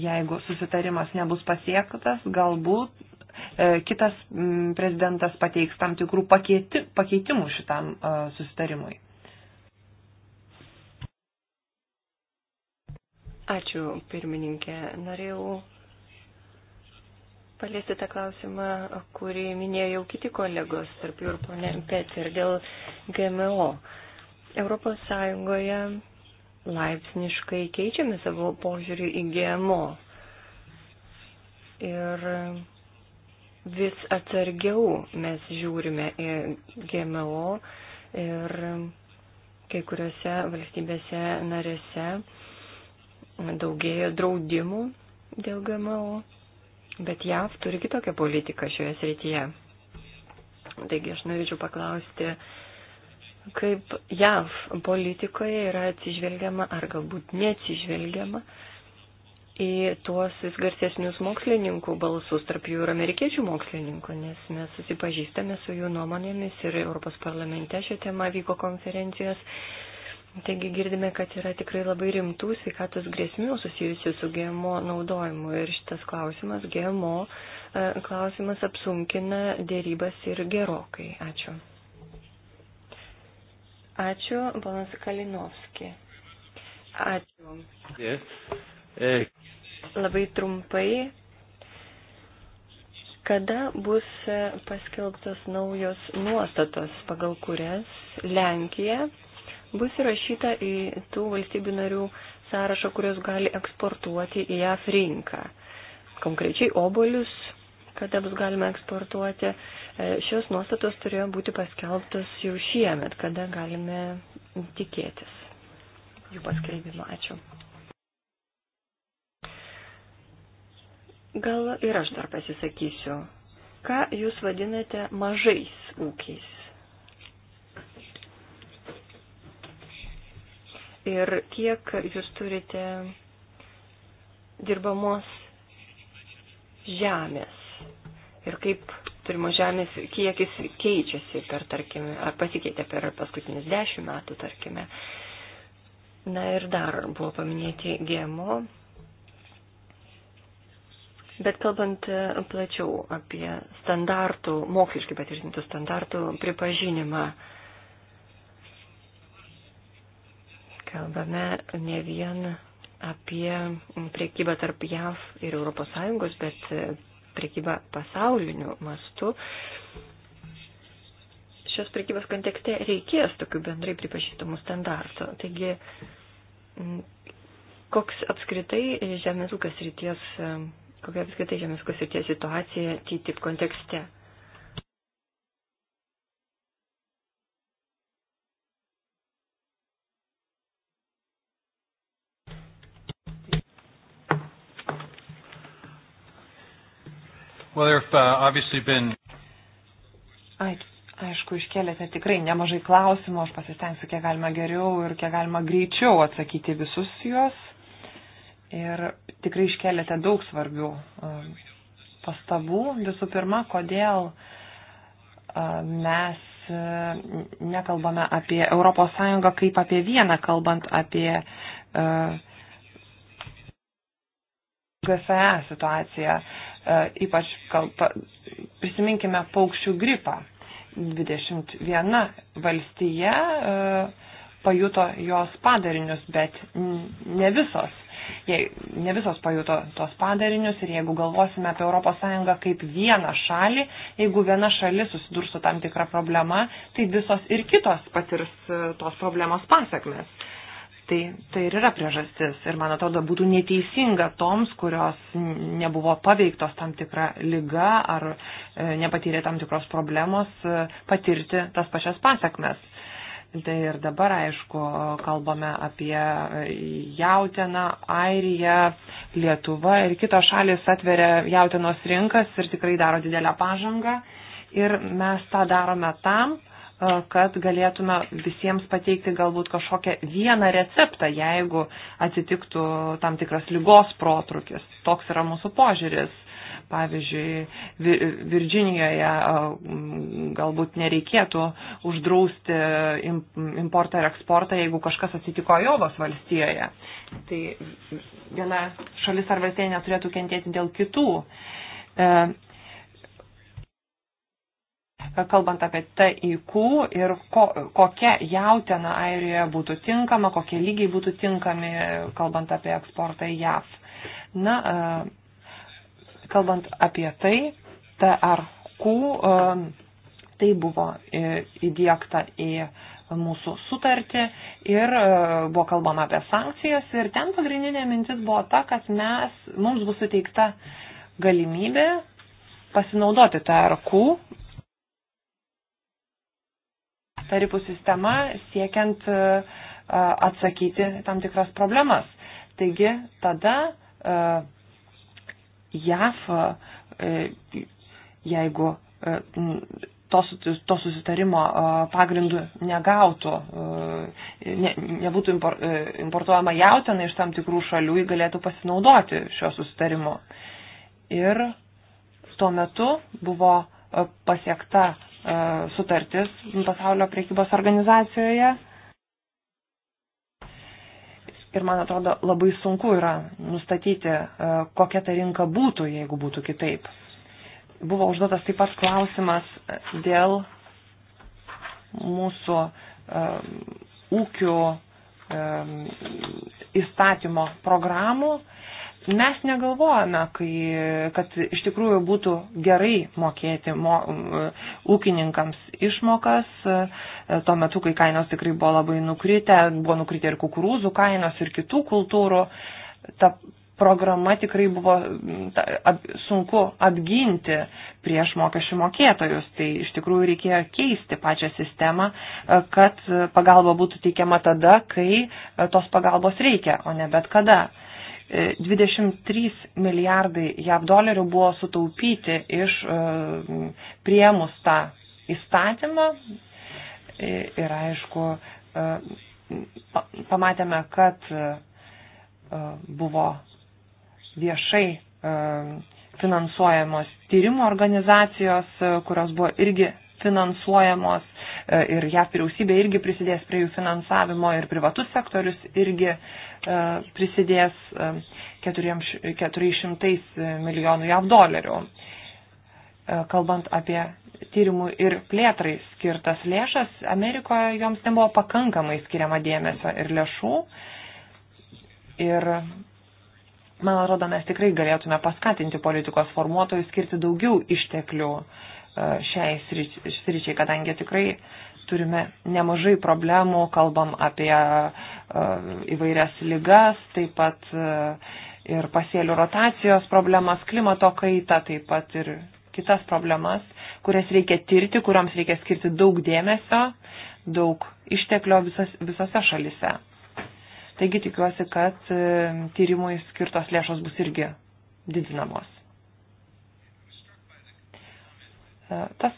jeigu susitarimas nebus pasiektas, galbūt e, kitas m, prezidentas pateiks tam tikrų pakeiti, pakeitimų šitam e, susitarimui. Ačiū, pirmininkė. Norėjau paliesti tą klausimą, kurį minėjo jau kiti kolegos, tarp jų ir ponė Peter, dėl GMO. Europos Sąjungoje laipsniškai keičiame savo požiūrį į GMO. Ir vis atsargiau mes žiūrime į GMO ir kai kuriuose valstybėse narėse daugėja draudimų dėl GMO. Bet JAV turi kitokią politiką šioje srityje. Taigi aš norėčiau paklausti, kaip JAV politikoje yra atsižvelgiama ar galbūt neatsižvelgiama į tuos vis garsesnius mokslininkų balsus, tarp jų ir amerikiečių mokslininkų, nes mes susipažįstame su jų nuomonėmis ir Europos parlamente šią temą vyko konferencijos Taigi girdime, kad yra tikrai labai rimtų sveikatos grėsmių susijusių su GMO naudojimu ir šitas klausimas, GMO e, klausimas apsunkina dėrybas ir gerokai. Ačiū. Ačiū, ponas Kalinovski. Ačiū. E. Labai trumpai. Kada bus paskelbtos naujos nuostatos, pagal kurias Lenkija bus įrašyta į tų valstybių narių sąrašą, kurios gali eksportuoti į JAF rinką. Konkrečiai obolius, kada bus galima eksportuoti, e, šios nuostatos turėjo būti paskelbtos jau šiemet, kada galime tikėtis jų paskelbimo. Ačiū. Gal ir aš dar pasisakysiu. Ką jūs vadinate mažais ūkiais? ir kiek jūs turite dirbamos žemės ir kaip turimo žemės kiekis keičiasi per, tarkime, ar pasikeitė per paskutinius dešimt metų, tarkime. Na ir dar buvo paminėti GMO. Bet kalbant e, plačiau apie standartų, moksliškai patvirtintų standartų pripažinimą, uh, Kalbame ne vien apie priekybą tarp JAV ir ES, bet priekybą pasauliniu mastu. Šios priekybos kontekste reikės tokių bendrai pripažįstamų standartų. Taigi, koks apskritai žemės ūkio srities, kokia apskritai žemės ūkio srities situacija TTIP kontekste? Well, there have uh, obviously been. Aišku, aišku, iškėlėte tikrai nemažai klausimų, aš pasistengsiu kiek galima geriau ir kiek galima greičiau atsakyti visus juos. Ir tikrai iškėlėte daug svarbių um, pastabų. Visų pirma, kodėl um, mes uh, nekalbame apie ES kaip apie vieną, kalbant apie uh, GFE situaciją E, ypač kalba, prisiminkime paukščių gripą. 21 valstija e, pajuto jos padarinius, bet ne visos. Jei ne visos pajuto tos padarinius ir jeigu galvosime apie ES kaip vieną šalį, jeigu viena šalis susidurs su tam tikra problema, tai visos ir kitos patirs e, tos problemos pasakmes. Tai, tai ir yra priežastis. Ir man atrodo, būtų neteisinga toms, kurios nebuvo paveiktos tam tikrą lygą ar e, nepatyrė tam tikros problemos, e, patirti tas pačias pasiekmes. Tai ir dabar, aišku, kalbame apie e, jautieną, Airiją, Lietuvą ir kitos šalis atveria jautienos rinkas ir tikrai daro didelę pažangą. Ir mes tą darome tam, kad galėtume visiems pateikti galbūt kažkokią vieną receptą, jeigu atsitiktų tam tikras lygos protrukis. Toks yra mūsų požiūris. Pavyzdžiui, Virginijoje galbūt nereikėtų uždrausti importą ir eksportą, jeigu kažkas atsitiko Jovos valstijoje. Tai viena šalis ar valstija neturėtų kentėti dėl kitų e, kalbant apie TIQ ir ko, kokia jautena Airijoje būtų tinkama, kokie lygiai būtų tinkami, kalbant apie eksportą į JAV. Na, e, kalbant apie tai, TRQ, e, tai buvo e, įdėkta į mūsų sutartį ir buvo kalbama apie sankcijas ir ten pagrindinė mintis buvo ta, kad mes, mums bus suteikta galimybė pasinaudoti TRQ tarifų sistema siekiant e, atsakyti tam tikras problemas. Taigi tada e, JAF, e, jeigu to, to susitarimo pagrindų negautų, ne, nebūtų importuojama jautina iš tam tikrų šalių, jį galėtų pasinaudoti šio susitarimo. Ir tuo metu buvo pasiekta E, sutartis pasaulio priekybos organizacijoje. Ir man atrodo, labai sunku yra nustatyti, e, kokia ta rinka būtų, jeigu būtų kitaip. Buvo užduotas taip pat klausimas dėl mūsų e, ūkių įstatymo programų Mes negalvojame, kai, kad iš tikrųjų būtų gerai mokėti mo, ūkininkams išmokas, tuo metu, kai kainos tikrai buvo labai nukritę, buvo nukritę ir kukurūzų kainos, ir kitų kultūrų. Ta programa tikrai buvo ta, ab, sunku apginti prieš mokesčių mokėtojus. Tai iš tikrųjų reikėjo keisti pačią sistemą, kad pagalba būtų teikiama tada, kai tos pagalbos reikia, o ne bet kada. 23 e, milijardai JAV dolerių buvo sutaupyti iš e, priemus tą įstatymą. E, ir aišku, pamatėme, kad buvo viešai finansuojamos tyrimo organizacijos, kurios buvo irgi finansuojamos ir JAV vyriausybė irgi prisidės prie jų finansavimo ir privatus sektorius irgi uh, E, prisidės 400 e, milijonų jav dolerių. E, kalbant apie tyrimų ir plėtrai skirtas lėšas, Amerikoje joms nebuvo pakankamai skiriama dėmesio ir lėšų. Ir man atrodo, mes tikrai galėtume paskatinti politikos formuotojus skirti daugiau išteklių šiai sričiai, kadangi tikrai turime nemažai problemų, kalbam apie e, įvairias lygas, taip pat e, ir pasėlių rotacijos problemas, klimato kaitą, taip pat ir kitas problemas, kurias reikia tirti, kuriams reikia skirti daug dėmesio, daug išteklio visas, visose šalise. Taigi tikiuosi, kad e, tyrimui skirtos lėšos bus irgi didinamos. Tas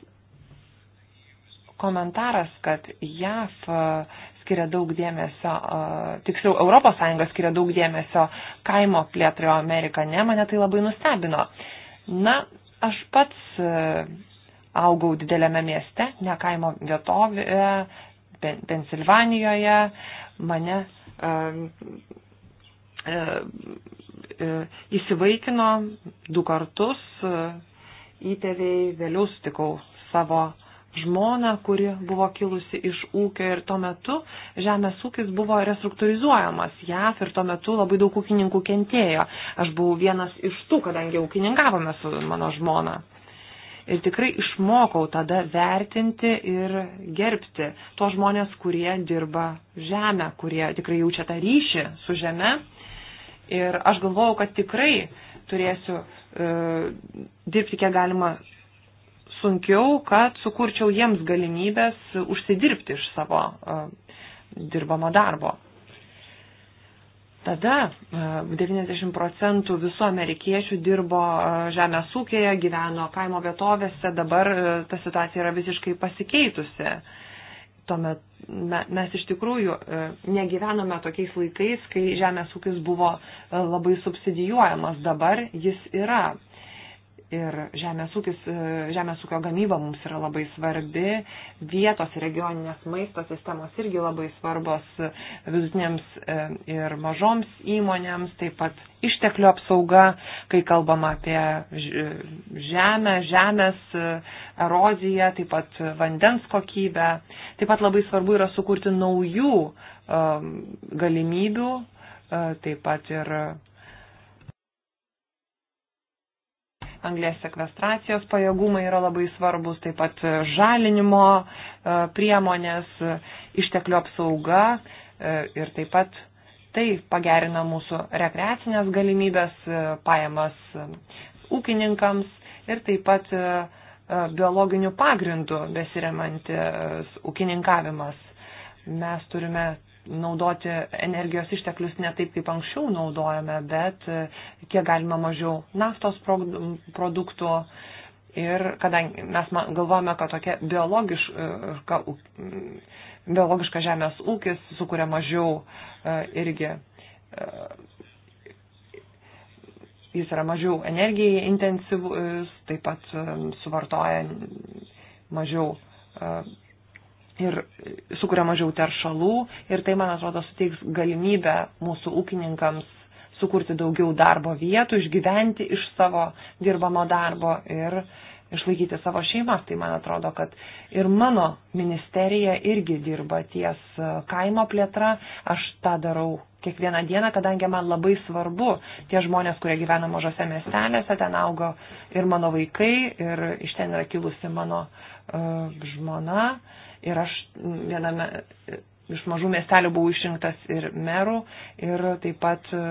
komentaras, kad JAF e, skiria daug dėmesio, e, tiksliau, ES skiria daug dėmesio kaimo plėtrai, o Amerika ne, mane tai labai nustebino. Na, aš pats e, augau didelėme mieste, ne kaimo vietovėje, Pensilvanijoje, mane e, e, e, įsivaikino du kartus įtėviai, vėliau sutikau savo žmoną, kuri buvo kilusi iš ūkio ir tuo metu žemės ūkis buvo restruktūrizuojamas JAF ir tuo metu labai daug ūkininkų kentėjo. Aš buvau vienas iš tų, kadangi ūkininkavome su mano žmona. Ir tikrai išmokau tada vertinti ir gerbti tos žmonės, kurie dirba žemę, kurie tikrai jaučia tą ryšį su žemė. Ir aš galvojau, kad tikrai turėsiu e, dirbti kiek galima sunkiau, kad sukurčiau jiems galimybės užsidirbti iš savo e, dirbamo darbo. Tada 90 e, procentų visų amerikiečių dirbo e, žemės ūkėje, gyveno kaimo vietovėse, dabar ta situacija yra visiškai pasikeitusi. Tuomet mes iš tikrųjų negyvenome tokiais laikais, kai žemės ūkis buvo labai subsidijuojamas, dabar jis yra. Ir žemės, ūkis, e, žemės ūkio gamyba mums yra labai svarbi, vietos regioninės maisto sistemos irgi labai svarbos vidutinėms e, ir mažoms įmonėms, taip pat išteklių apsauga, kai kalbama apie žemę, žemės e, eroziją, taip pat vandens kokybę. Taip pat labai svarbu yra sukurti naujų galimybių, taip pat ir anglės sekvestracijos pajėgumai yra labai svarbus, taip pat žalinimo e, priemonės, išteklių apsauga e, ir taip pat tai pagerina mūsų rekreacinės galimybės, e, pajamas ūkininkams ir taip pat biologinių pagrindų besiremantis ūkininkavimas. Mes turime naudoti energijos išteklius ne taip, kaip anksčiau naudojame, bet e, kiek galima mažiau naftos produktų. Ir kadangi mes galvojame, kad tokia biologiška, e, biologiška žemės ūkis sukuria mažiau e, irgi, jis yra mažiau energijai intensyvus, taip pat suvartoja mažiau ir sukuria mažiau teršalų ir tai, man atrodo, suteiks galimybę mūsų ūkininkams sukurti daugiau darbo vietų, išgyventi iš savo dirbamo darbo ir išlaikyti savo šeimas. Tai man atrodo, kad ir mano ministerija irgi dirba ties e, kaimo plėtra. Aš tą darau kiekvieną dieną, kadangi man labai svarbu tie žmonės, kurie gyvena mažose miestelėse, ten augo ir mano vaikai, ir iš ten yra kilusi mano uh, žmona. Uh, Ir aš viename iš mažų miestelių buvau išrinktas ir merų, ir taip pat e,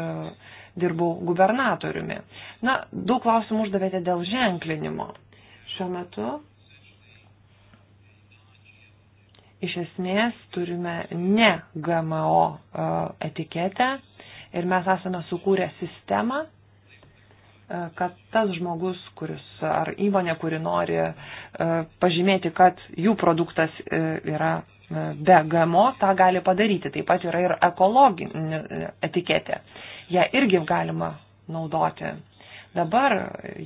dirbau gubernatoriumi. Na, daug klausimų uždavėte dėl ženklinimo. Šiuo metu iš esmės turime ne GMO e, etiketę ir mes esame sukūrę sistemą, kad tas žmogus, kuris ar įmonė, kuri nori e, pažymėti, kad jų produktas e, yra e, be GMO, tą gali padaryti. Taip pat yra ir ekologinė etiketė. Ja irgi galima naudoti. Dabar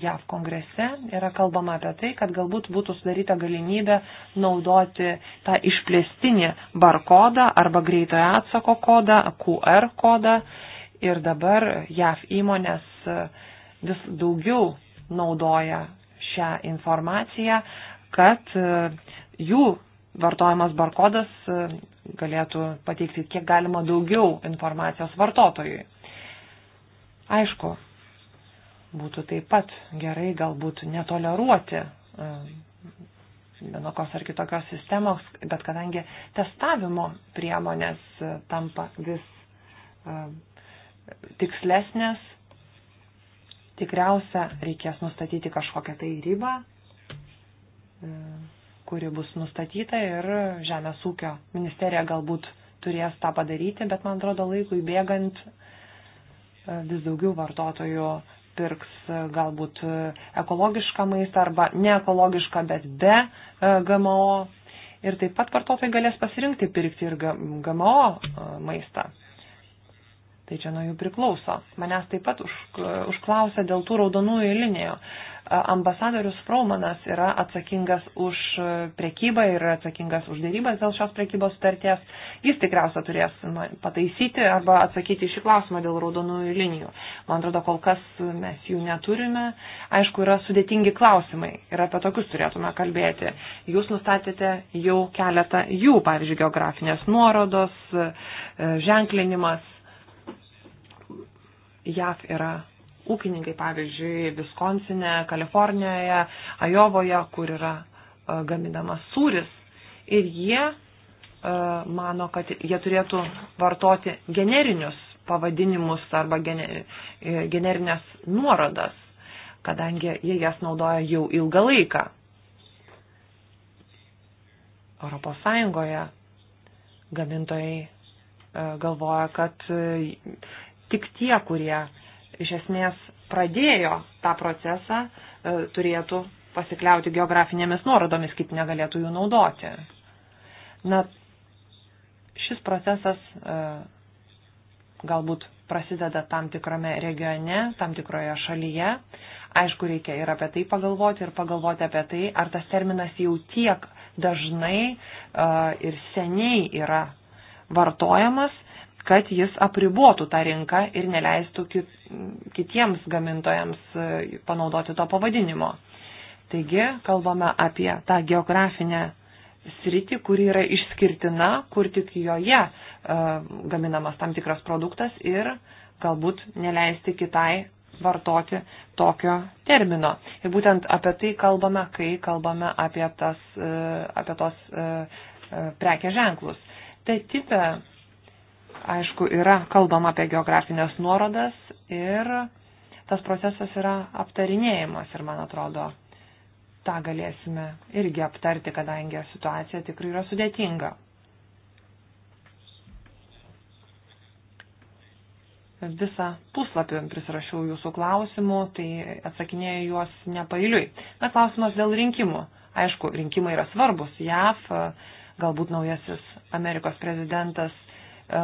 JAV kongrese yra kalbama apie tai, kad galbūt būtų sudaryta galimybė naudoti tą išplėstinį barkodą arba greitojo atsako kodą, QR kodą. Ir dabar JAV įmonės uh, vis daugiau naudoja šią informaciją, kad e, jų vartojamas barkodas e, galėtų pateikti kiek galima daugiau informacijos vartotojui. Aišku, būtų taip pat gerai galbūt netoleruoti e, vienokios ar kitokios sistemos, bet kadangi testavimo priemonės tampa vis tikslesnės, tikriausia reikės nustatyti kažkokią tai ribą, e, kuri bus nustatyta ir Žemės ūkio ministerija galbūt turės tą padaryti, bet man atrodo laikui bėgant e, vis daugiau vartotojų pirks e, galbūt ekologišką maistą arba neekologišką, bet be GMO. Ir taip pat vartotojai galės pasirinkti pirkti ir GMO maistą. Tai čia nuo jų priklauso. Manęs taip pat už, užklausė dėl tų raudonųjų linijų. Ambasadorius Fraumanas yra atsakingas už prekybą ir atsakingas už dėrybas dėl šios prekybos sutarties. Jis tikriausia turės pataisyti arba atsakyti šį klausimą dėl raudonųjų linijų. Man atrodo, kol kas mes jų neturime. Aišku, yra sudėtingi klausimai ir apie tokius turėtume kalbėti. Jūs nustatėte jau keletą jų, pavyzdžiui, geografinės nuorodos, e, ženklinimas JAV yra ūkininkai, pavyzdžiui, Viskonsinė, Kalifornijoje, Ajovoje, kur yra e, gaminamas sūris. Ir jie e, mano, kad jie turėtų vartoti generinius pavadinimus arba e, generinės nuorodas, kadangi jie jas naudoja jau ilgą laiką. Europos Sąjungoje gamintojai galvoja, kad tik tie, kurie iš esmės pradėjo tą procesą, e, turėtų pasikliauti geografinėmis nuorodomis, kiti negalėtų jų naudoti. Na, šis procesas e, galbūt prasideda tam tikrame regione, tam tikroje šalyje. Aišku, reikia ir apie tai pagalvoti, ir pagalvoti apie tai, ar tas terminas jau tiek dažnai e, ir seniai yra vartojamas, kad jis apribuotų tą rinką ir neleistų kitiems gamintojams e, panaudoti to pavadinimo. Taigi, kalbame apie tą geografinę sritį, kuri yra išskirtina, kur tik joje e, gaminamas tam tikras produktas ir galbūt neleisti kitai vartoti tokio termino. Ir būtent apie tai kalbame, kai kalbame apie, tas, e, apie tos e, e prekė ženklus. Tai tipe aišku, yra kalbama apie geografinės nuorodas ir tas procesas yra aptarinėjimas ir, man atrodo, tą galėsime irgi aptarti, kadangi situacija tikrai yra sudėtinga. Visą puslapį prisrašiau jūsų klausimų, tai atsakinėjau juos nepailiui. Na, klausimas dėl rinkimų. Aišku, rinkimai yra svarbus. JAF, galbūt naujasis Amerikos prezidentas E,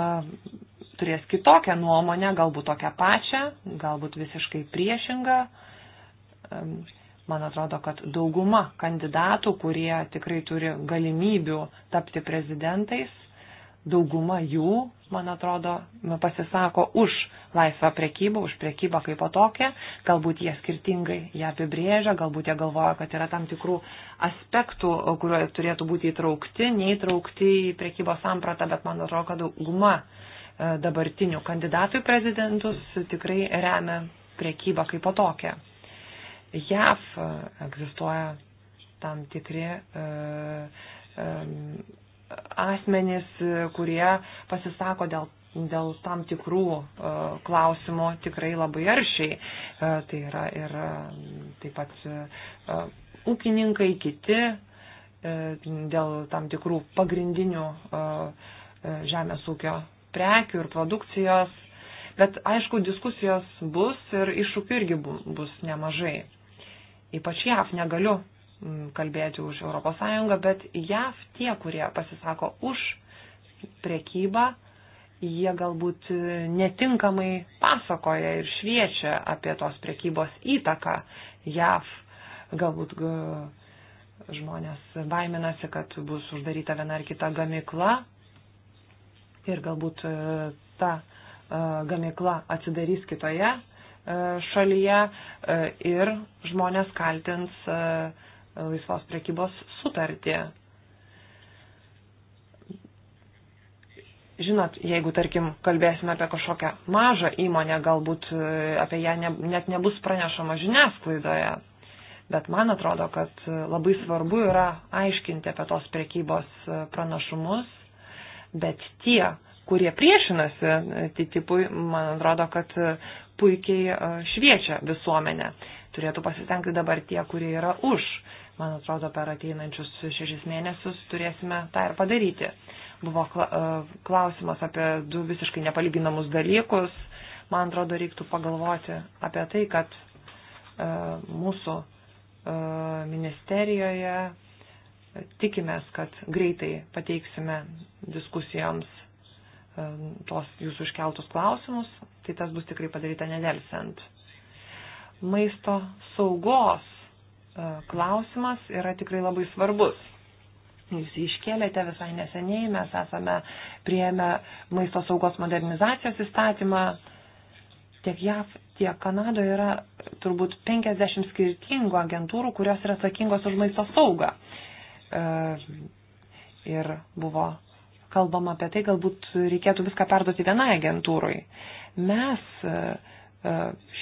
turės kitokią nuomonę, galbūt tokią pačią, galbūt visiškai priešingą. E, man atrodo, kad dauguma kandidatų, kurie tikrai turi galimybių tapti prezidentais, dauguma jų, man atrodo, nu, pasisako už laisvą prekybą, už prekybą kaip po tokią. Galbūt jie skirtingai ją apibrėžia, galbūt jie galvoja, kad yra tam tikrų aspektų, kurie turėtų būti įtraukti, neįtraukti į prekybos sampratą, bet man atrodo, kad dauguma e, dabartinių kandidatų į prezidentus tikrai remia prekybą kaip po tokią. JAV e, egzistuoja tam tikri e, e, asmenys, kurie pasisako dėl, dėl tam tikrų e, klausimų tikrai labai aršiai. E, tai yra ir e, taip pat ūkininkai, kiti dėl tam tikrų pagrindinių žemės ūkio prekių ir produkcijos. Bet aišku, diskusijos bus ir iššūkių irgi bus nemažai. Ypač JAV negaliu Mm, kalbėti už ES, bet JAV tie, kurie pasisako už priekybą, jie galbūt netinkamai pasakoja ir šviečia apie tos priekybos įtaką JAV. Galbūt žmonės baiminasi, kad bus uždaryta viena ar kita gamikla ir galbūt e, ta e, gamikla atsidarys kitoje e, šalyje ir žmonės kaltins laisvos prekybos sutartį. Žinot, jeigu, tarkim, kalbėsime apie kažkokią mažą įmonę, galbūt e, apie ją ne, net nebus pranešama žiniasklaidoje, bet man atrodo, kad labai svarbu yra aiškinti apie tos prekybos e, pranašumus, bet tie, kurie priešinasi e, TTIP-ui, man atrodo, kad puikiai šviečia visuomenę. Turėtų pasistengti dabar tie, kurie yra už. Man atrodo, per ateinančius šešis mėnesius turėsime tą ir padaryti. Buvo e, klausimas apie du visiškai nepalyginamus dalykus. Man atrodo, reiktų pagalvoti apie tai, kad e, mūsų e, ministerijoje tikimės, kad greitai pateiksime diskusijoms tos jūsų iškeltus klausimus, tai tas bus tikrai padaryta nedelsiant. Maisto saugos E, klausimas yra tikrai labai svarbus. Jūs iškėlėte visai neseniai, mes esame prieėmę maisto saugos modernizacijos įstatymą. Tiek JAV, tiek Kanadoje yra turbūt 50 skirtingų agentūrų, kurios yra atsakingos už maisto saugą. E, ir buvo kalbama apie tai, galbūt reikėtų viską perduoti vienai agentūrai. Mes e,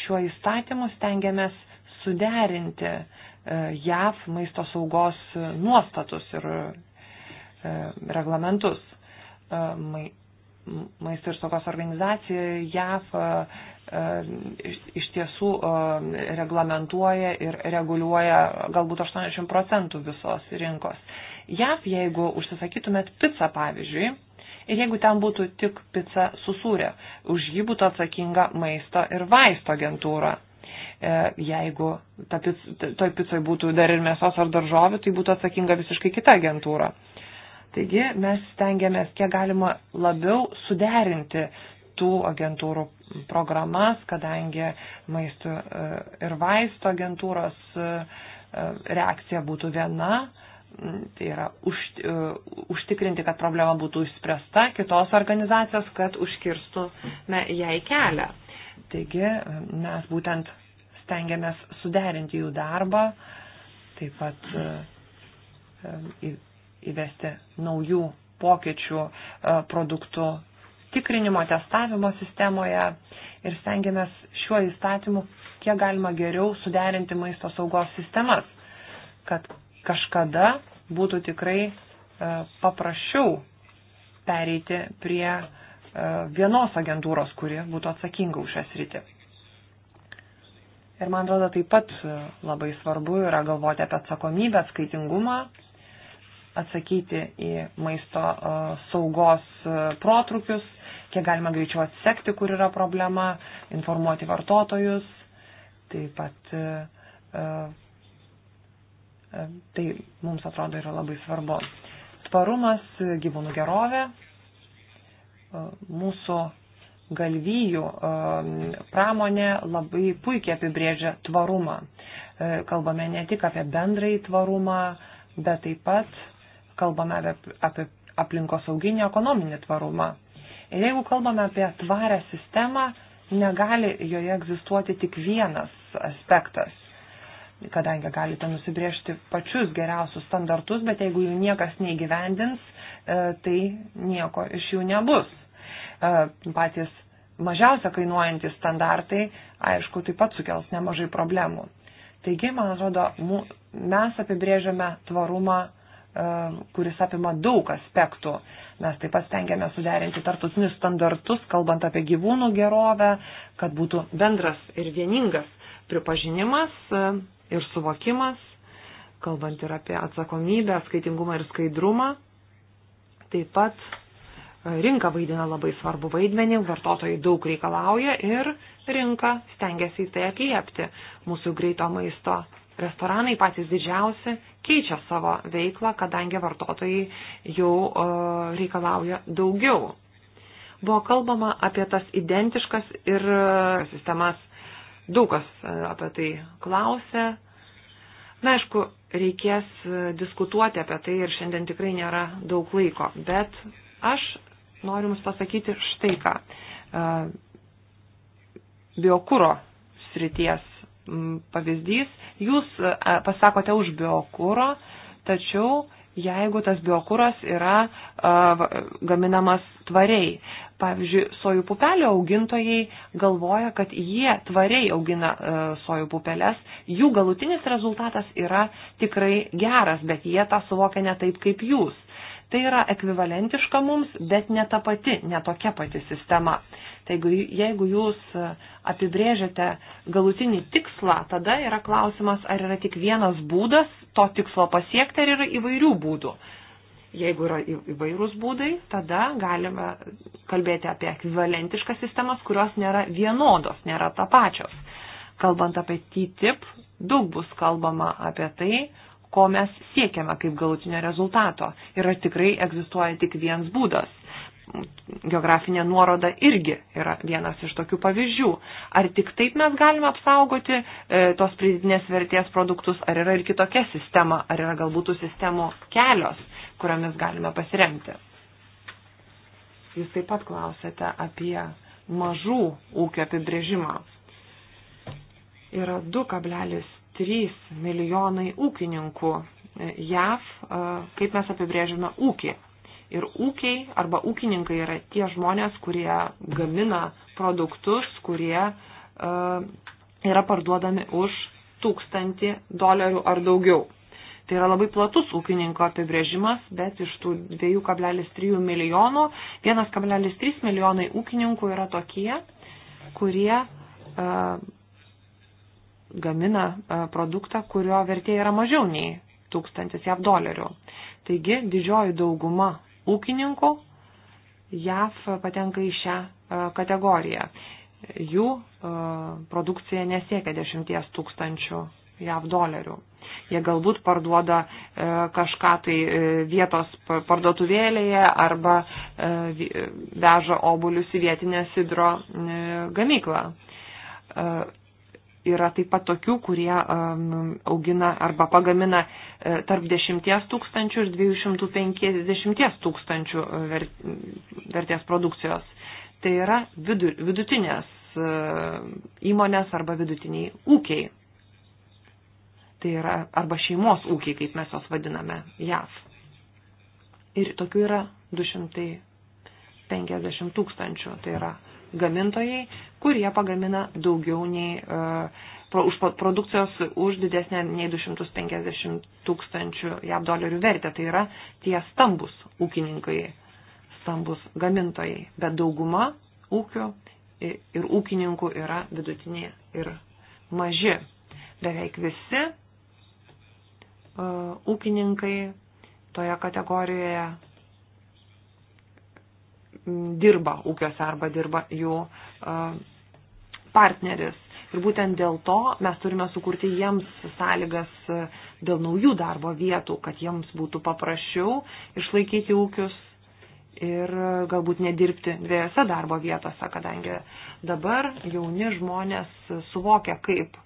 šiuo įstatymu stengiamės suderinti E, JAV maisto saugos nuostatus ir e, reglamentus. E, maisto ir saugos organizacija JAV iš tiesų reglamentuoja ir reguliuoja galbūt 80 procentų visos rinkos. JAV, jeigu užsisakytumėt pizzą pavyzdžiui, ir jeigu ten būtų tik pica su sūrė, už jį būtų atsakinga maisto ir vaisto agentūra. E, jeigu pic, toj picoje būtų dar ir mėsos ar daržovių, tai būtų atsakinga visiškai kita agentūra. Taigi mes stengiamės kiek galima labiau suderinti tų agentūrų programas, kadangi maisto e, ir vaisto agentūros e, reakcija būtų viena, mm, tai yra už, užtikrinti, kad problema būtų išspręsta, kitos organizacijos, kad užkirstume jai kelią. Taigi mes būtent stengiamės suderinti jų darbą, taip pat e, e, įvesti naujų pokyčių e, produktų tikrinimo, testavimo sistemoje ir stengiamės šiuo įstatymu kiek galima geriau suderinti maisto saugos sistemas, kad kažkada būtų tikrai paprasčiau pereiti prie vienos agentūros, kuri būtų atsakinga už šią sritį. Ir man atrodo, taip pat e, labai svarbu yra galvoti apie atsakomybę, skaitingumą, atsakyti į maisto e, saugos e, protrukius, kiek galima greičiau atsekti, kur yra problema, informuoti vartotojus, taip pat tai mums atrodo yra labai svarbu. Tvarumas, gyvūnų gerovė, mūsų galvijų um, pramonė labai puikiai apibrėžia tvarumą. E, kalbame ne tik apie bendrąjį tvarumą, bet taip pat kalbame apie aplinkosauginį ekonominį tvarumą. Ir jeigu kalbame apie tvarę sistemą, negali joje egzistuoti tik vienas aspektas, kadangi galite nusibriežti pačius geriausius standartus, bet jeigu jų niekas neįgyvendins, e, tai nieko iš jų nebus. E, patys mažiausia kainuojantys standartai, aišku, taip pat sukels nemažai problemų. Taigi, man atrodo, mes apibrėžiame tvarumą, e, kuris apima daug aspektų. Mes taip pat stengiame suderinti tartutinius standartus, kalbant apie gyvūnų gerovę, kad būtų bendras ir vieningas pripažinimas e, ir suvokimas, kalbant ir apie atsakomybę, skaitingumą ir skaidrumą. Taip pat rinka vaidina labai svarbu vaidmenį, vartotojai daug reikalauja ir rinka stengiasi į tai atliepti. Mūsų greito maisto restoranai patys didžiausi keičia savo veiklą, kadangi vartotojai jau uh, reikalauja daugiau. Buvo kalbama apie tas identiškas ir uh, sistemas. Daug kas uh, apie tai klausė. Na, aišku, reikės diskutuoti apie tai ir šiandien tikrai nėra daug laiko, bet aš noriu Jums pasakyti štai ką. E, biokūro srities pavyzdys. Jūs e, pasakote už biokūro, tačiau jeigu tas biokūras yra e, gaminamas tvariai. Pavyzdžiui, sojų pupelių augintojai galvoja, kad jie tvariai augina sojų pupelės, jų galutinis rezultatas yra tikrai geras, bet jie tą suvokia ne taip kaip jūs. Tai yra ekvivalentiška mums, bet ne ta pati, ne tokia pati sistema. Taigi, jeigu jūs apibrėžiate galutinį tikslą, tada yra klausimas, ar yra tik vienas būdas to tikslo pasiekti, ar yra įvairių būdų. Jeigu yra įvairūs būdai, tada galime kalbėti apie ekvivalentiškas sistemas, kurios nėra vienodos, nėra tapačios. Kalbant apie TTIP, daug bus kalbama apie tai, ko mes siekiame kaip galutinio rezultato. Ir ar tikrai egzistuoja tik vienas būdas. Geografinė nuoroda irgi yra vienas iš tokių pavyzdžių. Ar tik taip mes galime apsaugoti e, tos pridinės vertės produktus, ar yra ir kitokia sistema, ar yra galbūt sistemų kelios, kuriomis galime pasiremti. Jūs taip pat klausėte apie mažų ūkio apibrėžimą. Yra 2,7 3 milijonai ūkininkų e, JAV, e, kaip mes apibrėžiame ūkį. Ir ūkiai arba ūkininkai yra tie žmonės, kurie gamina produktus, kurie e, yra parduodami už tūkstantį dolerių ar daugiau. Tai yra labai platus ūkininko apibrėžimas, bet iš tų 2,3 milijonų 1,3 milijonai ūkininkų yra tokie, kurie uh, gamina e, produktą, kurio vertė yra mažiau nei tūkstantis jav dolerių. Taigi didžioji dauguma ūkininkų JAV patenka į šią e, kategoriją. Jų e, produkcija nesiekia 10 tūkstančių JAV dolerių. Jie galbūt parduoda kažką tai vietos parduotuvėlėje arba veža obulius į vietinę sidro gamyklą yra taip pat tokių, kurie um, augina arba pagamina e, tarp 10 tūkstančių ir 250 tūkstančių e, vertės produkcijos. Tai yra vidutinės e, įmonės arba vidutiniai ūkiai. Tai yra arba šeimos ūkiai, kaip mes jos vadiname JAV. Ir tokių yra 250 tūkstančių. Tai yra gamintojai, kurie pagamina daugiau nei e, už produkcijos už didesnę nei 250 tūkstančių jav dolerių vertę. Tai yra tie stambus ūkininkai, stambus gamintojai, bet dauguma ūkių ir ūkininkų yra vidutinė ir maži. Beveik visi e, ūkininkai toje kategorijoje dirba ūkiuose arba dirba jų e, partneris. Ir būtent dėl to mes turime sukurti jiems sąlygas e, dėl naujų darbo vietų, kad jiems būtų paprasčiau išlaikyti ūkius ir e, galbūt nedirbti dviejose darbo vietose, kadangi dabar jauni žmonės suvokia kaip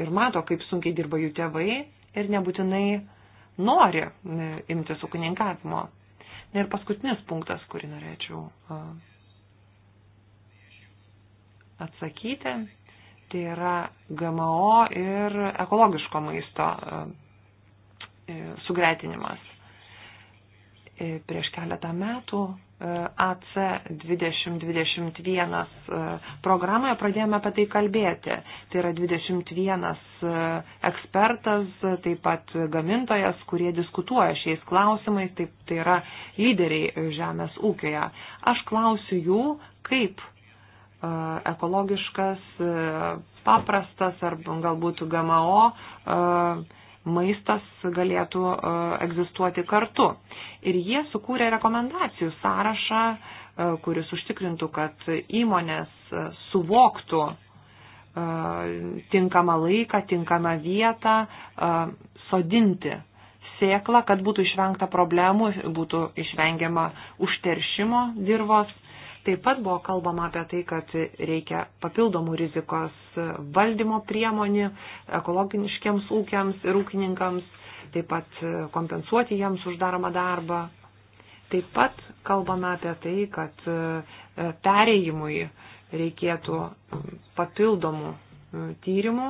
ir mato, kaip sunkiai dirba jų tėvai ir nebūtinai nori imtis ūkininkavimo. Ir paskutinis punktas, kurį norėčiau atsakyti, tai yra GMO ir ekologiško maisto sugretinimas. Prieš keletą metų AC 2021 e, programoje pradėjome apie tai kalbėti. Tai yra 21 e, ekspertas, taip pat gamintojas, kurie diskutuoja šiais klausimais, taip, tai yra lyderiai žemės ūkioje. Aš klausiu jų, kaip e, ekologiškas, paprastas ar galbūt GMO maistas galėtų e, egzistuoti kartu. Ir jie sukūrė rekomendacijų sąrašą, e, kuris užtikrintų, kad įmonės e, suvoktų tinkamą laiką, tinkamą vietą sodinti sėklą, kad būtų išvengta problemų, būtų išvengiama užteršimo dirbos Taip pat buvo kalbama apie tai, kad reikia papildomų rizikos valdymo priemonių ekologiniškiams ūkiams ir ūkininkams, taip pat kompensuoti jiems uždaromą darbą. Taip pat kalbame apie tai, kad e, perėjimui reikėtų papildomų tyrimų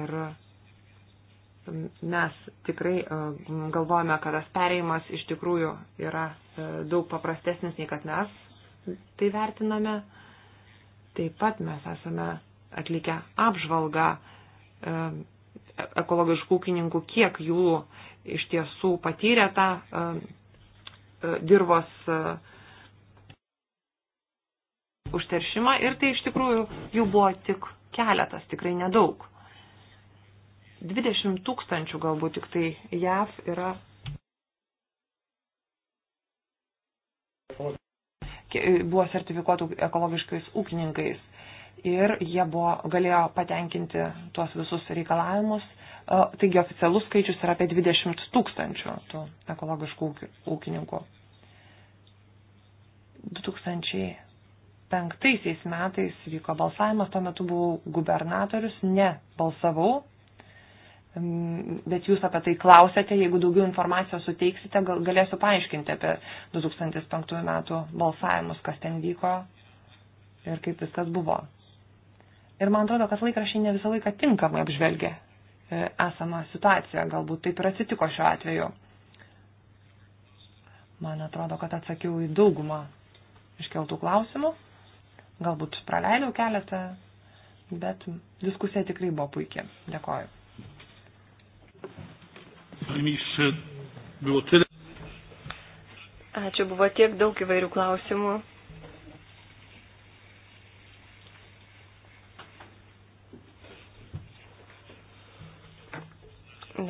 ir mes tikrai e, galvojame, kad tas perėjimas iš tikrųjų yra e, daug paprastesnis, nei kad mes tai vertiname. Taip pat mes esame atlikę apžvalgą e, ekologiškų ūkininkų, kiek jų iš tiesų patyrė tą dirbos užteršimą ir tai iš tikrųjų jų buvo tik keletas, tikrai nedaug. 20 tūkstančių galbūt tik tai JAV yra. buvo sertifikuotų ekologiškais ūkininkais ir jie buvo, galėjo patenkinti tuos visus reikalavimus. Taigi oficialus skaičius yra apie 20 tūkstančių tų ekologiškų ūkininkų. 2005 metais vyko balsavimas, tuo metu buvau gubernatorius, ne balsavau, bet jūs apie tai klausėte, jeigu daugiau informacijos suteiksite, gal, galėsiu paaiškinti apie 2005 metų balsavimus, kas ten vyko ir kaip viskas buvo. Ir man atrodo, kad laikrašiai ne visą laiką tinkamai apžvelgia e, esamą situaciją, galbūt taip ir atsitiko šiuo atveju. Man atrodo, kad atsakiau į daugumą iškeltų klausimų, galbūt praleidau keletą, bet diskusija tikrai buvo puikia. Dėkoju. Panie ministrze, było tyle. Ačiū, buvo tiek daug įvairių klausimų.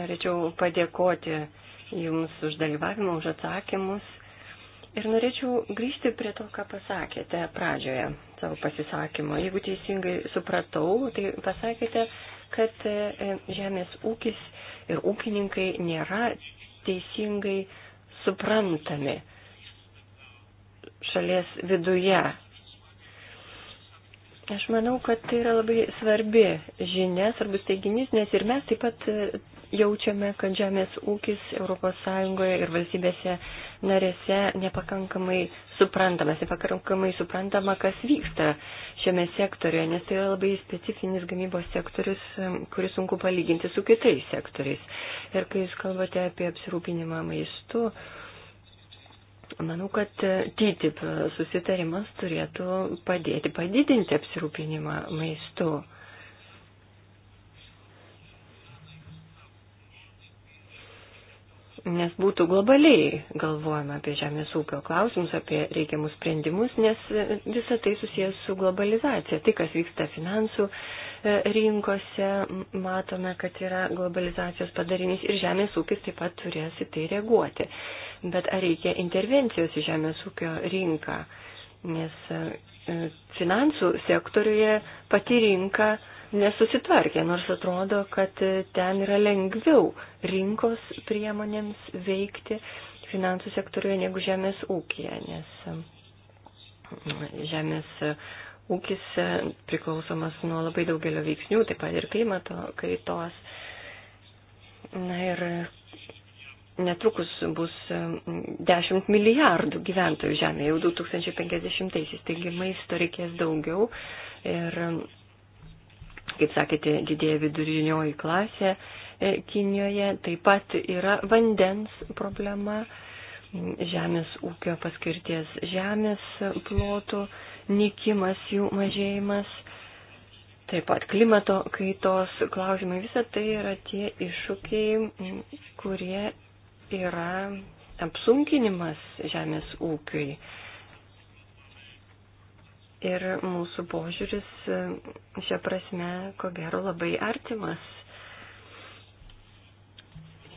Norėčiau padėkoti Jums už dalyvavimą, už atsakymus. Ir norėčiau grįžti prie to, ką pasakėte pradžioje savo pasisakymo. Jeigu teisingai supratau, tai pasakėte, kad e, žemės ūkis ir ūkininkai nėra teisingai suprantami šalies viduje. Aš manau, kad tai yra labai svarbi žinia, svarbus teiginys, nes ir mes taip pat jaučiame, kad žemės ūkis ES ir valstybėse narėse nepakankamai suprantamas, nepakankamai suprantama, kas vyksta šiame sektoriuje, nes tai yra labai specifinis gamybos sektorius, kurį sunku palyginti su kitais sektoriais. Ir kai jūs kalbate apie apsirūpinimą maistu, manau, kad e, TTIP susitarimas turėtų padėti padidinti apsirūpinimą maistu. nes būtų globaliai galvojama apie žemės ūkio klausimus, apie reikiamus sprendimus, nes visa tai susijęs su globalizacija. Tai, kas vyksta finansų e, rinkose, matome, kad yra globalizacijos padarinys ir žemės ūkis taip pat turės į tai reaguoti. Bet ar reikia intervencijos į žemės ūkio rinką? Nes e, e, finansų sektoriuje pati rinka nesusitvarkė, nors atrodo, kad ten yra lengviau rinkos priemonėms veikti finansų sektoriuje negu žemės ūkija, nes mm, žemės ūkis priklausomas nuo labai daugelio veiksnių, taip pat ir klimato kaitos. Na ir netrukus bus 10 mm, milijardų gyventojų žemėje jau 2050-aisiais, taigi maisto reikės daugiau ir mm, kaip sakėte, didėja vidurinioji klasė e, Kinijoje, taip pat yra vandens problema, žemės ūkio paskirties žemės plotų, nikimas jų mažėjimas, taip pat klimato kaitos klausimai, visa tai yra tie iššūkiai, kurie yra apsunkinimas žemės ūkiui. Ir mūsų požiūris e, šią prasme, ko gero, labai artimas.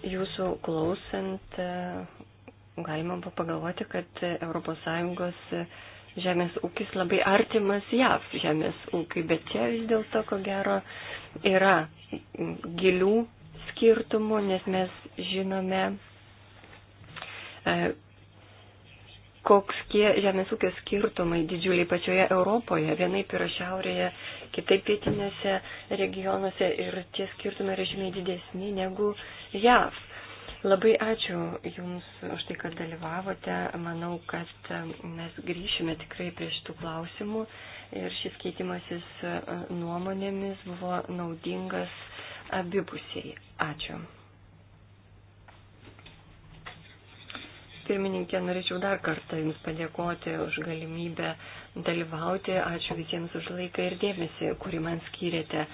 Jūsų klausant, e, galima buvo pagalvoti, kad ES e, žemės ūkis labai artimas JAV žemės ūkiai, bet čia vis dėlto, ko gero, yra gilių skirtumų, nes mes žinome, koks tie žemės ūkio skirtumai didžiuliai pačioje Europoje. Vienaip yra šiaurėje, kitaip pietinėse regionuose ir tie skirtumai yra žymiai didesni negu JAV. Labai ačiū Jums už tai, kad dalyvavote. Manau, kad mes grįšime tikrai prie šitų klausimų ir šis keitimasis e, nuomonėmis buvo naudingas abipusiai. Ačiū. Pirmininkė, norėčiau dar kartą Jums padėkoti už galimybę dalyvauti. Ačiū visiems už laiką ir dėmesį, kurį man skyrėte.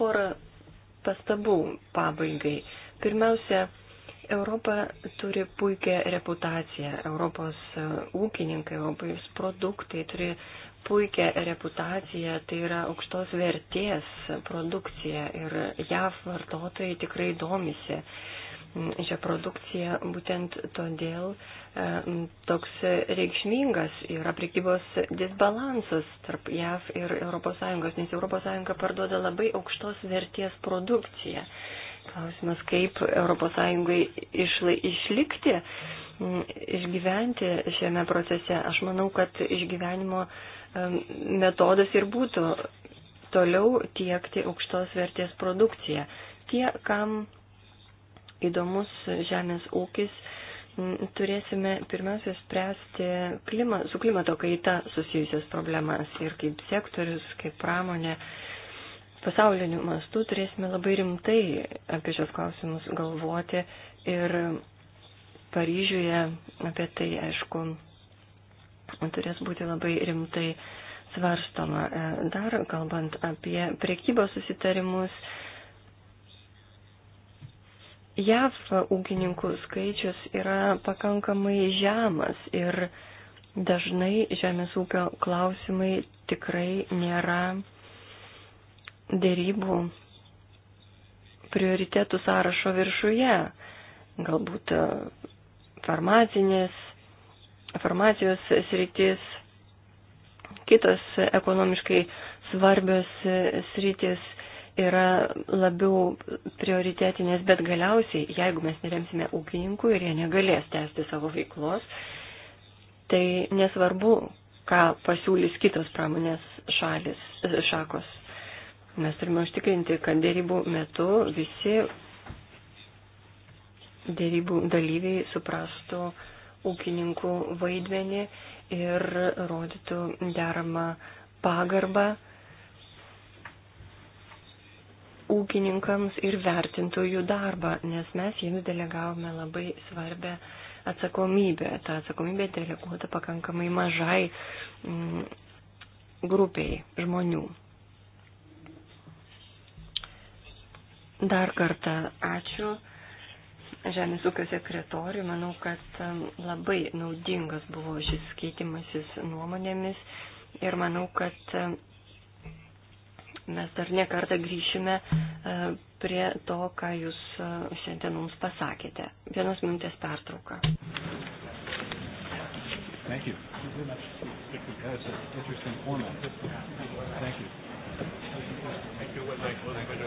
Porą pastabų pabaigai. Pirmiausia, Europa turi puikią reputaciją. Europos ūkininkai, Europos produktai turi puikią reputaciją, tai yra aukštos vertės produkcija ir JAV vartotojai tikrai domisi šią produkciją. Būtent todėl e, toks reikšmingas yra prekybos disbalansas tarp JAV ir ES, nes ES parduoda labai aukštos vertės produkciją. Klausimas, kaip ES išlikti, išgyventi šiame procese. Aš manau, kad išgyvenimo e, metodas ir būtų toliau tiekti aukštos vertės produkciją. Tie, kam įdomus žemės ūkis, turėsime pirmiausia spręsti klima, su klimato kaita susijusias problemas ir kaip sektorius, kaip pramonė. Pasauliniu mastu turėsime labai rimtai apie šios klausimus galvoti ir Paryžiuje apie tai, aišku, turės būti labai rimtai svarstoma. E, dar kalbant apie priekybos susitarimus, JAV ūkininkų skaičius yra pakankamai žemas ir dažnai žemės ūkio klausimai tikrai nėra dėrybų prioritėtų sąrašo viršuje. Galbūt e, farmacinės, farmacijos sritis, kitos ekonomiškai svarbios e, sritis yra labiau prioritetinės, bet galiausiai, jeigu mes neremsime ūkininkų ir jie negalės tęsti savo veiklos, tai nesvarbu, ką pasiūlys kitos pramonės šalis, šakos. Mes turime užtikrinti, kad dėrybų metu visi dėrybų dalyviai suprastų ūkininkų vaidmenį ir rodytų deramą pagarbą ūkininkams ir vertintojų darbą, nes mes jiems delegavome labai svarbę atsakomybę. Ta atsakomybė deleguota pakankamai mažai mm, grupiai žmonių. Dar kartą ačiū. Žemės ūkio sekretoriui, manau, kad mm, labai naudingas buvo šis keitimasis nuomonėmis ir manau, kad mm, Mes dar nekartą grįšime e, prie to, ką jūs e, šiandien mums pasakėte. Vienos minutės pertrauka. Thank you. That's an interesting format. Thank you. Thank you.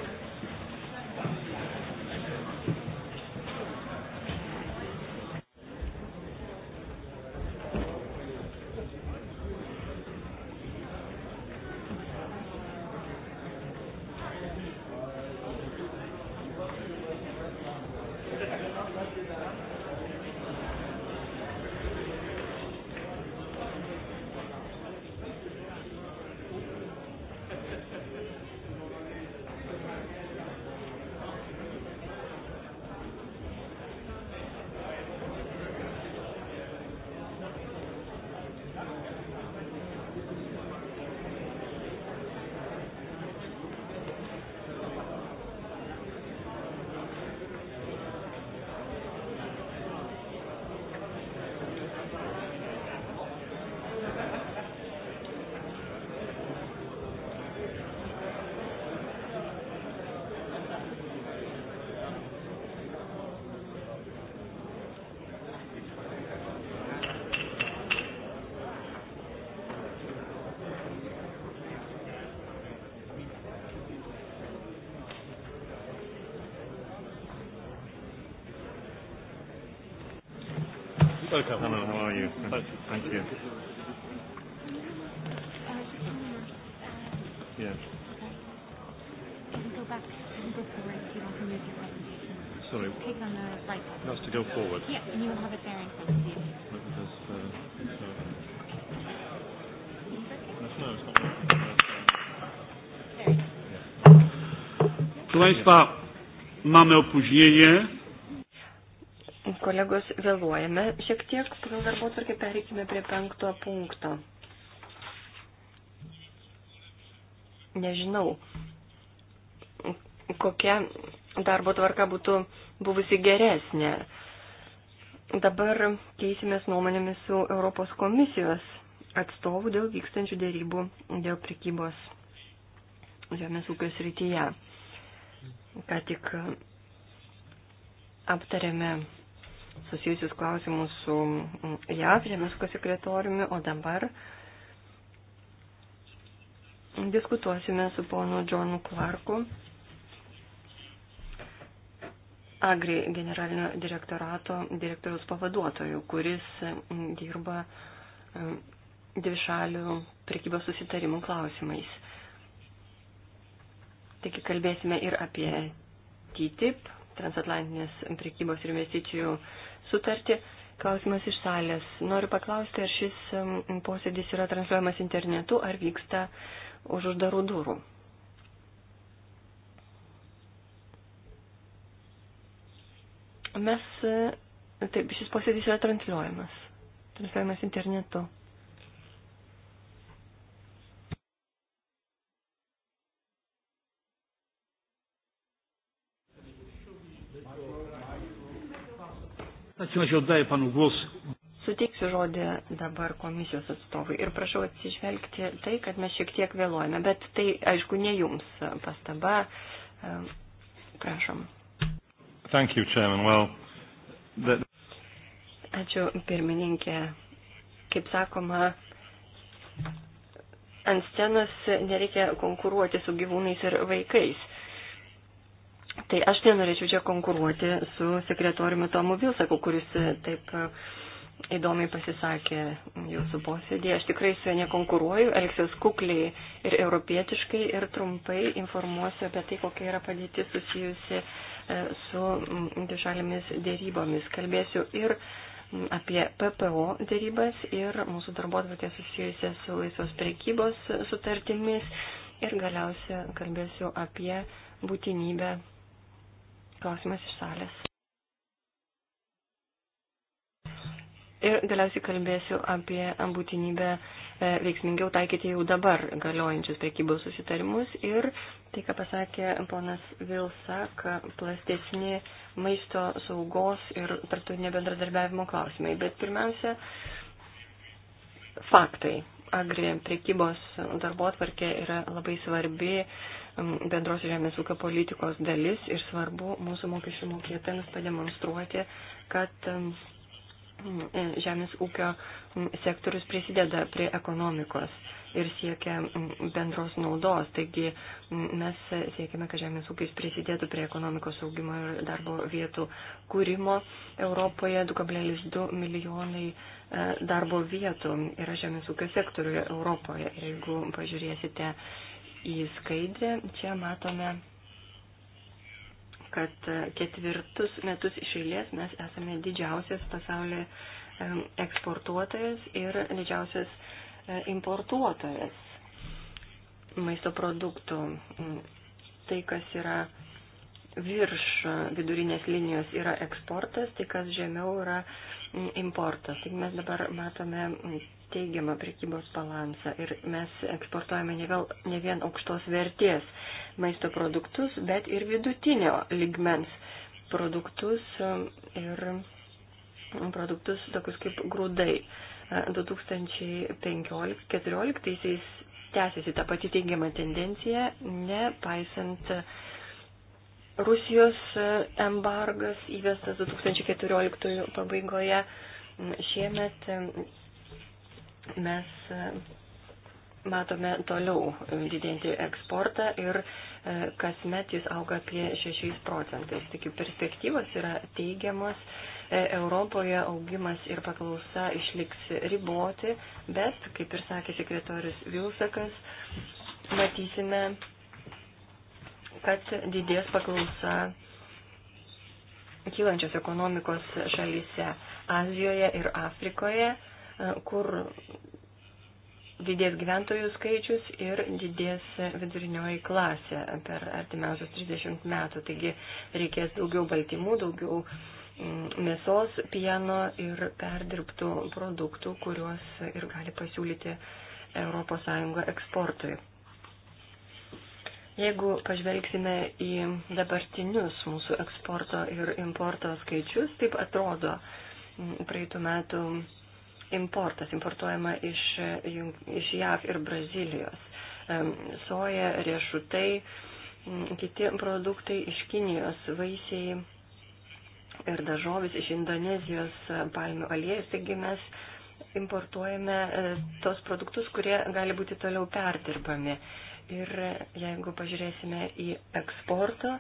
Thank you. Welcome. Hello, how are you? Thank you. Yeah. Sorry. Click on the right button. That's to go forward. Yeah, and you will have it there in front of you. Look at this. Uh, uh, no, it's not working. Proszę Państwa, mamy opóźnienie kolegos, vėluojame šiek tiek. Pagal darbo tvarkį pereikime prie penkto punkto. Nežinau, kokia darbo tvarka būtų buvusi geresnė. Dabar keisimės nuomonėmis su Europos komisijos atstovu dėl vykstančių dėrybų dėl prekybos žemės ūkio srityje. Ką tik aptarėme susijusius klausimus su mm, JAV žemės ūkio sekretoriumi, o dabar diskutuosime su ponu Johnu Clarku, Agri generalinio direktorato direktoriaus pavaduotoju, kuris mm, dirba mm, dvišalių prekybos susitarimų klausimais. Taigi kalbėsime ir apie TTIP, transatlantinės prekybos ir investicijų uh, sutarti. Klausimas iš salės. Noriu paklausti, ar šis posėdis yra transliuojamas internetu, ar vyksta už uždarų durų. Mes, e, taip, šis posėdis yra transliuojamas. Transliuojamas internetu. Suteiksiu žodį dabar komisijos atstovui ir prašau atsižvelgti tai, kad mes šiek tiek vėluojame, bet tai, aišku, ne jums pastaba. Prašom. Thank you, Chairman. Well, the... Ačiū, pirmininkė. Kaip sakoma, ant scenos nereikia konkuruoti su gyvūnais ir vaikais. Tai aš nenorėčiau tai čia konkuruoti su sekretoriumi Tomu Vilsaku, kuris e, taip e, įdomiai pasisakė jūsų posėdėje. Aš tikrai su juo nekonkuruoju, elgsiuos kukliai ir europietiškai ir trumpai informuosiu apie tai, kokia yra padėtis susijusi e, su dvišalėmis dėrybomis. Kalbėsiu ir apie PPO dėrybas ir mūsų darbotvarkė susijusia su laisvos prekybos sutartimis ir galiausia kalbėsiu apie būtinybę Klausimas iš salės. Ir galiausiai kalbėsiu apie būtinybę e, veiksmingiau taikyti jau dabar galiojančius prekybos susitarimus ir tai, ką pasakė ponas Vilsak, plastesni maisto saugos ir tartutinio bendradarbiavimo klausimai. Bet pirmiausia, faktai. Agri prekybos darbo atvarkė yra labai svarbi bendros žemės ūkio politikos dalis ir svarbu mūsų mokesčių mokėtams pademonstruoti, kad e, žemės ūkio sektorius prisideda prie ekonomikos ir siekia bendros naudos. Taigi mes siekime, kad žemės ūkis prisidėtų prie ekonomikos augimo ir darbo vietų kūrimo. Europoje 2,2 milijonai e, darbo vietų yra žemės ūkio sektoriuje Europoje. Ir jeigu pažiūrėsite į skaidrę, čia matome, kad ketvirtus metus iš eilės mes esame didžiausias pasaulio eksportuotojas ir didžiausias e, importuotojas maisto produktų. Mm, tai, kas yra virš vidurinės linijos yra eksportas, tai kas žemiau yra mm, importas. Taigi mes dabar matome mm, teigiamą prekybos balansą ir mes eksportuojame ne, vėl, ne vien aukštos vertės maisto produktus, bet ir vidutinio ligmens produktus um, ir um, produktus tokius kaip grūdai. 2015-2014 tęsiasi ta pati teigiama tendencija, nepaisant Rusijos embargas įvestas 2014 pabaigoje. Mm, šiemet mes e, matome toliau didinti eksportą ir e, kasmet jis auga apie 6 procentais. Tik perspektyvos yra teigiamos, e, Europoje augimas ir paklausa išliks riboti, bet, kaip ir sakė sekretorius Vilsakas, matysime, kad didės paklausa kylančios ekonomikos šalyse Azijoje ir Afrikoje kur didės gyventojų skaičius ir didės vidurinioji klasė per artimiausius 30 metų. Taigi reikės daugiau baltymų, daugiau mm, mėsos, pieno ir perdirbtų produktų, kuriuos ir gali pasiūlyti ES eksportui. Jeigu pažvelgsime į dabartinius mūsų eksporto ir importo skaičius, taip atrodo mm, praeitų metų importas, importuojama iš, iš JAV ir Brazilijos. Soja, riešutai, kiti produktai iš Kinijos, vaisiai ir dažovis iš Indonezijos, palmių aliejus. Taigi mes importuojame e, tos produktus, kurie gali būti toliau perdirbami. Ir jeigu pažiūrėsime į eksporto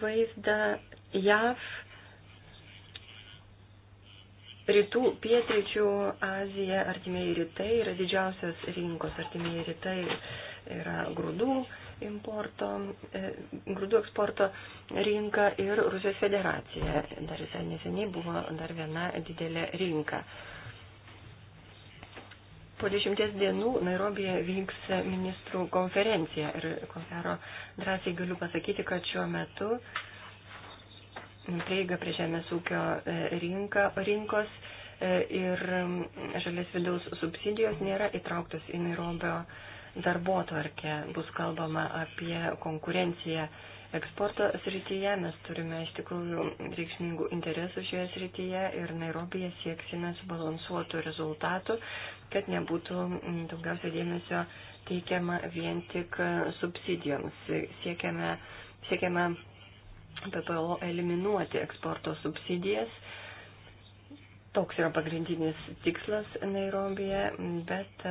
vaizdą, JAV Rytų, pietryčių Azija, artimieji rytai yra didžiausias rinkos. Artimieji rytai yra grūdų importo, e, grūdų eksporto rinka ir Rusijos federacija. Dar visai neseniai buvo dar viena didelė rinka. Po dešimties dienų Nairobije vyks ministrų konferencija ir ko gero drąsiai galiu pasakyti, kad šiuo metu uh, prieigą prie žemės ūkio e, rinka, rinkos e, ir žalės vidaus subsidijos nėra įtrauktos į Nairobio darbo tvarkę. Bus kalbama apie konkurenciją eksporto srityje. Mes turime iš tikrųjų reikšmingų interesų šioje srityje ir Nairobije sieksime subalansuotų rezultatų, kad nebūtų daugiausia dėmesio teikiama vien tik subsidijoms. Siekiame, siekiame PPO eliminuoti eksporto subsidijas. Toks yra pagrindinis tikslas Nairobije, bet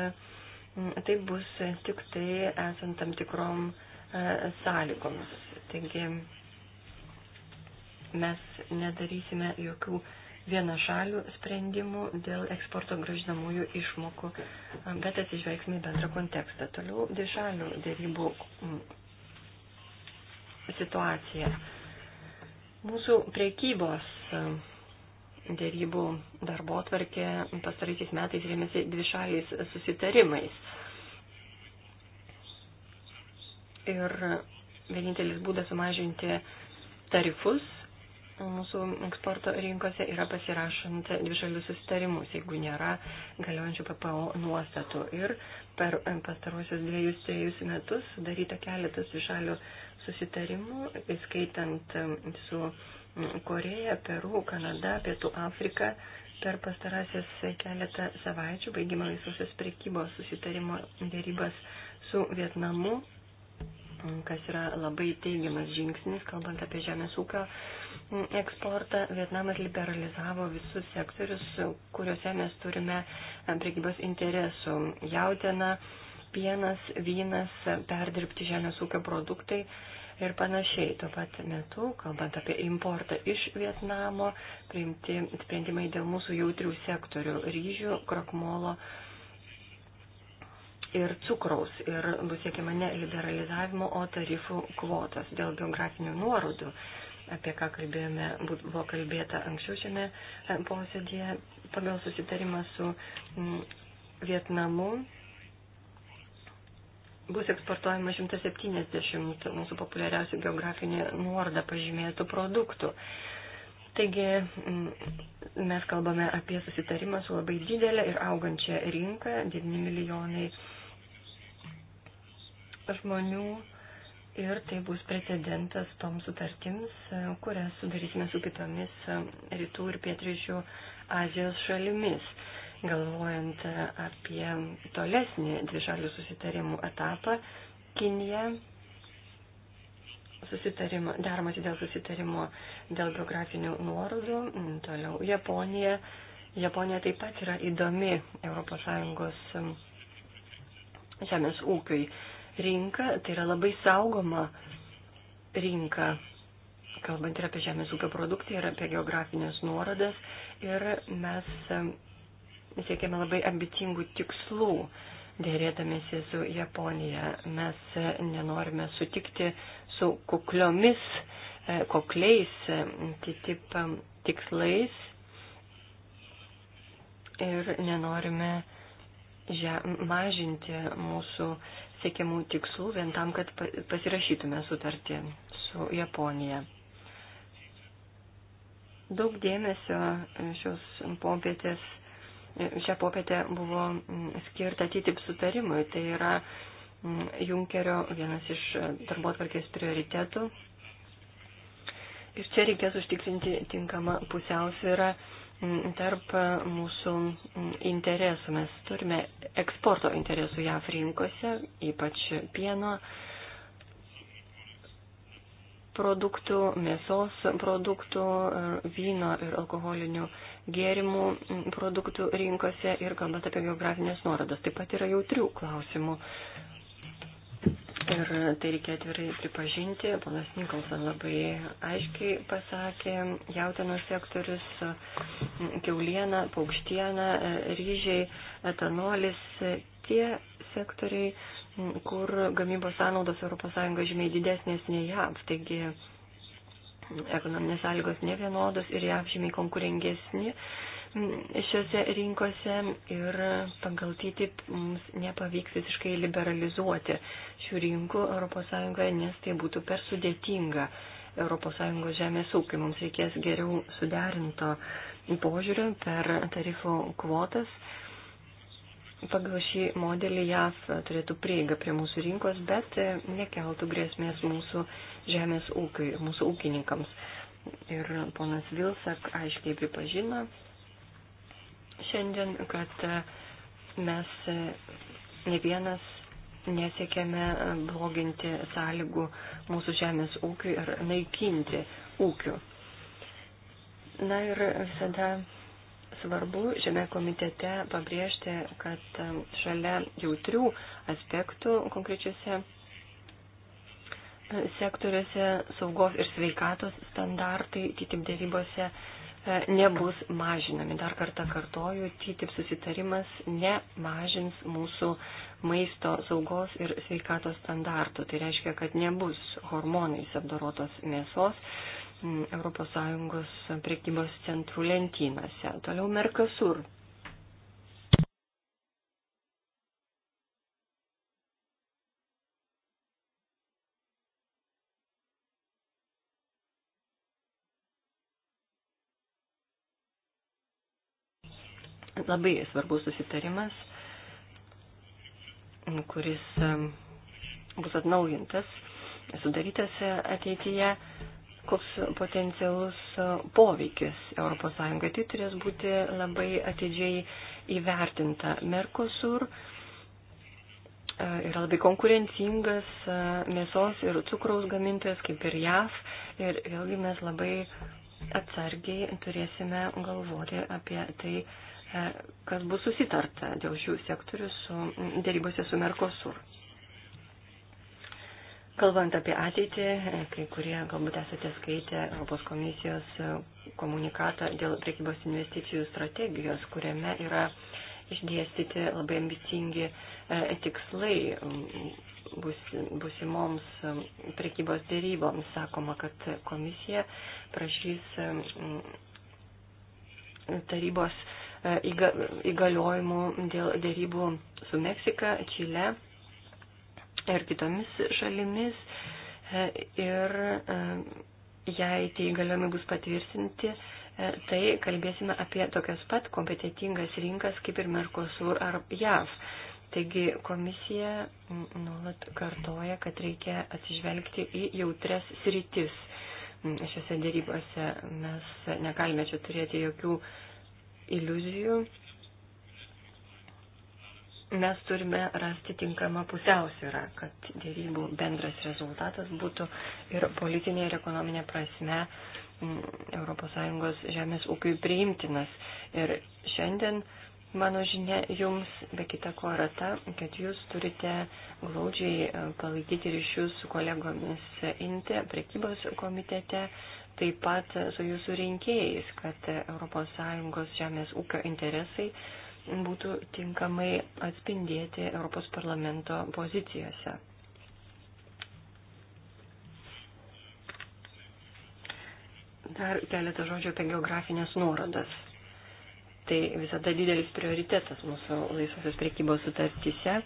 mm, tai bus tik tai esant tam tikrom e, sąlygoms. Taigi mes nedarysime jokių vienašalių sprendimų dėl eksporto gražinamųjų išmokų, bet atsižvelgsime į bendrą kontekstą. Toliau dvišalių dėrybų mm, situacija. Mūsų priekybos e, dėrybų darbo atvarkė pastaraisiais metais rėmėsi dvišaliais susitarimais. Ir vienintelis būdas sumažinti tarifus mūsų eksporto rinkose yra pasirašant dvišalius susitarimus, jeigu nėra galiojančių PPO nuostatų. Ir per e, pastaruosius dviejus, trejus metus sudaryta keletas dvišalių susitarimų, įskaitant su Koreja, Peru, Kanada, Pietų Afrika. Per pastarąsias keletą savaičių baigimo visus prekybos susitarimo dėrybas su Vietnamu, kas yra labai teigiamas žingsnis, kalbant apie žemės ūkio eksportą. Vietnamas liberalizavo visus sektorius, kuriuose mes turime e, prekybos interesų - jautieną, pienas, vynas, perdirbti žemės ūkio produktai ir panašiai. Tuo pat metu, kalbant apie importą iš Vietnamo, priimti sprendimai dėl mūsų jautrių sektorių - ryžių, krokmolo ir cukraus. Ir bus siekiama ne liberalizavimo, o tarifų kvotos dėl geografinių nuorodų apie ką kalbėjome, buvo kalbėta anksčiau šiame e, posėdėje, pagal susitarimą su Vietnamu bus eksportuojama 170 mūsų populiariausių geografinį nuorodą pažymėtų produktų. Taigi mm, mes kalbame apie susitarimą su labai didelė ir augančia rinka, 9 milijonai žmonių ir tai bus precedentas toms sutartims, kurias sudarysime su kitomis rytų ir pietryčių Azijos šalimis galvojant apie tolesnį dvišalių susitarimų etapą, Kinija susitarimo, daromasi dėl susitarimo dėl geografinių nuorodų, toliau Japonija. Japonija taip pat yra įdomi ES žemės ūkiui rinka, tai yra labai saugoma rinka, kalbant ir apie žemės ūkio produkciją, ir apie geografinės nuorodas. Ir mes siekiame labai ambicingų tikslų dėrėdamėsi su Japonija. Mes e, nenorime sutikti su kukliomis, e, kokliais e, TTIP tikslais ir nenorime mažinti mūsų siekiamų tikslų vien tam, kad pasirašytume sutartį su Japonija. Daug dėmesio šios popietės šią popietę buvo mm, skirta TTIP sutarimui. Tai yra mm, Junkerio vienas iš e, darbo atvarkės prioritetų. Ir čia reikės užtikrinti tinkamą pusiausvyrą mm, tarp e, mūsų interesų. Mes turime eksporto interesų JAF rinkose, ypač pieno produktų, mėsos produktų, e, vyno ir alkoholinių gėrimų produktų rinkose ir kalbant apie geografinės nuorodas. Taip pat yra jautrių klausimų. Ir tai reikia atvirai pripažinti. Ponas Nikolson labai aiškiai pasakė, jautienos sektorius, keuliena, paukštiena, ryžiai, etanolis, tie sektoriai, kur gamybos sąnaudos ES žymiai didesnės nei JAV. Taigi ekonominės sąlygos nevienodos ir jav žymiai konkurengesni šiuose rinkose ir pagal TTIP mums nepavyks visiškai liberalizuoti šių rinkų ES, nes tai būtų per sudėtinga ES žemės ūkiai. Mums reikės geriau suderinto požiūrio per tarifų kvotas. Pagal šį modelį JAF turėtų prieigą prie mūsų rinkos, bet nekeltų grėsmės mūsų rinkos žemės ūkiui ir mūsų ūkininkams. Ir ponas Vilsak aiškiai pripažino šiandien, kad mes ne vienas nesiekėme bloginti sąlygų mūsų žemės ūkiui ar naikinti ūkių. Na ir visada svarbu šiame komitete pabrėžti, kad šalia jautrių aspektų konkrečiose sektoriuose saugos ir sveikatos standartai TTIP dėrybose e, nebus mažinami. Dar kartą kartoju, TTIP susitarimas nemažins mūsų maisto saugos ir sveikatos standartų. Tai reiškia, kad nebus hormonais apdorotos mėsos mm, ES prekybos centrų lentynose. Toliau Merkasur Labai svarbus susitarimas, kuris bus atnaujintas, sudarytas ateityje koks potencialus e, poveikis ES. Tai turės būti labai atidžiai įvertinta. Merkosur e, yra labai konkurencingas e, mėsos ir cukraus gamintojas kaip ir JAV. Ir vėlgi mes labai atsargiai turėsime galvoti apie tai, E, kad bus susitarta dėl šių sektorių su, dėrybose su Merkosur. Kalbant apie ateitį, e, kai kurie galbūt esate skaitę Europos komisijos e, komunikatą dėl prekybos investicijų strategijos, kuriame yra išdėstyti labai ambicingi tikslai bus, busimoms prekybos dėryboms. Sakoma, kad komisija prašys tarybos E, įgaliojimų dėl dėrybų su Meksika, Čile ir kitomis šalimis. E, ir e, jei tie įgaliojimai bus patvirtinti, tai kalbėsime apie tokias pat kompetitingas rinkas kaip ir Mercosur ar JAV. Taigi komisija nuolat kartoja, kad reikia atsižvelgti į jautres sritis. Mm, šiuose dėrybose mes negalime čia turėti jokių iliuzijų. Mes turime rasti tinkamą pusiausvyrą, kad dėrybų bendras rezultatas būtų ir politinė ir ekonominė prasme mm, ES žemės ūkiui priimtinas. Ir šiandien mano žinia jums, be kita ko, yra ta, kad jūs turite glaudžiai e, palaikyti ryšius su kolegomis INTE, prekybos komitete, taip pat su jūsų rinkėjais, kad ES žemės ūkio interesai būtų tinkamai atspindėti Europos parlamento pozicijose. Dar keletą žodžių apie geografinės nuorodas. Tai visada didelis prioritetas mūsų laisvosios priekybos sutartyse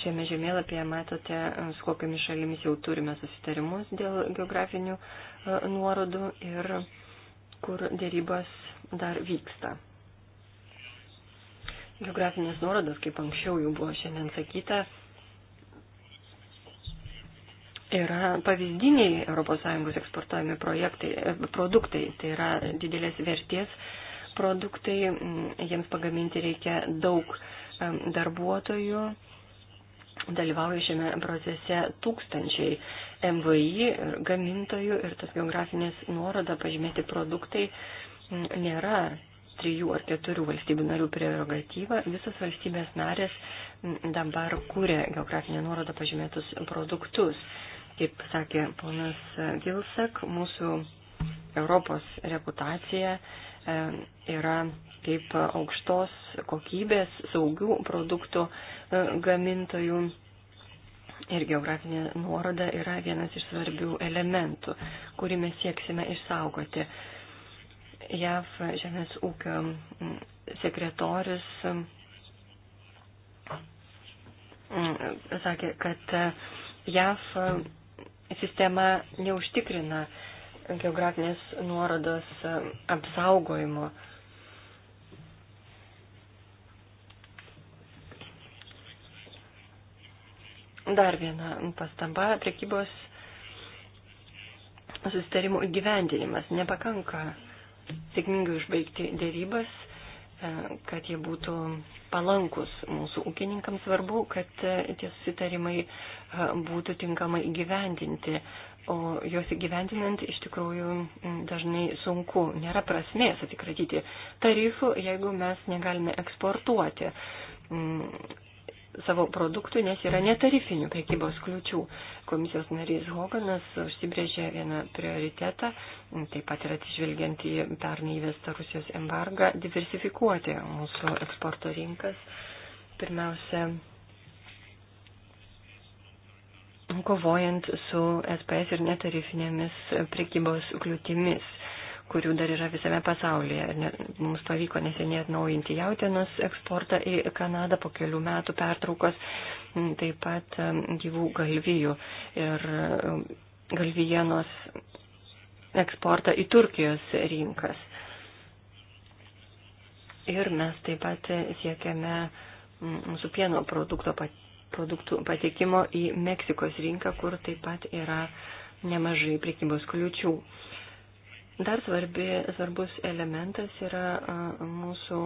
Šiame žemėlapyje matote, e, su kokiamis šalimis jau turime susitarimus dėl geografinių e, nuorodų ir kur dėrybos dar vyksta. Geografinės nuorodos, kaip anksčiau jau buvo šiandien sakyta, yra pavyzdiniai ES eksportuojami projektai, e, produktai, tai yra didelės vertės produktai, mm, jiems pagaminti reikia daug darbuotojų dalyvauja šiame procese tūkstančiai MVI ir gamintojų ir tas geografinės nuoroda pažymėti produktai nėra trijų ar keturių valstybių narių prerogatyva. Visas valstybės narės dabar kūrė geografinę nuorodą pažymėtus produktus. Kaip sakė ponas Gilsak, mūsų Europos reputacija E, yra kaip aukštos kokybės, saugių produktų e, gamintojų. Ir geografinė nuoroda yra vienas iš svarbių elementų, kurį mes sieksime išsaugoti. JAV žemės ūkio sekretorius sakė, kad e, JAV sistema neužtikrina geografinės nuorodos e, apsaugojimo. Dar viena pastaba - prekybos susitarimų įgyvendinimas. Nepakanka sėkmingai užbaigti dėrybas, e, kad jie būtų palankus mūsų ūkininkams. Svarbu, kad e, tie susitarimai būtų tinkamai įgyvendinti o juos įgyvendinant iš tikrųjų mm, dažnai sunku, nėra prasmės atsikratyti tarifų, jeigu mes negalime eksportuoti mm, savo produktų, nes yra netarifinių prekybos kliučių. Komisijos narys Hoganas užsibrėžė vieną prioritetą, mm, taip pat ir atsižvelgiant į pernai įvestą Rusijos embargą, diversifikuoti mūsų eksporto rinkas. Pirmiausia, kovojant su SPS ir netarifinėmis prekybos kliūtimis, kurių dar yra visame pasaulyje. Mums pavyko neseniai atnaujinti jautienos eksportą į Kanadą po kelių metų pertraukos, taip pat gyvų galvijų ir galvijienos eksportą į Turkijos rinkas. Ir mes taip pat siekiame mūsų pieno produkto produktų patekimo į Meksikos rinką, kur taip pat yra nemažai priekybos kliučių. Dar svarbi, svarbus elementas yra mūsų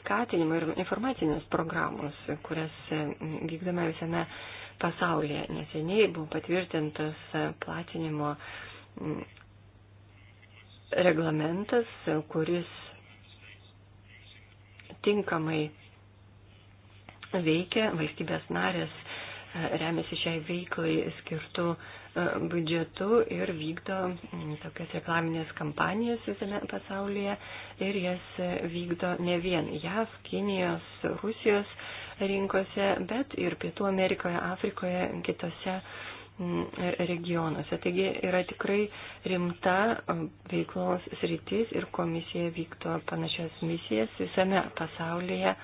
skatinimo ir informacinės programos, kurias vykdome visame pasaulyje. Neseniai buvo patvirtintas platinimo reglamentas, kuris tinkamai veikia, valstybės narės e, remiasi šiai veiklai skirtų e, biudžetu ir vykdo mm, tokias reklaminės kampanijas visame pasaulyje ir jas e, vykdo ne vien JAV, Kinijos, Rusijos rinkose, bet ir Pietų Amerikoje, Afrikoje, kitose mm, regionuose. Taigi yra tikrai rimta veiklos sritis ir komisija vykdo panašias misijas visame pasaulyje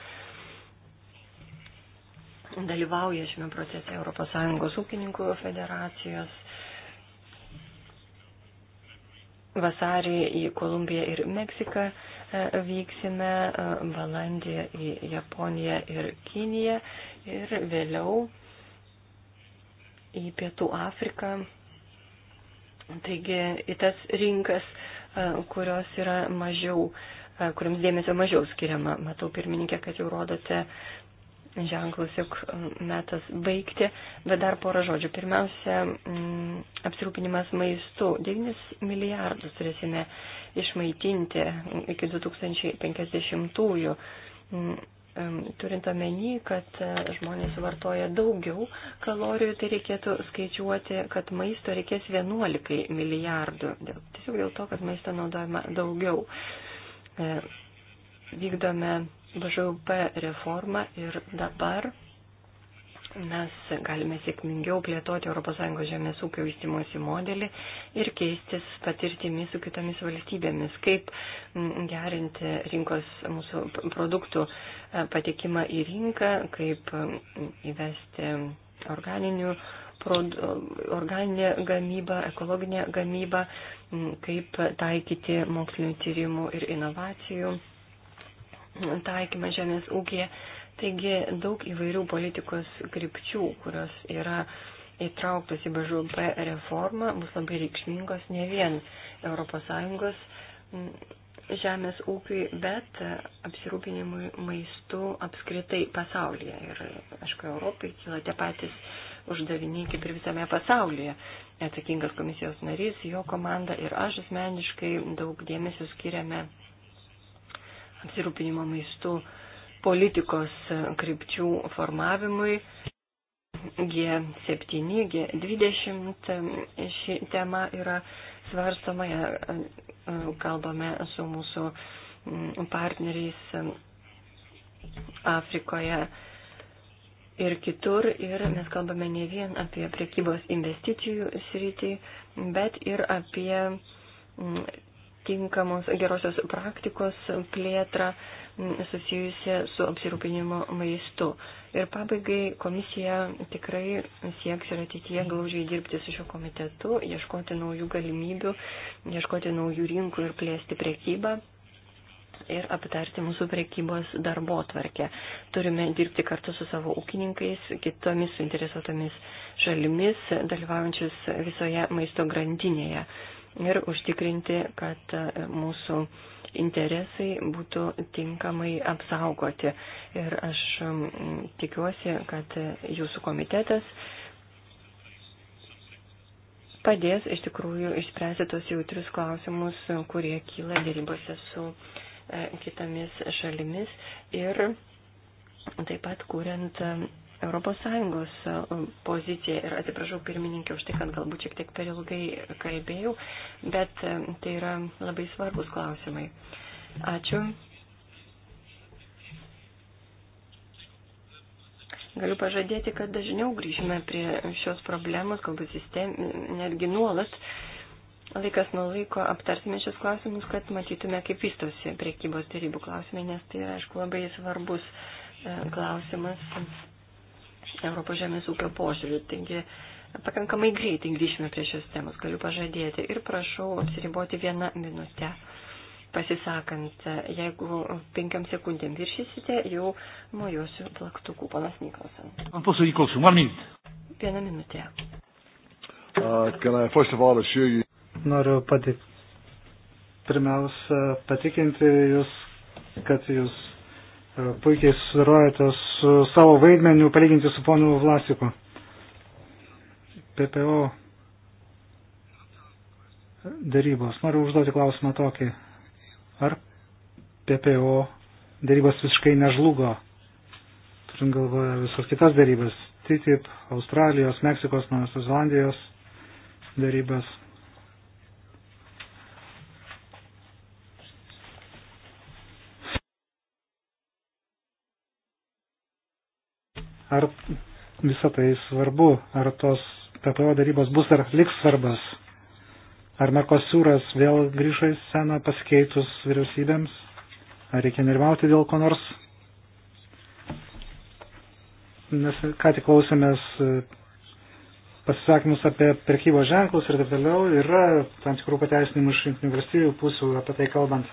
dalyvauja šiame procese ES ūkininkų federacijos. Vasarį į Kolumbiją ir Meksiką e, vyksime, e, balandį į Japoniją ir Kiniją ir vėliau į Pietų Afriką. Taigi į tas rinkas, e, kurios yra mažiau kuriams dėmesio mažiau skiriama. Matau, pirmininkė, kad jau rodote ženklus, jog metas baigti, bet dar porą žodžių. Pirmiausia, apsirūpinimas maistu. 9 milijardus turėsime išmaitinti iki 2050-ųjų. Turint omeny, kad e, žmonės vartoja daugiau kalorijų, tai reikėtų skaičiuoti, kad maisto reikės 11 milijardų. Tiesiog dėl to, kad maisto naudojama daugiau. E, vykdome BŽUP reformą ir dabar mes galime sėkmingiau plėtoti ES žemės ūkio vystimosi modelį ir keistis patirtimi su kitomis valstybėmis, kaip gerinti rinkos mūsų produktų e, patekimą į rinką, kaip įvesti organinių organinė gamyba, ekologinė gamyba, kaip taikyti mokslinio tyrimų ir inovacijų taikymą žemės ūkėje. Taigi daug įvairių politikos krypčių, kurios yra įtrauktos į BŽUP reformą, bus labai reikšmingos ne vien ES mm, žemės ūkiui, bet apsirūpinimui maistu apskritai pasaulyje. Ir, aišku, Europai kyla tie patys uždaviniai kaip ir visame pasaulyje. Atsakingas komisijos narys, jo komanda ir aš asmeniškai daug dėmesio skiriame apsirūpinimo maistų politikos krypčių formavimui. G7, G20 ši tema yra svarstoma, kalbame su mūsų mm, partneriais Afrikoje ir kitur ir mes kalbame ne vien apie priekybos investicijų sritį, bet ir apie mm, tinkamos gerosios praktikos plėtrą susijusią su apsirūpinimo maistu. Ir pabaigai komisija tikrai sieks ir ateityje glaužiai dirbti su šiuo komitetu, ieškoti naujų galimybių, ieškoti naujų rinkų ir plėsti priekybą. Ir aptarti mūsų priekybos darbo tvarkę. Turime dirbti kartu su savo ūkininkais, kitomis suinteresuotomis šalimis, dalyvaujančius visoje maisto grandinėje ir užtikrinti, kad e, mūsų interesai būtų tinkamai apsaugoti. Ir aš tikiuosi, kad e, jūsų komitetas padės iš tikrųjų išspręsti tos jautrius klausimus, kurie kyla dėrybose su e, kitomis šalimis ir taip pat kuriant ES e, poziciją ir atsiprašau pirmininkė už tai, kad galbūt šiek tiek per ilgai kalbėjau, bet e, tai yra labai svarbus klausimai. Ačiū. Galiu pažadėti, kad dažniau grįžime prie šios problemos, galbūt sistem, netgi nuolat laikas nuo laiko aptarsime šios klausimus, kad matytume, kaip vystosi priekybos dėrybų klausimai, nes tai yra, aišku, labai svarbus e, klausimas Europos žemės ūkio požiūrių. Taigi pakankamai greitai grįšime prie šios temos, galiu pažadėti. Ir prašau apsiriboti vieną minutę. Pasisakant, jeigu penkiam sekundėm viršysite, jau mojuosiu plaktuku, panas Nikolson. Panas Nikolson, one minute. Vieną minutę. Uh, can I first of all assure you? Noriu patik... pirmiausia patikinti Jūs, kad Jūs uh, puikiai sudarojate su savo vaidmeniu palyginti su ponu Vlasiku. PPO darybos. Noriu užduoti klausimą tokį. Ar PPO darybos visiškai nežlugo? Turim galvoje visas kitas darybas. TTIP, Australijos, Meksikos, Naujosios Zelandijos darybas. Ar visą tai svarbu, ar tos PPO darybos bus ar liks svarbas? Ar Merkosiūras vėl grįžo į sceną pasikeitus vyriausybėms? Ar reikia nerimauti dėl ko nors? Nes ką tik klausėmės e, pasisakymus apie prekybos ženklus ir taip toliau, yra tam tikrų pateisinimų iš jungtinių valstybių pusių apie tai kalbant.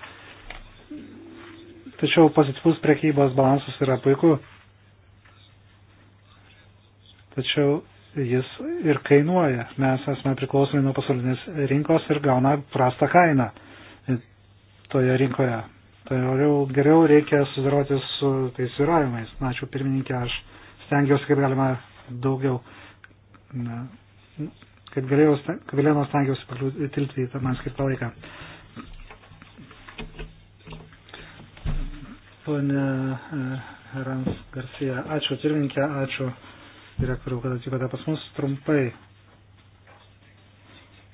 Tačiau pozityvus prekybos balansas yra puiku tačiau jis ir kainuoja. Mes esame priklausomi nuo pasaulinės rinkos ir gauna prastą kainą toje rinkoje. Tai jau geriau reikia sudaroti su tais sviravimais. Na, ačiū pirmininkė, aš stengiausi kaip galima daugiau. Na, kad galėjau, kad galėjau stengiausi tilpti į tą man skirtą laiką. Pone eh, Rans Garcia, ačiū pirmininkė, ačiū direktoriau, kad atvykote pas mus trumpai.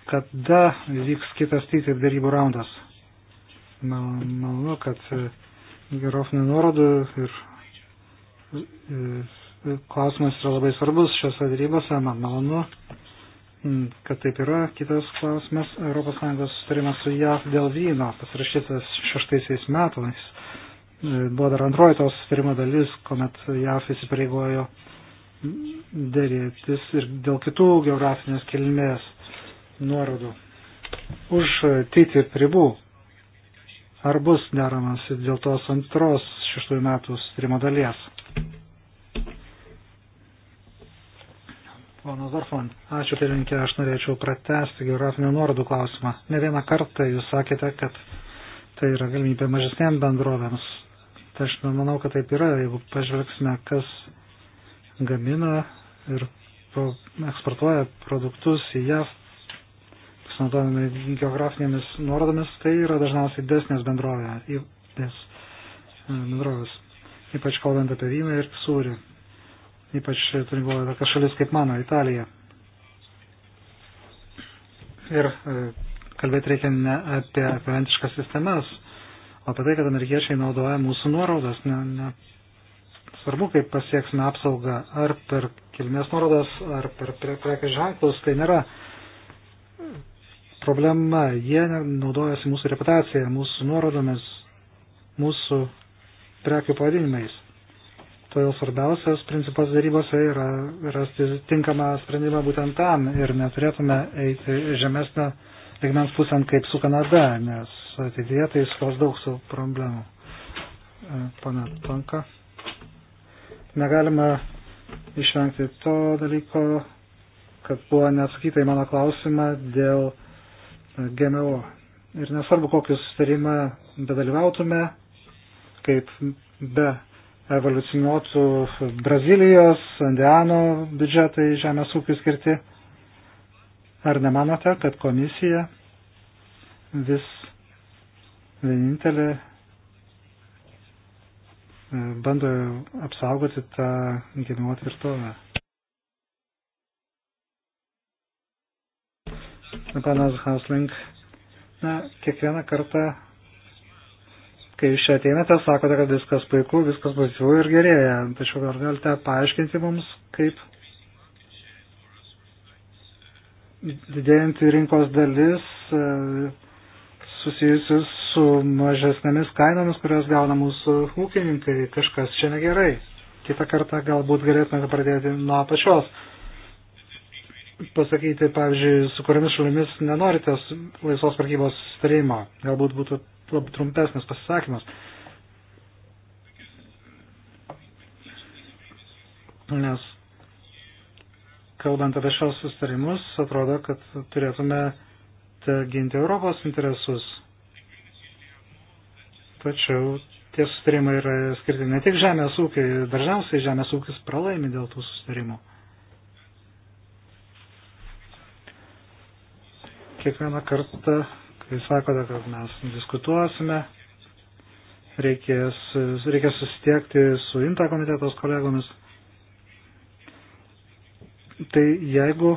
Kada vyks kitas TTIP darybų raundas? Manau, kad e, gerofinių nuorodų ir e, e, klausimas yra labai svarbus šiose darybose, man malonu, kad taip yra. Kitas klausimas - ES sustarimas su JAV dėl vyno, pasirašytas šeštaisiais metais. Buvo dar antroji to sustarimo dalis, kuomet JAV įsipareigojo dėrėtis ir dėl kitų geografinės kilmės nuorodų už TTIP ribų. Ar bus deramas dėl tos antros šeštųjų metų strimo dalies? Ponas Dorfman, ačiū pirmininkė, aš norėčiau pratesti geografinio nuorodų klausimą. Ne vieną kartą jūs sakėte, kad tai yra galimybė mažesnėms bendrovėms. Tai aš manau, kad taip yra, jeigu pažvelgsime, kas gamina ir pro, eksportuoja produktus į JAV, pasinaudodami geografinėmis nuorodomis, tai yra dažniausiai desnės bendrovės, e, bendrovės, ypač kalbant apie vyną ir sūrį, ypač turint galvoje tokia šalis kaip mano, Italija. Ir e, kalbėti reikia ne apie ekvivalentiškas sistemas, o apie tai, kad amerikiečiai naudoja mūsų nuorodas, ne, ne Svarbu, kaip pasieksime apsaugą ar per kilmės nuorodas, ar per prekės ženklus, tai nėra problema. Jie naudojasi mūsų reputacija, mūsų nuorodomis, mūsų prekių pavadinimais. Todėl svarbiausias principas darybose yra rasti tinkamą sprendimą būtent tam ir neturėtume eiti žemesnę lygmens pusę kaip su Kanada, nes ateityje tai skos daug su problemų. E, Pana Tonka. Negalima išvengti to dalyko, kad buvo neatsakyta į mano klausimą dėl e, GMO. Ir nesvarbu, kokį sustarimą bedalyvautume, kaip be evoliucionuotų Brazilijos, Andiano biudžetai žemės ūkiai skirti, ar nemanote, kad komisija vis vienintelė bando apsaugoti tą gimimo tvirtovę. Panas Hausling, na, kiekvieną kartą, kai jūs čia ateinate, sakote, kad viskas puiku, viskas pozityvu ir gerėja. Tačiau ar galite paaiškinti mums, kaip didėjantį rinkos dalis e, susijusius su mažesnėmis kainomis, kurias gauna mūsų ūkininkai, kažkas čia negerai. Kita kartą galbūt galėtumėte pradėti nuo apačios. Pasakyti, pavyzdžiui, su kuriamis šalimis nenorite laisvos prekybos starimo. Galbūt būtų labai trumpesnis pasisakymas. Nes kalbant apie šios sustarimus, atrodo, kad turėtume ginti Europos interesus Tačiau tie sustarimai yra skirti ne tik žemės ūkiai, dažniausiai žemės ūkis pralaimi dėl tų sustarimų. Kiekvieną kartą, kai sakote, kad mes diskutuosime, reikės, reikės susitiekti su INTA komitetos kolegomis. Tai jeigu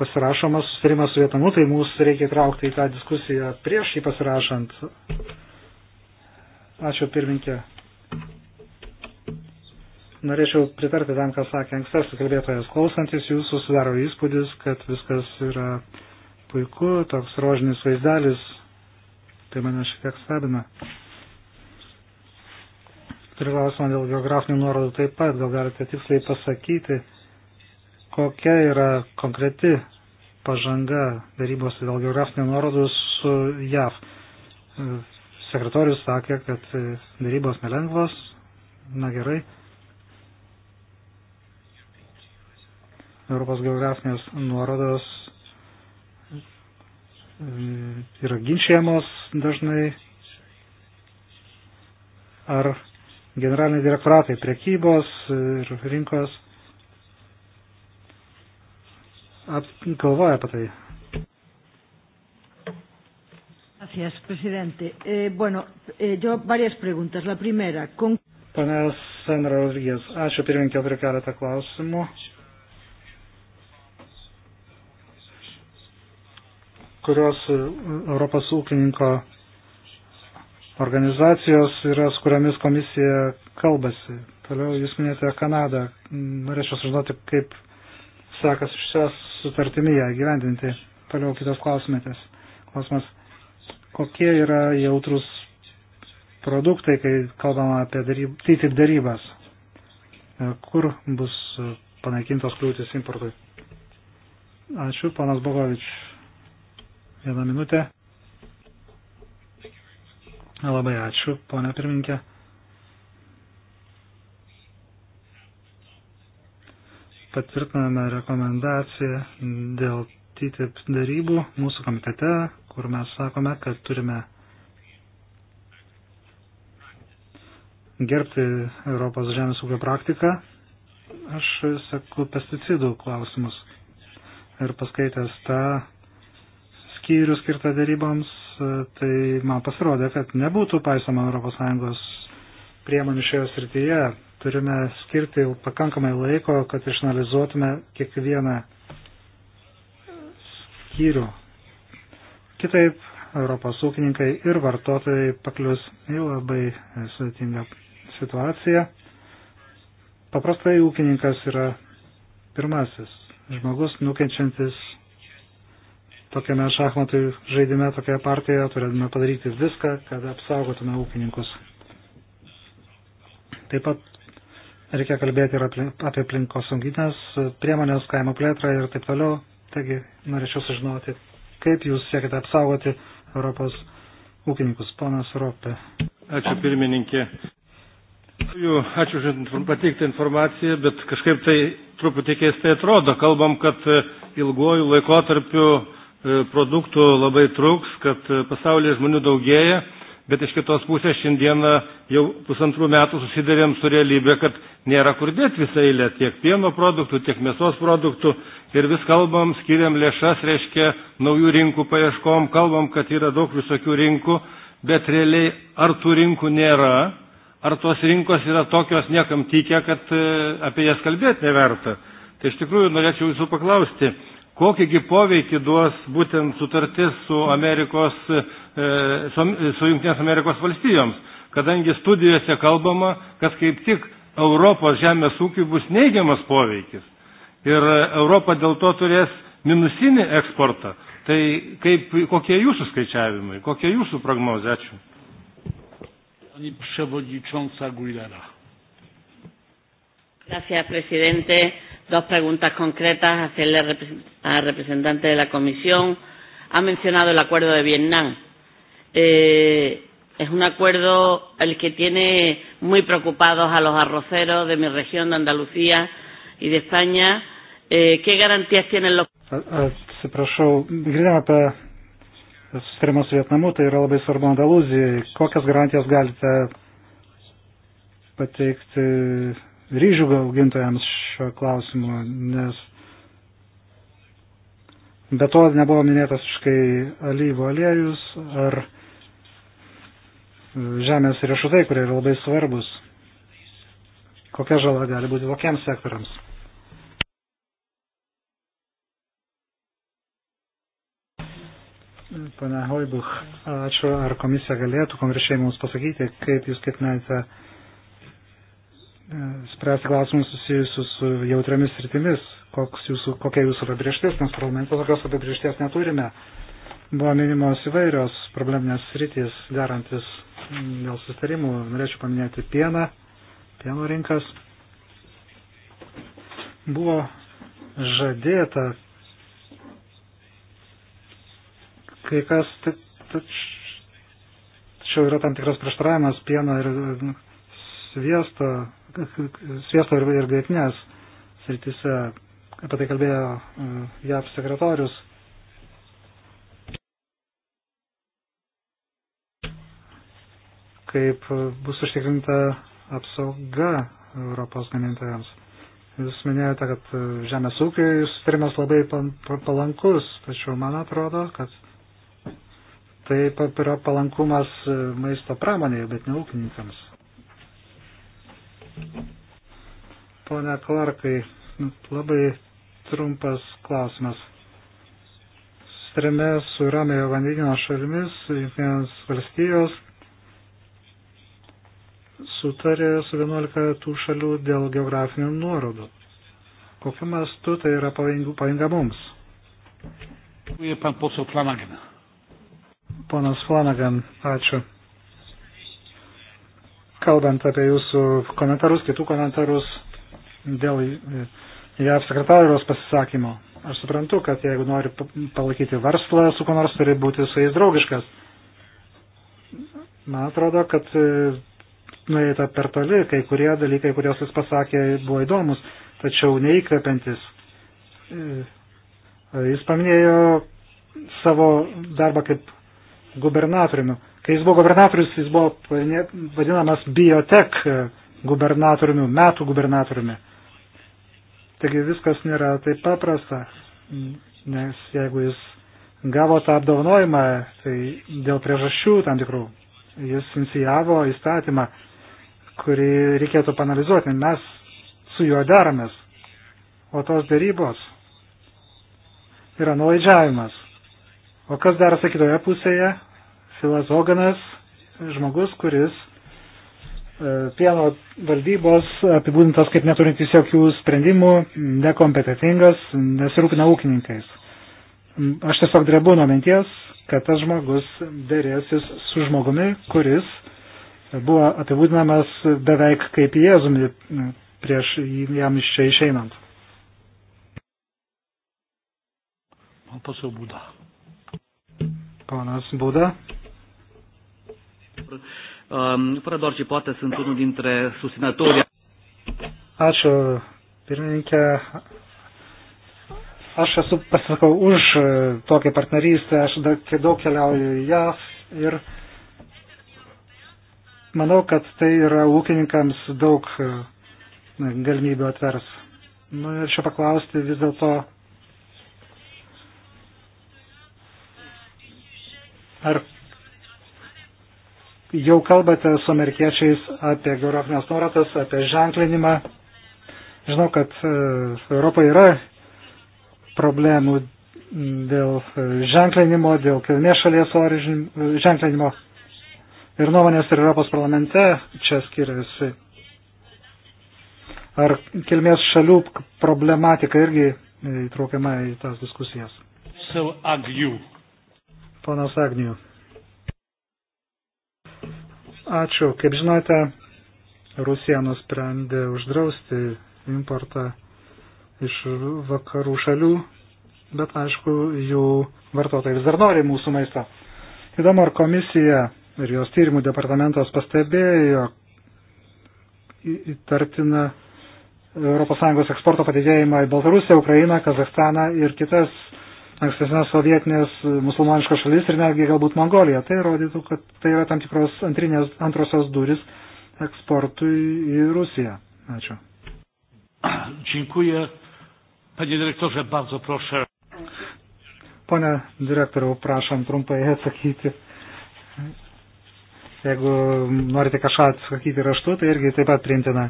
pasirašomas susitarimas su vietamu, tai mūsų reikia traukti į tą diskusiją prieš jį pasirašant. Ačiū pirminkė. Norėčiau pritarti tam, ką sakė ankstesnis kalbėtojas. Klausantis jūsų sudaro įspūdis, kad viskas yra puiku, toks rožinis vaizdelis. Tai mane šiek tiek stebina. Turiu klausimą dėl geografinių nuorodų taip pat. Gal galite tiksliai pasakyti, kokia yra konkreti pažanga darybos dėl geografinių nuorodų su JAV? sekretorius sakė, kad e, darybos nelengvos. Na gerai. Europos geografinės nuorodos e, yra ginčiamos dažnai. Ar generaliniai direktoratai priekybos ir rinkos galvoja apie tai. Gracias, presidente. Eh, bueno, eh, yo varias preguntas. La primera, con... Pane Sandra Rozgės, ačiū ah, pirmininkė, turiu keletą klausimų. kurios eh, Europos ūkininko organizacijos yra, su kuriamis komisija kalbasi. Toliau jūs minėjote Kanadą. Norėčiau sužinoti, kaip sekas šią sutartimį ją gyvendinti. Toliau kitas klausimėtės. klausimas kokie yra jautrus produktai, kai kalbama apie daryb, tai taip darybas, e, kur bus panaikintos kliūtis importui. Ačiū, panas Bogovič. Vieną minutę. Labai ačiū, ponia pirminkė. Patvirtiname rekomendaciją dėl TTIP darybų mūsų komitete kur mes sakome, kad turime gerbti Europos žemės ūkio praktiką. Aš sakau pesticidų klausimus. Ir paskaitęs tą skyrių skirtą daryboms, tai man pasirodė, kad nebūtų paisoma ES priemonių šioje srityje. Turime skirti pakankamai laiko, kad išanalizuotume kiekvieną skyrių Kitaip Europos ūkininkai ir vartotojai paklius į labai sudėtingą situaciją. Paprastai ūkininkas yra pirmasis žmogus nukenčiantis tokiame šachmatų žaidime, tokioje partijoje, turėtume padaryti viską, kad apsaugotume ūkininkus. Taip pat reikia kalbėti ir apie aplinkosauginės priemonės, kaimo plėtrą ir taip toliau. Taigi norėčiau sužinoti, Kaip jūs siekite apsaugoti Europos ūkininkus, ponas Ropė? Ačiū pirmininkė. Ačiū už pateiktą informaciją, bet kažkaip tai truputį keistai atrodo. Kalbam, kad e, ilguoju laikotarpiu e, produktų labai truks, kad e, pasaulyje žmonių daugėja bet iš kitos pusės šiandieną e, jau pusantrų metų susidurėm su realybė, kad nėra kur dėti visą eilę tiek pieno produktų, tiek mėsos produktų ir vis kalbam, skiriam lėšas, reiškia naujų rinkų paieškom, kalbam, kad yra daug visokių rinkų, bet realiai ar tų rinkų nėra, ar tos rinkos yra tokios niekam tikia, kad e, apie jas kalbėti neverta. Tai iš tikrųjų norėčiau jūsų paklausti, kokįgi poveikį duos būtent sutartis su Amerikos E, su Junktinės Amerikos valstijoms, kadangi studijose kalbama, kad kaip tik Europos žemės ūkiui bus neigiamas poveikis ir Europa dėl to turės minusinį eksportą. Tai kaip, kokie jūsų skaičiavimai, kokie jūsų prognozė? Ačiū. Pani przewodnicząca Aguilera. Gracias, presidente. Dos preguntas concretas hacerle al representante de la Comisión. Ha mencionado el acuerdo de Vietnam eh, es un acuerdo el que tiene muy preocupados a los arroceros de mi región de Andalucía y de España. Eh, ¿Qué garantías tienen los. Atsiprašau, girdėjome apie susitarimą su Vietnamu, tai yra labai svarbu Andalūzijai. Kokias garantijas galite pateikti ryžių augintojams šio klausimu, nes be to nebuvo minėtas visiškai alyvo aliejus ar žemės riešutai, kurie yra labai svarbus. Kokia žala gali būti tokiems sektoriams? Pane Hoibuch, ačiū. Ar komisija galėtų konkrečiai mums pasakyti, kaip jūs ketinate e, spręsti klausimus susijusius su jautriamis sritimis, koks jūsų, kokia jūsų apibrieštis, nes parlamente tokios apibriešties neturime. Buvo minimos įvairios probleminės rytis derantis dėl sustarimų. Norėčiau paminėti pieną, pieno rinkas. Buvo žadėta kai kas, tačiau yra tam tikras prieštaravimas pieno ir sviesto, sviesto ir, ir gaitinės srityse. Apie tai kalbėjo e, JAV sekretorius kaip bus užtikrinta apsauga Europos gamintojams. Jūs minėjote, kad e, žemės ūkiai sutarimas labai palankus, tačiau man atrodo, kad tai yra palankumas e, maisto pramonėje, bet ne ūkininkams. Pone Klarkai, nu, labai trumpas klausimas susitarime su Ramiojo vandenino šalimis, Junktinės valstijos sutarė su 11 tų šalių dėl geografinių nuorodų. Kokiu mastu tai yra pavojinga mums? Ponas Flanagan, ačiū. Kalbant apie jūsų komentarus, kitų komentarus dėl JAV sekretariaus pasisakymo, aš suprantu, kad jeigu nori palaikyti verslą su kuo nors, turi būti su jais draugiškas. Man atrodo, kad nuėjote per toli, kai kurie dalykai, kuriuos jis pasakė, buvo įdomus, tačiau neįkvepiantis. E, jis paminėjo savo darbą kaip gubernatoriumi. Kai jis buvo gubernatorius, jis buvo vadinamas biotek gubernatoriumi, metų gubernatoriumi. Taigi viskas nėra taip paprasta, nes jeigu jis gavo tą apdovanojimą, tai dėl priežasčių tam tikrų jis inicijavo įstatymą, kurį reikėtų panalizuoti. Mes su juo deramės, o tos darybos yra nuolaidžiavimas. O kas darosi kitoje pusėje? Filas Oganas, žmogus, kuris e, pieno valdybos apibūdintas kaip neturintis jokių sprendimų, nekompetitingas, nesirūpina ūkininkais. Aš tiesiog drebu nuo minties, kad tas žmogus dėrėsis su žmogumi, kuris buvo apibūdinamas beveik kaip Jėzumi prieš jam iš čia išeinant. Man pasiau būda. Ponas Būda. Um, fără doar ce poate, sunt unul dintre susținătorii. Ačiū, pirmininkė. Aš esu pasisakau už tokią partnerystę, aš daug, daug keliauju į JAV ir uh, Manau, kad tai yra ūkininkams daug e, galimybių atvers. Nu, ir čia paklausti vis dėlto, ar jau kalbate su amerikiečiais apie geografinės nuorodas, apie ženklinimą. Žinau, kad e, Europoje yra problemų dėl e, ženklinimo, dėl kilmės šalies ženklinimo ir nuomonės ir Europos parlamente čia skiriasi. Ar kilmės šalių problematika irgi e, įtraukiama į tas diskusijas? So, Agniu. Ponas Agniu. Ačiū. Kaip žinote, Rusija nusprendė uždrausti importą iš vakarų šalių, bet aišku, jų vartotojai vis dar nori mūsų maisto. Įdomu, ar komisija ir jos tyrimų departamentas pastebėjo įtartiną ES eksporto padidėjimą į Baltarusiją, Ukrainą, Kazakstaną ir kitas ankstesnės sovietinės musulmoniškas šalis ir netgi galbūt Mongolija. Tai rodytų, kad tai yra tam tikros antrinės, antrosios duris eksportui į Rusiją. Ačiū. Dziękuję. Panie dyrektorze, bardzo proszę. Pone dyrektoriau, prašom trumpai atsakyti Jeigu norite kažką atsakyti raštu, tai irgi taip pat priimtina.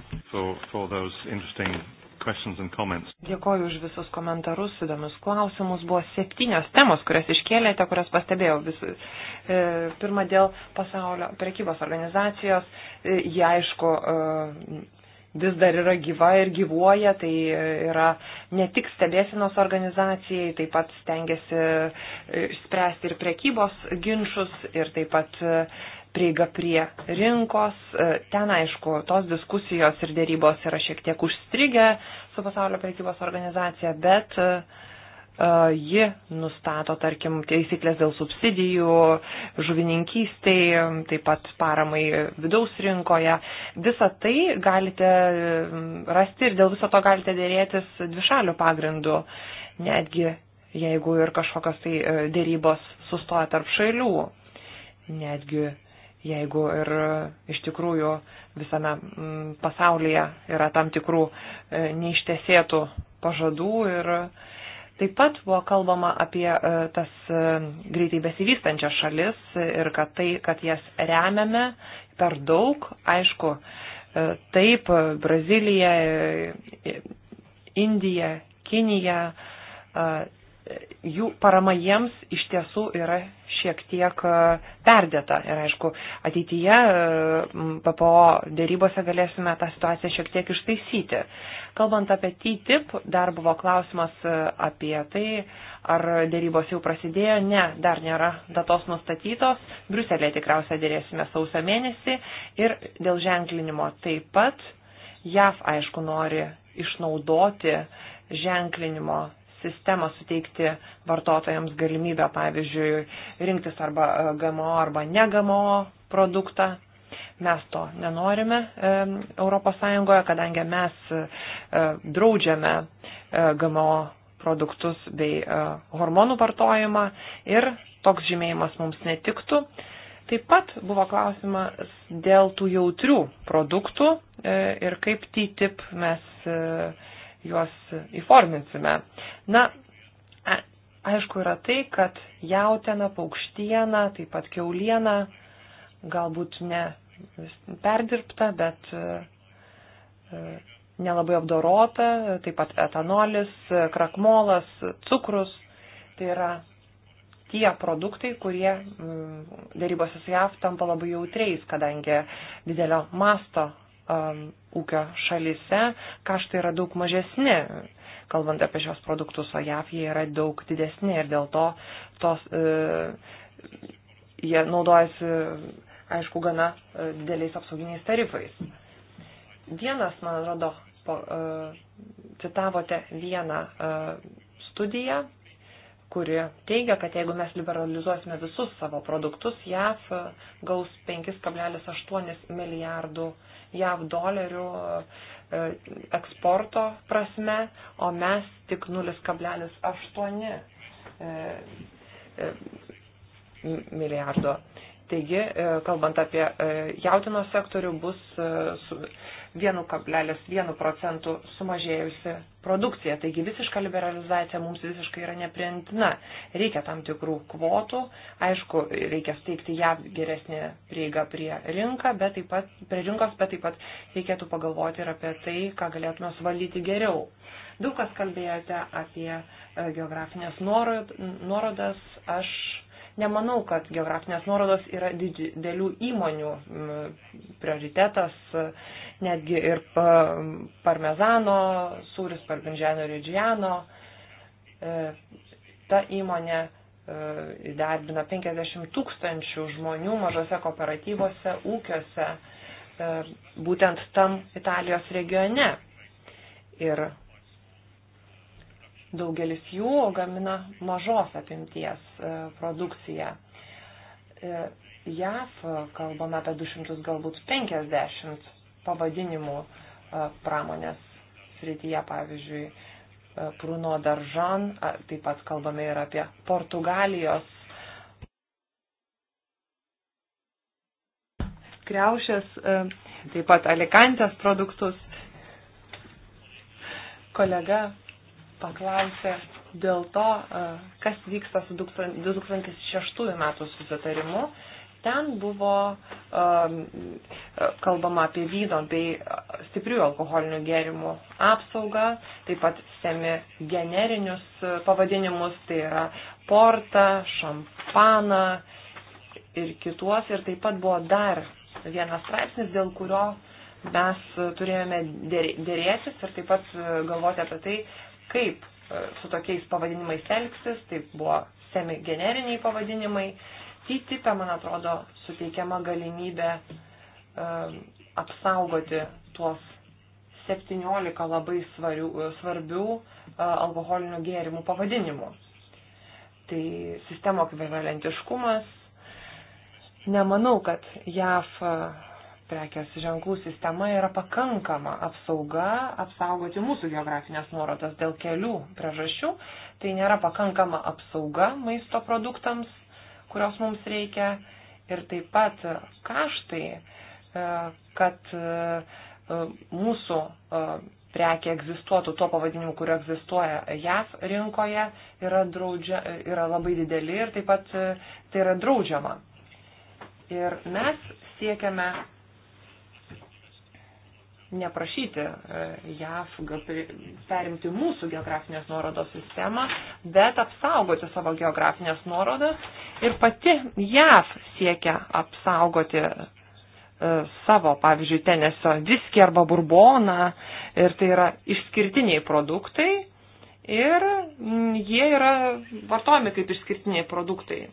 Dėkoju už visus komentarus, įdomius klausimus. Buvo septynios temos, kurias iškėlėte, kurias pastebėjau. Vis, e, pirma, dėl pasaulio prekybos organizacijos. E, jie, aišku, e, vis dar yra gyva ir gyvuoja, tai yra ne tik stebėsinos organizacijai, taip pat stengiasi e, spręsti ir prekybos ginčius ir taip pat e, prieiga prie rinkos. E, ten, aišku, tos diskusijos ir dėrybos yra šiek tiek užstrigę su pasaulio prekybos organizacija, bet e, e, ji nustato, tarkim, teisiklės dėl subsidijų, žuvininkystiai, taip pat paramai vidaus rinkoje. Visą tai galite rasti ir dėl viso to galite dėrėtis dvišalių pagrindų. Netgi jeigu ir kažkokios tai dėrybos sustoja tarp šalių. Netgi jeigu ir e, iš tikrųjų visame mm, pasaulyje yra tam tikrų e, neištesėtų pažadų ir e, taip pat buvo kalbama apie tas greitai besivystančias šalis ir kad tai, kad jas remiame per daug, aišku, taip, Brazilija, Indija, Kinija, jų parama jiems iš tiesų yra šiek tiek e, perdėta. Ir aišku, ateityje e, PPO dėrybose galėsime tą situaciją šiek tiek ištaisyti. Kalbant apie TTIP, dar buvo klausimas e, apie tai, ar dėrybos jau prasidėjo. Ne, dar nėra datos nustatytos. Briuselėje tikriausiai dėrėsime sausio mėnesį. Ir dėl ženklinimo taip pat JAV, aišku, nori išnaudoti ženklinimo sistemos suteikti vartotojams galimybę, pavyzdžiui, rinktis arba e, GMO arba ne GMO produktą. Mes to nenorime ES, kadangi mes e, draudžiame e, GMO produktus bei hormonų vartojimą ir toks žymėjimas mums netiktų. Taip pat buvo klausimas dėl tų jautrių produktų ir kaip TTIP mes juos įforminsime. Na, aišku yra tai, kad jautena, paukštiena, taip pat keuliena, galbūt ne perdirbta, bet e, e, nelabai apdorota, taip pat etanolis, krakmolas, cukrus. Tai yra tie produktai, kurie darybose su JAV tampa labai jautriais, kadangi didelio masto um, ūkio šalise kaštai yra daug mažesni, kalbant apie šios produktus, o JAF jie yra daug didesni ir dėl to tos, uh, jie naudojasi, aišku, gana uh, dideliais apsauginiais tarifais. Vienas, man atrodo, po, uh, citavote vieną uh, studiją kuri teigia, kad jeigu mes liberalizuosime visus savo produktus, JAF gaus 5,8 milijardų JAV dolerių e, eksporto prasme, o mes tik 0,8 e, e, milijardo Taigi, e, kalbant apie e, jautinos sektorių, bus 1,1 e, procentų sumažėjusi produkcija. Taigi visiška liberalizacija mums visiškai yra nepriimtina. Reikia tam tikrų kvotų, aišku, reikia steigti jav geresnį prieigą prie, rinką, bet taip pat, prie rinkos, bet taip pat reikėtų pagalvoti ir apie tai, ką galėtume suvaldyti geriau. Daug kas kalbėjote apie geografinės nuorodas. Aš Nemanau, kad geografinės nuorodos yra didelių įmonių prioritetas, netgi ir parmezano, sūris parbenžiano redžiano. E, ta įmonė e, įdarbina 50 tūkstančių žmonių mažose kooperatyvose, ūkiuose, e, būtent tam Italijos regione. Ir Daugelis jų gamina mažos apimties e, produkciją. E, JAF kalbame apie 200, galbūt 50 pavadinimų e, pramonės srityje, pavyzdžiui, Pruno Daržan, taip pat kalbame ir apie Portugalijos kriaušės, taip pat Alikantės produktus. Kolega paklausė dėl to, e, kas vyksta su 2006 metų susitarimu. Ten buvo um, kalbama apie vyno bei stiprių alkoholinių gėrimų apsaugą, taip pat semi generinius pavadinimus, tai yra portą, šampaną ir kituos. Ir taip pat buvo dar vienas straipsnis, dėl kurio mes turėjome dėrėtis ir taip pat galvoti apie tai, kaip e, su tokiais pavadinimais elgsis, tai buvo semigeneriniai pavadinimai. TTIP, man atrodo, suteikiama galimybė e, apsaugoti tuos 17 labai svarių, e, svarbių alkoholinių gėrimų pavadinimų. Tai sistemo ekvivalentiškumas. Nemanau, kad JAF prekės ženklų sistema yra pakankama apsauga apsaugoti mūsų geografinės nuorodas dėl kelių priežasčių. Tai nėra pakankama apsauga maisto produktams, kurios mums reikia ir taip pat kaštai, e, kad e, e, mūsų prekė egzistuotų tuo pavadinimu, kurio egzistuoja JAF rinkoje, yra, draudžia, yra labai dideli ir taip pat tai yra draudžiama. Ir mes siekiame neprašyti e, JAF perimti mūsų geografinės nuorodos sistemą, bet apsaugoti savo geografinės nuorodas ir pati JAF siekia apsaugoti e, savo, pavyzdžiui, tenesio diskį arba burboną ir tai yra išskirtiniai produktai ir jie yra vartojami kaip išskirtiniai produktai.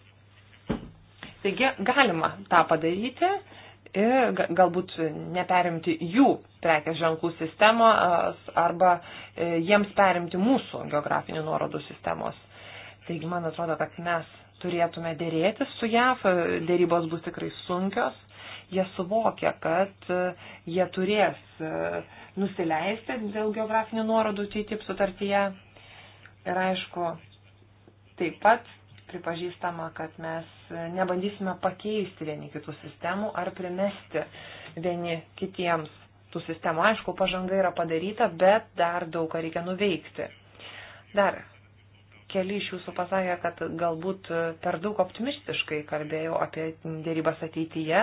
Taigi galima tą padaryti galbūt neperimti jų prekės ženklų sistemos e, arba e, jiems perimti mūsų geografinių nuorodų sistemos. Taigi, man atrodo, kad mes turėtume dėrėtis su JAF, e, dėrybos bus tikrai sunkios, jie suvokia, kad jie turės nusileisti dėl geografinių nuorodų TTIP sutartyje. Ir aišku, taip pat pripažįstama, kad mes nebandysime pakeisti vieni kitų sistemų ar primesti vieni kitiems tų sistemų. Aišku, pažanga yra padaryta, bet dar daug ką reikia nuveikti. Dar keli iš jūsų pasakė, kad galbūt per daug optimistiškai kalbėjau apie dėrybas ateityje.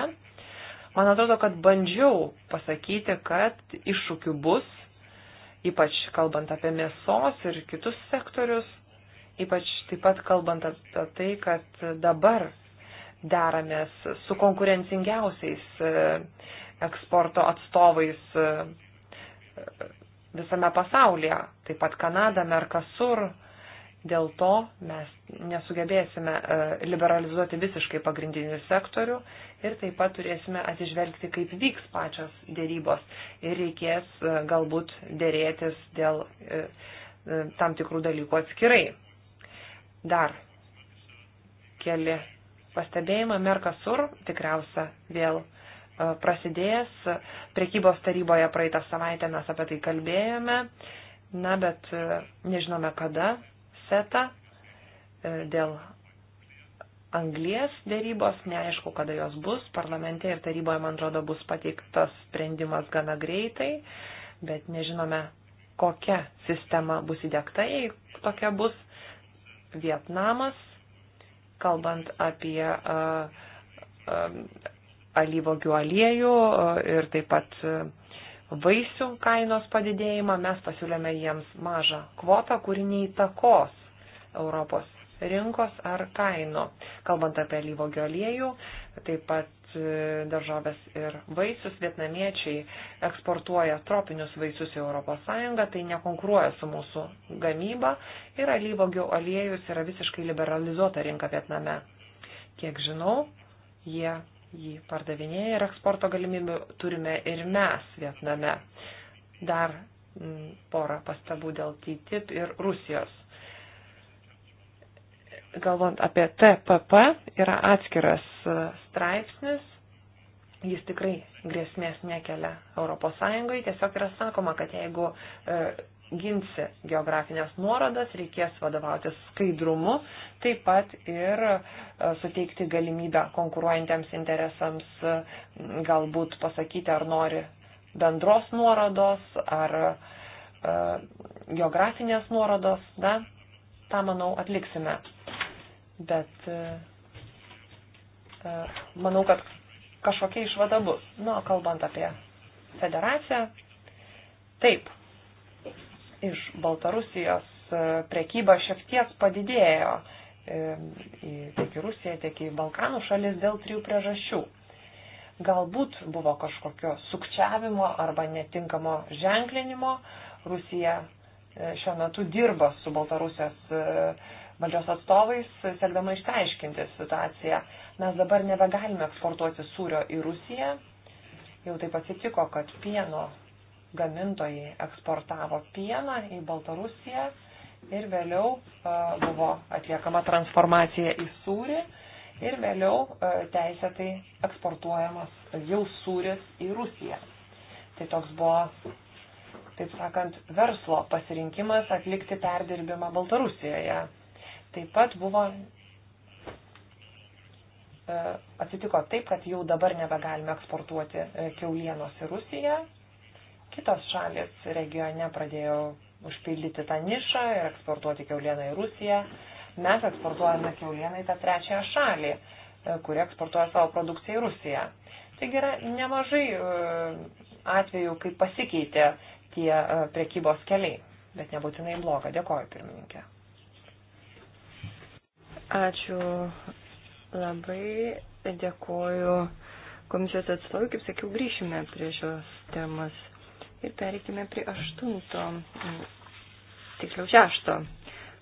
Man atrodo, kad bandžiau pasakyti, kad iššūkių bus, ypač kalbant apie mėsos ir kitus sektorius Ypač taip pat kalbant apie tai, kad dabar deramės su konkurencingiausiais e, eksporto atstovais e, visame pasaulyje, taip pat Kanada, Merkasur. Dėl to mes nesugebėsime e, liberalizuoti visiškai pagrindinių sektorių ir taip pat turėsime atsižvelgti, kaip vyks pačios dėrybos ir reikės galbūt dėrėtis dėl tam tikrų dalykų atskirai. Dar keli pastebėjimai. Merkasur tikriausia vėl e, prasidėjęs. Prekybos taryboje praeitą savaitę mes apie tai kalbėjome. Na, bet e, nežinome kada seta e, dėl anglies dėrybos, neaišku, kada jos bus. Parlamente ir taryboje, man atrodo, bus pateiktas sprendimas gana greitai, bet nežinome, kokia sistema bus įdėkta, jei tokia bus. Vietnamas, kalbant apie alyvogių aliejų ir taip pat vaisių kainos padidėjimą, mes pasiūlėme jiems mažą kvotą, kuri neįtakos Europos rinkos ar kainų. Kalbant apie alyvogių aliejų, taip pat E, daržovės ir vaisius. Vietnamiečiai eksportuoja tropinius vaisius į ES, tai nekonkuruoja su mūsų gamyba ir alyvogių aliejus yra visiškai liberalizuota rinka Vietname. Kiek žinau, jie jį pardavinėja ir eksporto galimybių turime ir mes Vietname. Dar porą pastabų dėl TTIP ir Rusijos galvant apie TPP, yra atskiras e, straipsnis. Jis tikrai grėsmės nekelia ES, tiesiog yra sakoma, kad jeigu e, ginsi geografinės nuorodas, reikės vadovautis skaidrumu, taip pat ir e, suteikti galimybę konkuruojantiems interesams e, galbūt pasakyti, ar nori bendros nuorodos, ar geografinės nuorodos. Na, tą, manau, atliksime. Bet e, e, manau, kad kažkokia išvada bus. Nu, kalbant apie federaciją, taip, iš Baltarusijos e, prekyba šiek tiek padidėjo tiek į Rusiją, tiek į Balkanų šalis dėl trijų priežasčių. Galbūt buvo kažkokio sukčiavimo arba netinkamo ženklinimo. Rusija šiuo metu dirba su Baltarusijos valdžios atstovais, siekdama išsiaiškinti situaciją. Mes dabar nebegalime eksportuoti sūrio į Rusiją. Jau taip atsitiko, kad pieno gamintojai eksportavo pieną į Baltarusiją ir vėliau buvo atliekama transformacija į sūrį ir vėliau teisėtai eksportuojamas jau sūris į Rusiją. Tai toks buvo, taip sakant, verslo pasirinkimas atlikti perdirbimą Baltarusijoje taip pat buvo e, atsitiko taip, kad jau dabar nebegalime eksportuoti e, keulienos į Rusiją. Kitos šalis regione pradėjo užpildyti tą nišą ir eksportuoti keulieną į Rusiją. Mes eksportuojame keulieną į tą trečiąją šalį, e, kuri eksportuoja savo produkciją į Rusiją. Taigi yra nemažai atvejų, kai pasikeitė tie prekybos keliai, bet nebūtinai bloga. Dėkoju, pirmininkė. Ačiū labai, dėkoju komisijos atstovui, kaip sakiau, grįšime prie šios temos ir pereikime prie aštunto, tiksliau šešto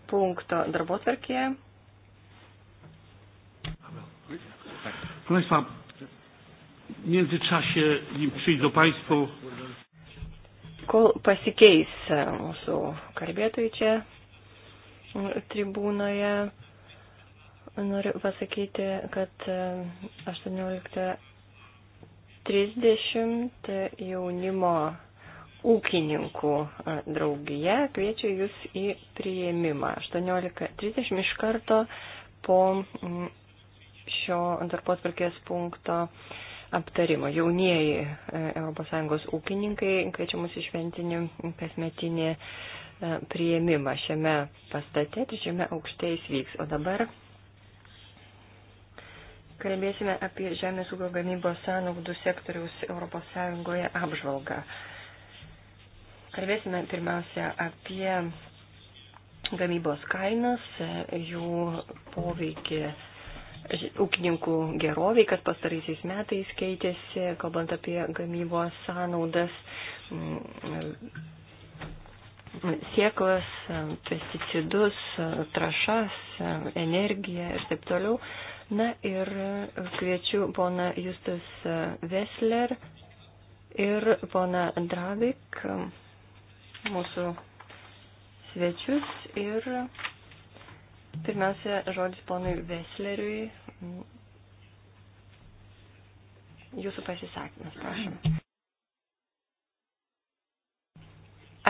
punkto darbo tvarkėje. Państwa, w międzyczasie, nim przyjdą Państwo. Kol pasikeis mūsų kalbėtojai čia tribūnoje, Noriu pasakyti, kad 18.30 e, jaunimo ūkininkų e, draugija kviečia jūs į prieimimą. 18.30 iš karto po šio darbo atvarkės punkto aptarimo. Jaunieji ES ūkininkai kviečia mus į šventinį kasmetinį e, prieimimą šiame pastate, trečiame aukšte jis vyks. O dabar Kalbėsime apie žemės ūkio gamybos sąnaudų sektoriaus ES apžvalgą. Kalbėsime pirmiausia apie gamybos kainas, jų poveikį ūkininkų geroviai, kas pastaraisiais metais keitėsi, kalbant apie gamybos sąnaudas, sieklas, pesticidus, trašas, energiją ir taip toliau. Na ir e, kviečiu pona Justas e, Vesler ir pona Dravik, e, mūsų svečius. Ir pirmiausia, žodis ponui Vesleriui. Jūsų pasisakymas, prašom.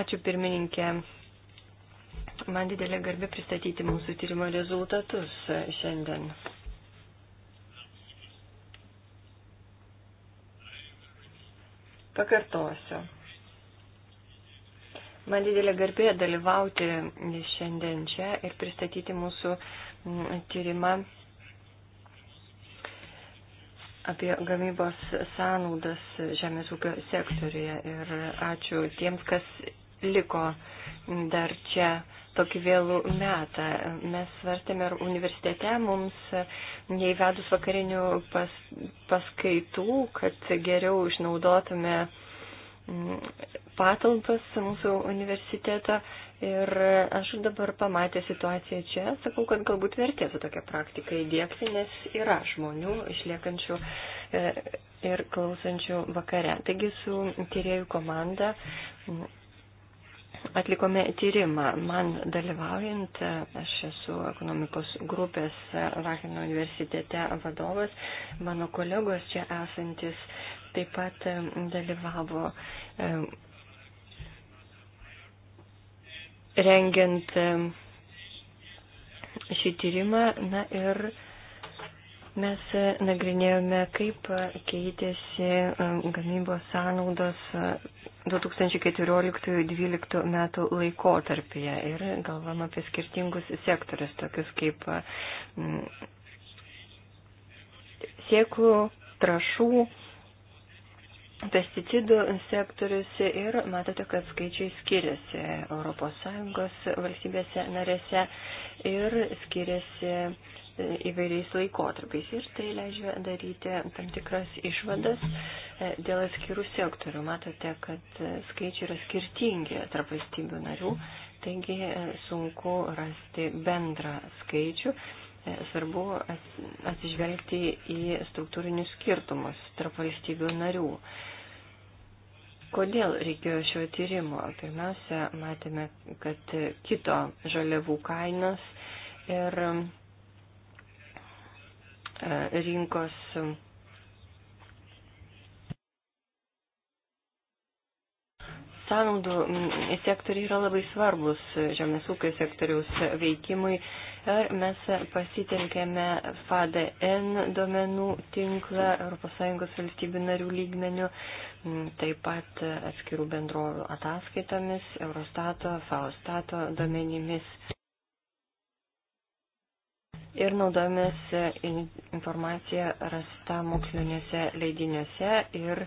Ačiū pirmininkė. Man didelė garbė pristatyti mūsų tyrimo rezultatus šiandien. Pakartosiu. Man didelė garbė dalyvauti šiandien čia ir pristatyti mūsų mm, tyrimą apie gamybos sąnaudas žemės ūkio sektoriuje. Ir ačiū tiems, kas liko dar čia tokį vėlų metą. Mes svartėme universitete, mums neįvedus vakarinių pas, paskaitų, kad geriau išnaudotume mm, patalpas mūsų universiteto. Ir aš dabar pamatę situaciją čia, sakau, kad galbūt vertėtų tokią praktiką įdėkti, nes yra žmonių išliekančių e, ir klausančių vakare. Taigi su tyriejų komanda atlikome tyrimą. Man dalyvaujant, aš esu ekonomikos grupės Vakino universitete vadovas, mano kolegos čia esantis taip pat dalyvavo rengiant šį tyrimą. Na ir Mes e, nagrinėjome, kaip e, keitėsi e, gamybos sąnaudos 2014-2012 metų laikotarpyje ir galvam apie skirtingus sektorius, tokius kaip sieklų, trašų, pesticidų sektorius ir matote, kad skaičiai skiriasi ES valstybėse narėse ir skiriasi įvairiais laikotarpiais ir tai leidžia daryti tam tikras išvadas e, dėl atskirų sektorių. Matote, kad e, skaičiai yra skirtingi tarp valstybių narių, taigi e, sunku rasti bendrą skaičių. Svarbu atsižvelgti į struktūrinius skirtumus tarp valstybių narių. Kodėl reikėjo šio tyrimo? Pirmiausia, matėme, kad kito žaliavų kainos ir E, rinkos sąnaudų sektoriai yra labai svarbus žemės ūkio sektoriaus veikimui ir e, mes pasitelkėme FADN duomenų tinklą ES valstybių narių lygmenių, taip pat atskirų bendrovių ataskaitomis, Eurostato, FAOstato duomenimis ir naudomis e, informacija rasta moksliniuose leidiniuose ir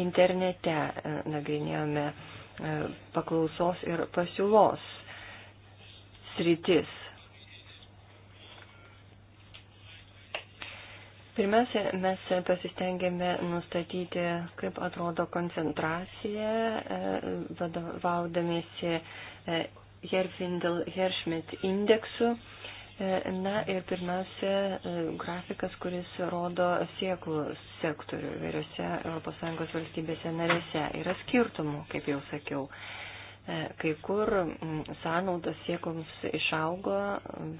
internete e, nagrinėjome e, paklausos ir pasiūlos sritis. Pirmiausia, mes pasistengėme nustatyti, kaip atrodo koncentracija, vadovaudamiesi Herfindel Herschmidt indeksu. Na ir pirmiausia, e, grafikas, kuris rodo sieklų sektorių vairiose ES valstybėse narėse. Yra skirtumų, kaip jau sakiau. E, kai kur sąnaudos siekoms išaugo,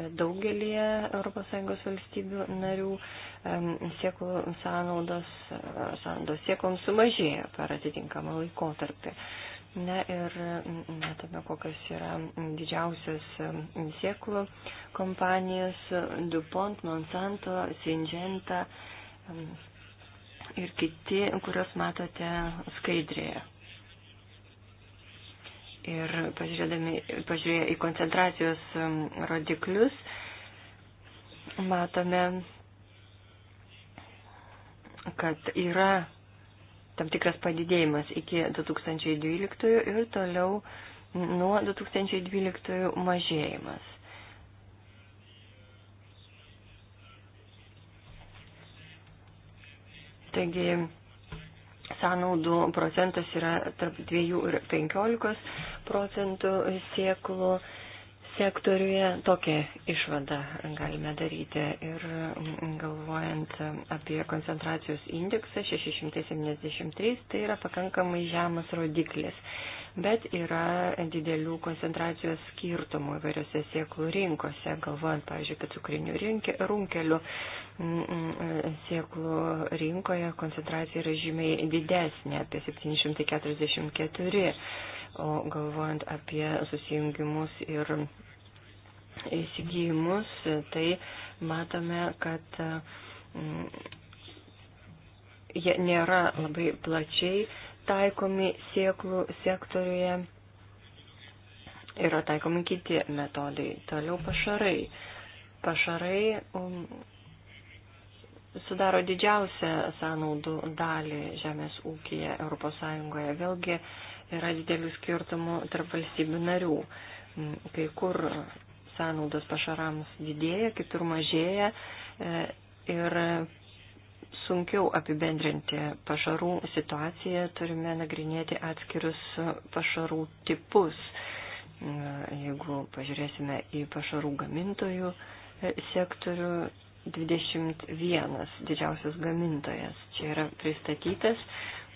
bet daugelį ES valstybių narių e, sieklų sąnaudos, sąnaudos siekoms sumažėjo per atitinkamą laikotarpį. Na ir mm, matome, kokios yra didžiausios mm, sėklų kompanijos - DuPont, Monsanto, Syngenta mm, ir kiti, kuriuos matote skaidrėje. Ir pažiūrėję į koncentracijos rodiklius, matome, kad yra tam tikras padidėjimas iki 2012 ir toliau nuo 2012 mažėjimas. Taigi sąnaudų procentas yra tarp 2 ir 15 procentų sieklų sektoriuje tokią išvadą galime daryti. Ir galvojant apie koncentracijos indeksą 673, tai yra pakankamai žemas rodiklis. Bet yra didelių koncentracijos skirtumų įvairiose sieklų rinkose, galvojant, pavyzdžiui, apie cukrinių runkelių mm, mm, sieklų rinkoje koncentracija yra žymiai didesnė, apie 744, o galvojant apie susijungimus ir įsigijimus, tai matome, kad mm, jie nėra labai plačiai taikomi sieklų sektoriuje. Yra taikomi kiti metodai. Toliau pašarai. Pašarai um, sudaro didžiausią sąnaudų dalį žemės ūkija ES. Vėlgi yra didelių skirtumų tarp valstybių narių. Mm, kai kur sąnaudos pašarams didėja, kitur mažėja e, ir sunkiau apibendrinti pašarų situaciją, turime nagrinėti atskirus pašarų tipus. E, jeigu pažiūrėsime į pašarų gamintojų e, sektorių, 21 didžiausias gamintojas čia yra pristatytas,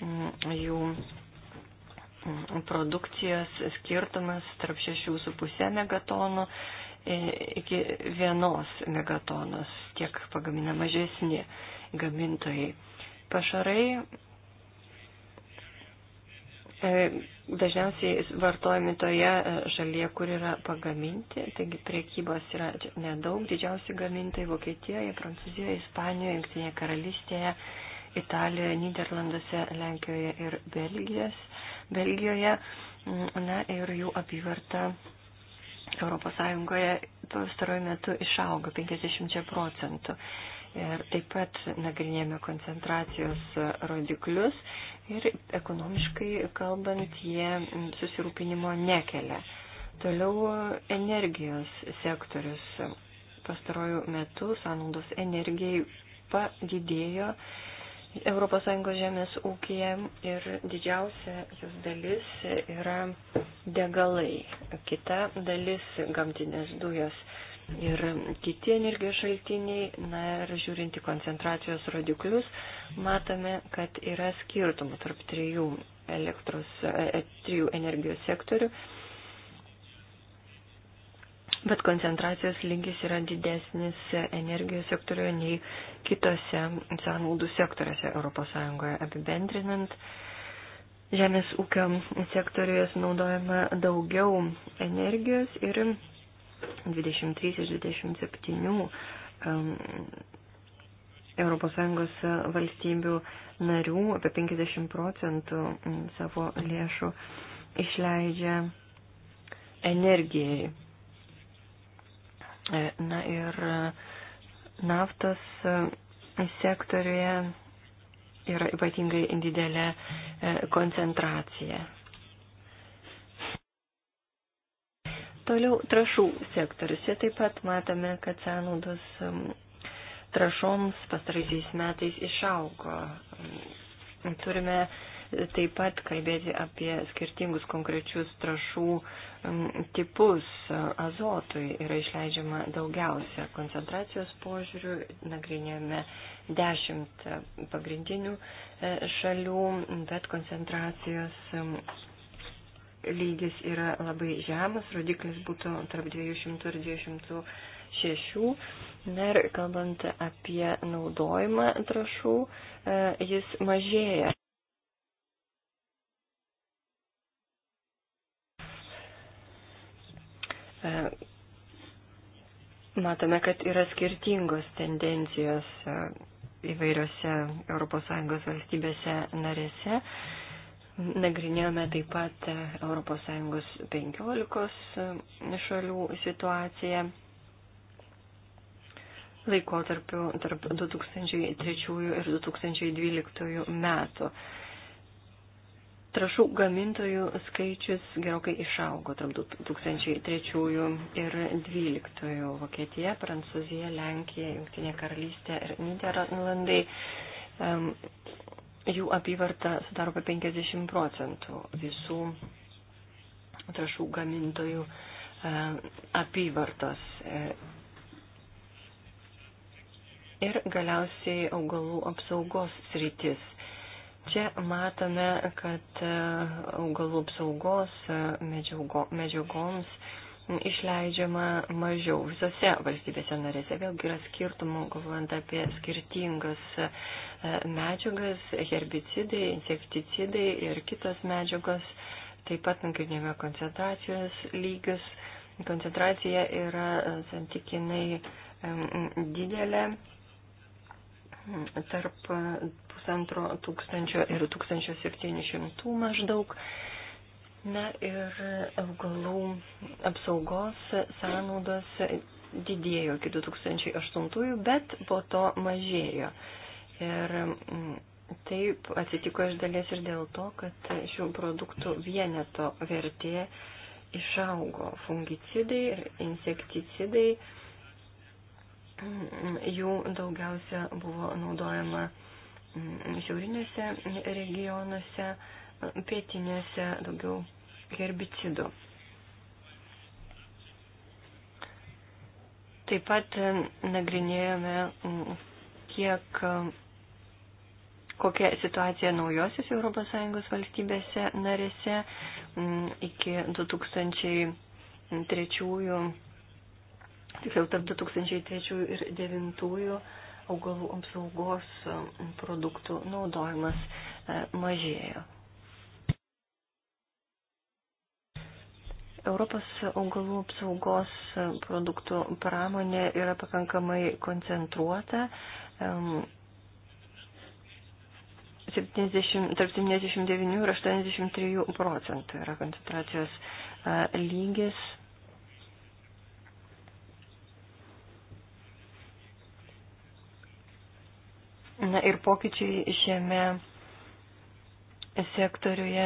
mm, jų mm, produkcijos skirtumas tarp 6,5 megatonų E, iki vienos megatonos, tiek pagamina mažesni gamintojai. Pašarai e, dažniausiai vartojami toje e, šalyje, kur yra pagaminti, taigi priekybos yra nedaug, didžiausi gamintojai Vokietijoje, Prancūzijoje, Ispanijoje, Junktinėje karalystėje, Italijoje, Niderlanduose, Lenkijoje ir Belgijos, Belgijoje. Mm, na ir jų apyvarta ES pastaruoju metu išaugo 50 procentų. Ir taip pat nagrinėjame koncentracijos rodiklius ir ekonomiškai kalbant jie susirūpinimo nekelia. Toliau energijos sektorius pastaruoju metu sąnaudos energijai padidėjo ES žemės ūkija ir didžiausia jos dalis yra degalai, kita dalis gamtinės dujos ir kiti energijos šaltiniai. Na ir žiūrinti koncentracijos rodiklius, matome, kad yra skirtumų tarp trijų, elektros, e, trijų energijos sektorių bet koncentracijos lygis yra didesnis energijos sektoriuje nei kitose sąnaudų sektoriuose ES apibendrinant. Žemės ūkio sektoriuje sunaudojama daugiau energijos ir 23 iš 27 um, ES valstybių narių apie 50 procentų mm, savo lėšų išleidžia energijai. E, na ir e, naftos e, sektoriuje yra ypatingai didelė koncentracija. Toliau trašų sektorius. Čia taip pat matome, kad sąnaudos trašoms pastaraisiais metais išaugo. Turime taip pat kalbėti apie skirtingus konkrečius trašų tipus. Azotui yra išleidžiama daugiausia koncentracijos požiūrių, nagrinėjame dešimt pagrindinių e, šalių, bet koncentracijos lygis yra labai žemas, rodiklis būtų tarp 200 ir 206. Ir kalbant apie naudojimą trašų, e, jis mažėja. E, matome, kad yra skirtingos tendencijos e, įvairiose ES valstybėse narėse. Nagrinėjome taip pat e, ES 15 šalių situaciją laikotarpiu tarp 2003 ir 2012 metų trašų gamintojų skaičius gerokai išaugo tarp 2003 ir 2012. Vokietija, Prancūzija, Lenkija, Junktinė karalystė ir Niderlandai. Um, jų apyvarta sudaro apie 50 procentų visų trašų gamintojų um, apyvartos. Ir galiausiai augalų apsaugos sritis Čia matome, kad e, augalų apsaugos e, medžiagoms išleidžiama mažiau visose valstybėse narėse. Vėlgi yra skirtumų, galvojant apie skirtingas e, medžiagas, herbicidai, insekticidai ir kitos medžiagos. Taip pat nagrinėjame koncentracijos lygius. Koncentracija yra santykinai didelė tarp pusantro tūkstančio ir tūkstančio septynišimtų maždaug. Na ir augalų apsaugos sąnaudos didėjo iki 2008, bet po to mažėjo. Ir mm, taip atsitiko iš dalies ir dėl to, kad šių produktų vieneto vertė išaugo fungicidai ir insekticidai. Mm, jų daugiausia buvo naudojama šiaurinėse regionuose, pietinėse daugiau herbicidų. Taip pat nagrinėjome, kiek, kokia situacija naujosios ES valstybėse narėse iki 2003, tiksliau tarp 2003 ir 2009 augalų apsaugos um, produktų naudojimas e, mažėjo. Europos augalų apsaugos e, produktų pramonė yra pakankamai koncentruota. 70, tarp 79 ir 83 procentų yra koncentracijos e, lygis Na ir pokyčiai šiame sektoriuje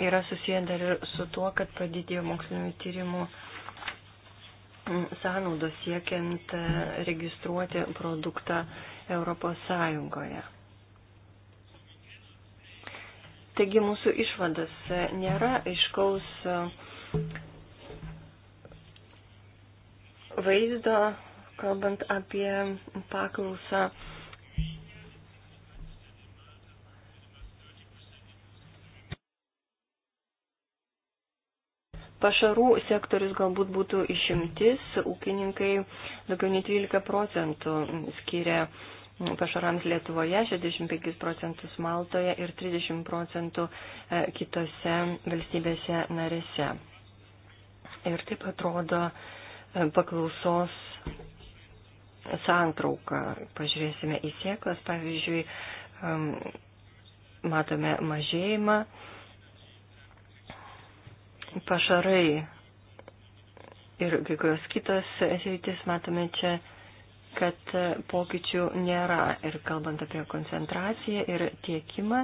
yra susiję dar ir su tuo, kad padidėjo mokslinių tyrimų sąnaudos siekiant e, registruoti produktą Europos Sąjungoje. Taigi mūsų išvadas e, nėra aiškaus e, vaizdo, kalbant apie paklausą Pašarų sektorius galbūt būtų išimtis, ūkininkai daugiau nei 12 procentų skiria pašarams Lietuvoje, 65 procentus Maltoje ir 30 procentų e, kitose valstybėse narėse. Ir taip atrodo e, paklausos santrauką. Pažiūrėsime į sėklas, pavyzdžiui, matome mažėjimą pašarai ir kai kurios kitos sritis matome čia, kad pokyčių nėra. Ir kalbant apie koncentraciją ir tiekimą,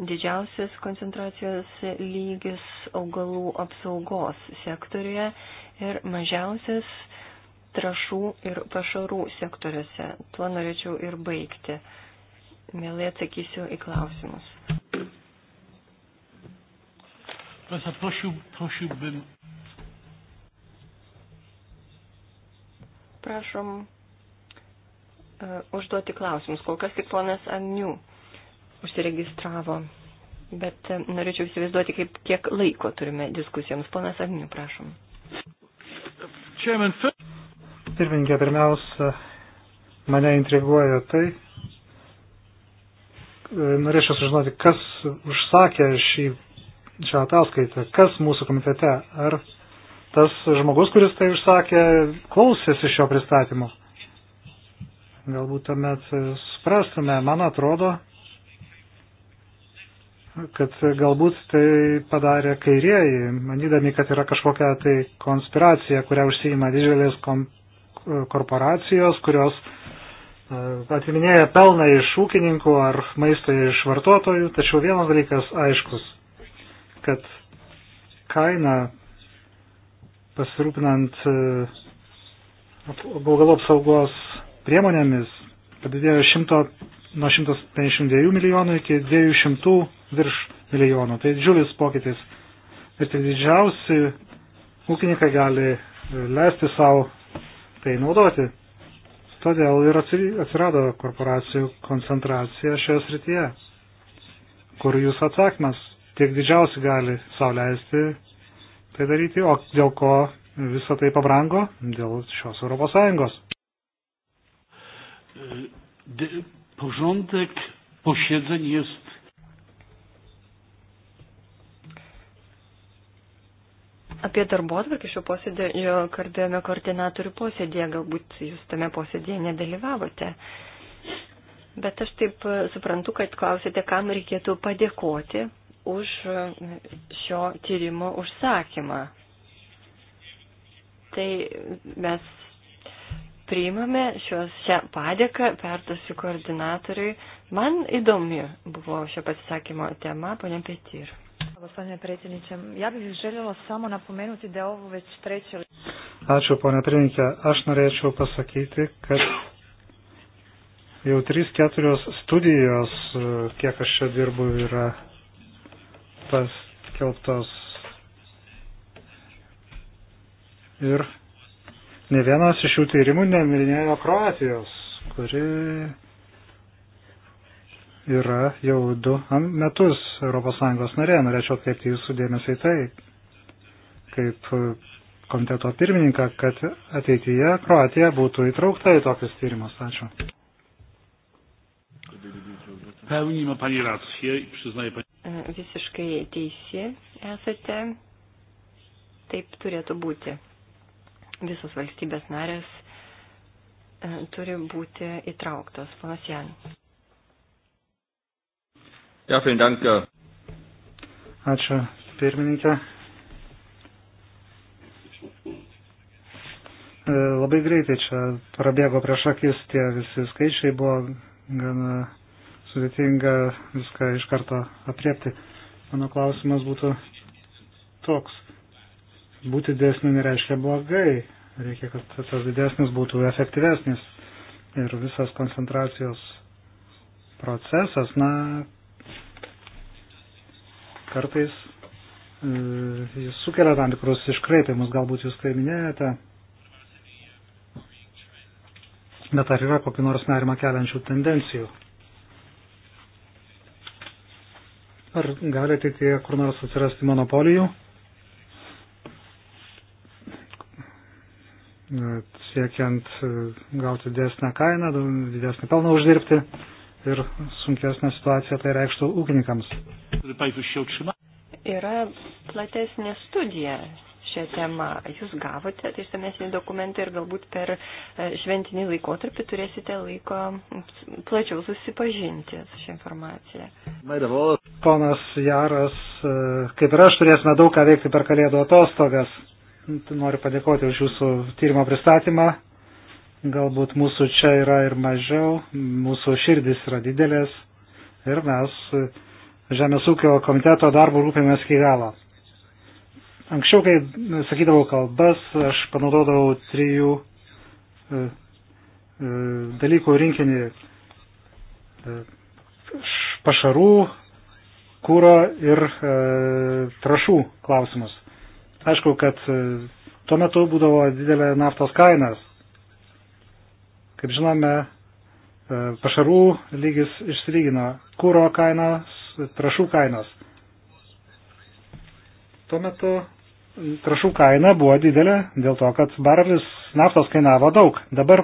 didžiausias koncentracijos lygis augalų apsaugos sektoriuje ir mažiausias trašų ir pašarų sektoriuose. Tuo norėčiau ir baigti. Mielai atsakysiu į klausimus. Proszę, prosił, prosiłbym. Prašom e, užduoti klausimus. Kol kas tik ponas Anniu užsiregistravo, bet e, norėčiau įsivaizduoti, kaip, kiek laiko turime diskusijoms. Ponas Anniu, prašom. Pirmininkė, pirmiausia, mane intriguoja tai, e, norėčiau sužinoti, kas užsakė šį šią ataskaitą. Kas mūsų komitete? Ar tas žmogus, kuris tai užsakė, klausėsi šio pristatymo? Galbūt tuomet suprastume, man atrodo, kad galbūt tai padarė kairieji, manydami, kad yra kažkokia tai konspiracija, kurią užsijima didžiulės korporacijos, kurios e, atiminėja pelną iš ūkininkų ar maistą iš vartotojų, tačiau vienas dalykas aiškus kad kaina pasirūpinant e, augalų apsaugos priemonėmis padidėjo 100, nuo 152 milijonų iki 200 virš milijonų. Tai džiulis pokytis. Ir tai didžiausi ūkininkai gali e, leisti savo tai naudoti. Todėl ir atsirado korporacijų koncentracija šioje srityje. Kur jūs atsakymas? Tik didžiausi gali savo leisti tai daryti, o dėl ko visą tai pabrango? Dėl šios Europos Sąjungos. Porządek posiedzeń jest Apie darbotvarkį šio posėdžio kalbėjome koordinatorių posėdėje, galbūt jūs tame posėdėje nedalyvavote. Bet aš taip suprantu, kad klausėte, kam reikėtų padėkoti už šio tyrimo užsakymą. Tai mes priimame šios, šią padėką, pertosiu koordinatoriui. Man įdomi buvo šio pasisakymo tema, ponė Petir. Gospodine predsjedniče, ja bih željela samo napomenuti da je ovo već treće... Ačiū, ponė Trinkė. Aš norėčiau pasakyti, kad jau 3-4 studijos, kiek aš čia dirbu, yra paskelbtos ir ne vienas iš šių tyrimų neminėjo Kroatijos, kuri yra jau du metus ES narė. Norėčiau atkreipti jūsų dėmesį į tai, kaip komiteto pirmininką, kad ateityje Kroatija būtų įtraukta į tokius tyrimus. Ačiū. Pełni ma Pani rację i przyznaje Pani visiškai teisi esate, taip turėtų būti. Visos valstybės narės e, turi būti įtrauktos. Panas Jan. Ja, dank. Ačiū, pirmininkė. E, labai greitai čia prabėgo prieš akis tie visi skaičiai, buvo gana sudėtinga viską iš karto apriepti. Mano klausimas būtų toks. Būti didesniu nereiškia blogai. Reikia, kad tas didesnis būtų efektyvesnis. Ir visas koncentracijos procesas, na, kartais e, jis sukelia tam tikrus iškreipimus, galbūt jūs tai minėjote. Bet ar yra kokiu nors nerima keliančių tendencijų? Ar gali ateityje kur nors atsirasti monopolijų? siekiant e, gauti didesnę kainą, didesnį pelną uždirbti ir sunkesnę situaciją tai reikštų ūkininkams. Yra platesnė studija šią temą. Jūs gavote tai išsamesnį dokumentą ir galbūt per e, šventinį laikotarpį turėsite laiko plačiau susipažinti su šią informaciją. Ponas Jaras, e, kaip ir aš, turėsime daug ką veikti per kalėdų atostogas. Noriu padėkoti už jūsų tyrimo pristatymą. Galbūt mūsų čia yra ir mažiau, mūsų širdis yra didelės ir mes Žemės ūkio komiteto darbų rūpėmės iki galo. Anksčiau, kai sakydavau kalbas, aš panaudodavau trijų e, e, dalykų rinkinį e, pašarų, kūro ir trašų klausimus. Aišku, kad tuo metu būdavo didelė naftos kainas. Kaip žinome, pašarų lygis išsilygino kūro kainas, trašų kainas. Tuo metu trašų kaina buvo didelė dėl to, kad barvis naftos kainavo daug. Dabar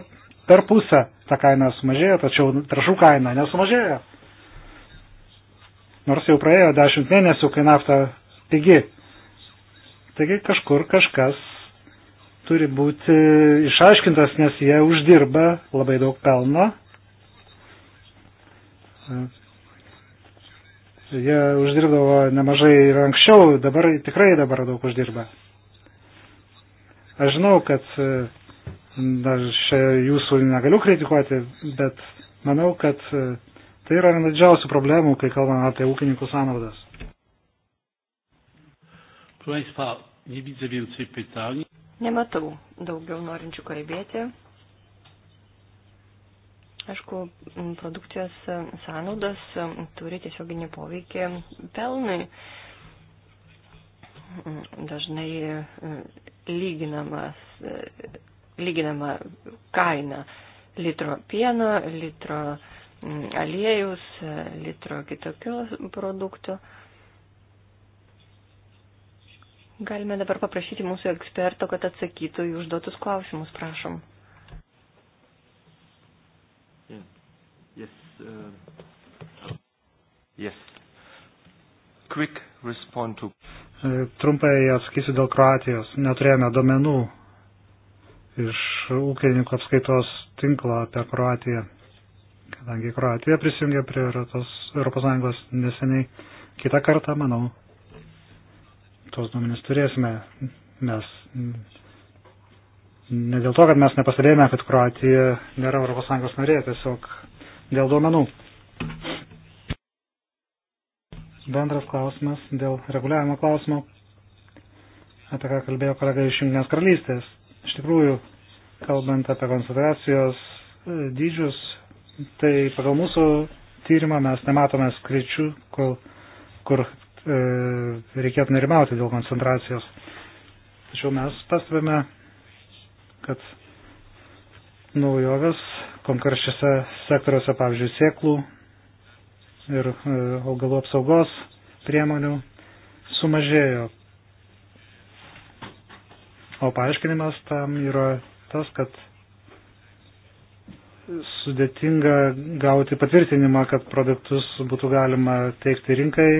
per pusę ta kaina sumažėjo, tačiau trašų kaina nesumažėjo. Nors jau praėjo dešimt mėnesių, kai nafta pigi. Taigi kažkur kažkas turi būti išaiškintas, nes jie uždirba labai daug pelno. Jie uždirbdavo nemažai ir anksčiau, dabar tikrai dabar daug uždirba. Aš žinau, kad aš jūsų negaliu kritikuoti, bet manau, kad tai yra viena didžiausių problemų, kai kalbame apie ūkininkų sąnaudas. Nematau daugiau norinčių kalbėti. Aišku, produkcijos sąnaudos turi tiesioginį poveikį pelnui. Dažnai lyginamas, e, lyginama kaina litro pieno, litro aliejus, e, litro kitokių produktų. Galime dabar paprašyti mūsų eksperto, kad atsakytų į užduotus klausimus, prašom. uh, yes. Quick respond to. E, trumpai atsakysiu dėl Kroatijos. Neturėjome domenų iš ūkininkų apskaitos tinklo apie Kroatiją, kadangi Kroatija prisijungė prie ES neseniai. Kita kartą, manau, tos duomenys turėsime. Mes mm, ne dėl to, kad mes nepastebėjome, kad Kroatija nėra ES narė, tiesiog Dėl duomenų. Bendras klausimas dėl reguliavimo klausimo, apie ką kalbėjo kolega iš Junginės karalystės. Iš tikrųjų, kalbant apie koncentracijos e, dydžius, tai pagal mūsų tyrimą mes nematome skaičių, kur, kur e, reikėtų nerimauti dėl koncentracijos. Tačiau mes pastebėme, kad naujovės konkrečiose sektoriuose, pavyzdžiui, sėklų ir e, augalų apsaugos priemonių sumažėjo. O paaiškinimas tam yra tas, kad sudėtinga gauti patvirtinimą, kad produktus būtų galima teikti rinkai,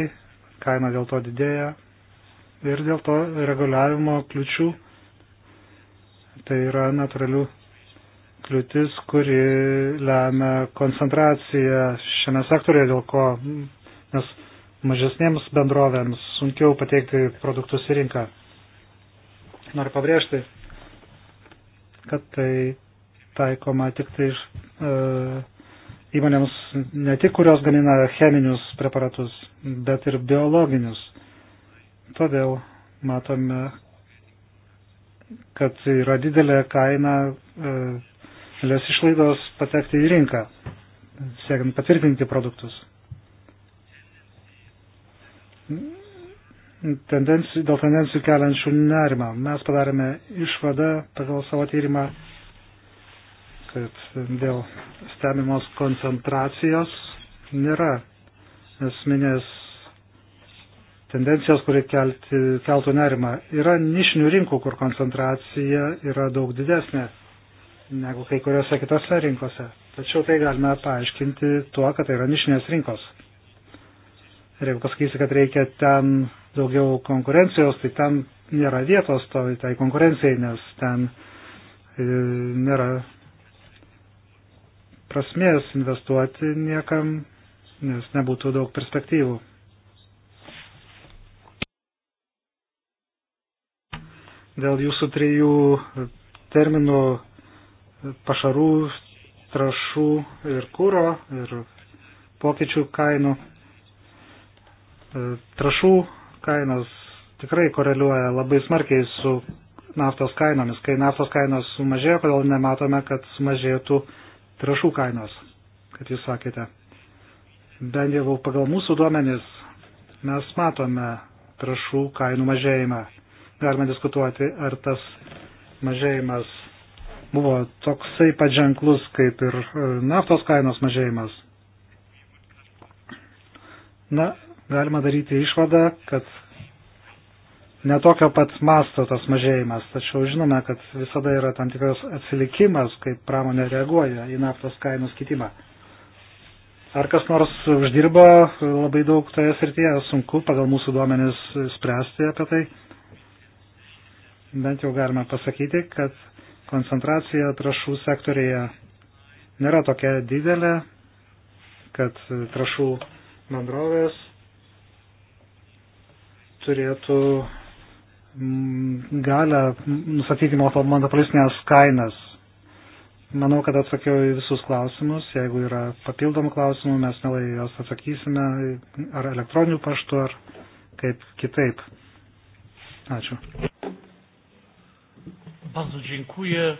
kaina dėl to didėja ir dėl to reguliavimo kliučių, tai yra natūralių kliūtis, kuri lemia koncentraciją šiame sektorėje, dėl ko, nes mažesniems bendrovėms sunkiau pateikti produktus į rinką. Noriu pabrėžti, kad tai taikoma tik tai iš, e, įmonėms ne tik, kurios gamina cheminius preparatus, bet ir biologinius. Todėl matome, kad yra didelė kaina e, didelės išlaidos patekti į rinką, siekiant patvirtinti produktus. Tendencijų, dėl tendencijų keliančių nerimą mes padarėme išvadą pagal savo tyrimą, kad dėl stebimos koncentracijos nėra esminės tendencijos, kuri kelti, keltų nerimą. Yra nišinių rinkų, kur koncentracija yra daug didesnė negu kai kuriuose kitose rinkose. Tačiau tai galime paaiškinti tuo, kad tai yra nišinės rinkos. Ir jeigu pasakysi, kad reikia ten daugiau konkurencijos, tai ten nėra vietos to, tai konkurencijai, nes ten e, nėra prasmės investuoti niekam, nes nebūtų daug perspektyvų. Dėl jūsų trijų terminų pašarų, trašų ir kūro ir pokyčių kainų. E, trašų kainos tikrai koreliuoja labai smarkiai su naftos kainomis. Kai naftos kainos sumažėjo, kodėl nematome, kad sumažėtų trašų kainos, kaip jūs sakėte. Bent jau pagal mūsų duomenis mes matome trašų kainų mažėjimą. Galime diskutuoti, ar tas mažėjimas buvo toksai pat ženklus kaip ir e, naftos kainos mažėjimas. Na, galima daryti išvadą, kad netokio pat masto tas mažėjimas, tačiau žinome, kad visada yra tam tikras atsilikimas, kaip pramonė reaguoja į naftos kainos kitimą. Ar kas nors uždirba labai daug toje srityje, sunku pagal mūsų duomenis spręsti apie tai. Bent jau galime pasakyti, kad koncentracija trašų sektorėje nėra tokia didelė, kad trašų bendrovės turėtų mm, galę nustatyti monopolistinės kainas. Manau, kad atsakiau į visus klausimus. Jeigu yra papildomų klausimų, mes nelai jos atsakysime ar elektroniniu paštu, ar kaip kitaip. Ačiū. Bardzo dziękuję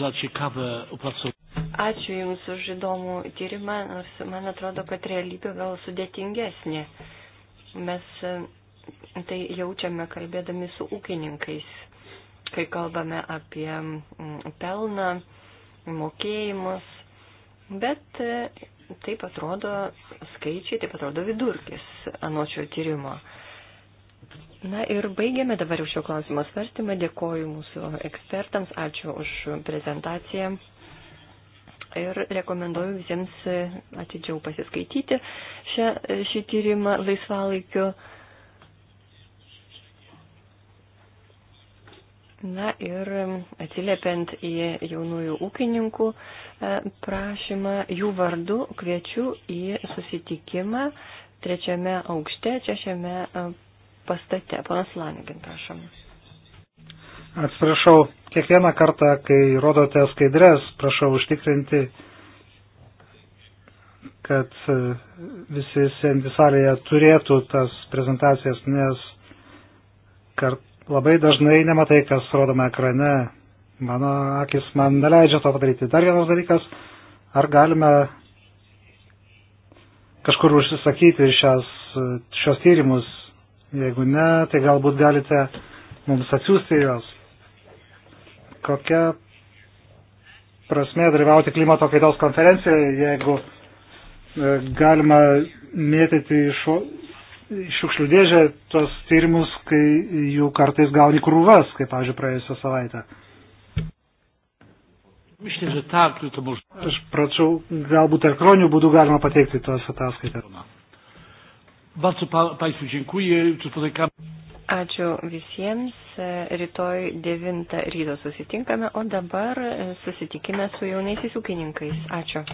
za ciekawe opracowanie. Ačiū Jums už įdomų tyrimą, nors man atrodo, kad realybė gal sudėtingesnė. Mes e, tai jaučiame kalbėdami su ūkininkais, kai kalbame apie mm, pelną, mokėjimus, bet e, taip atrodo skaičiai, taip atrodo vidurkis anočio tyrimo. Na ir baigiame dabar jau šio klausimo svarstymą. Dėkoju mūsų ekspertams, ačiū už prezentaciją ir rekomenduoju visiems atidžiau pasiskaityti šią, šį tyrimą laisvalaikiu. Na ir atsiliepiant į jaunųjų ūkininkų e, prašymą, jų vardu kviečiu į susitikimą trečiame aukšte, čia šiame pastate. Panas Lanigin, prašom. Atsiprašau, kiekvieną kartą, kai rodote skaidrės, prašau užtikrinti, kad e, visi sendvisalėje turėtų tas prezentacijas, nes kart, labai dažnai nematai, kas rodoma ekrane. Mano akis man neleidžia to padaryti. Dar vienas dalykas, ar galime kažkur užsisakyti šios, šios tyrimus Jeigu ne, tai galbūt galite mums atsiųsti jos. Kokia prasme dalyvauti klimato kaitos konferencijoje, jeigu e, galima mėtyti iš šiukšlių dėžę tos tyrimus, kai jų kartais gauni krūvas, kaip, pavyzdžiui, praėjusią savaitę. Aš prašau, galbūt elektroniniu būdu galima pateikti tos ataskaitas. Bardzo pa, Państwu dziękuję. Spotykamy. Ačiū visiems. Rytoj 9 ryto susitinkame, o dabar susitikime su jaunaisiais ūkininkais. Ačiū.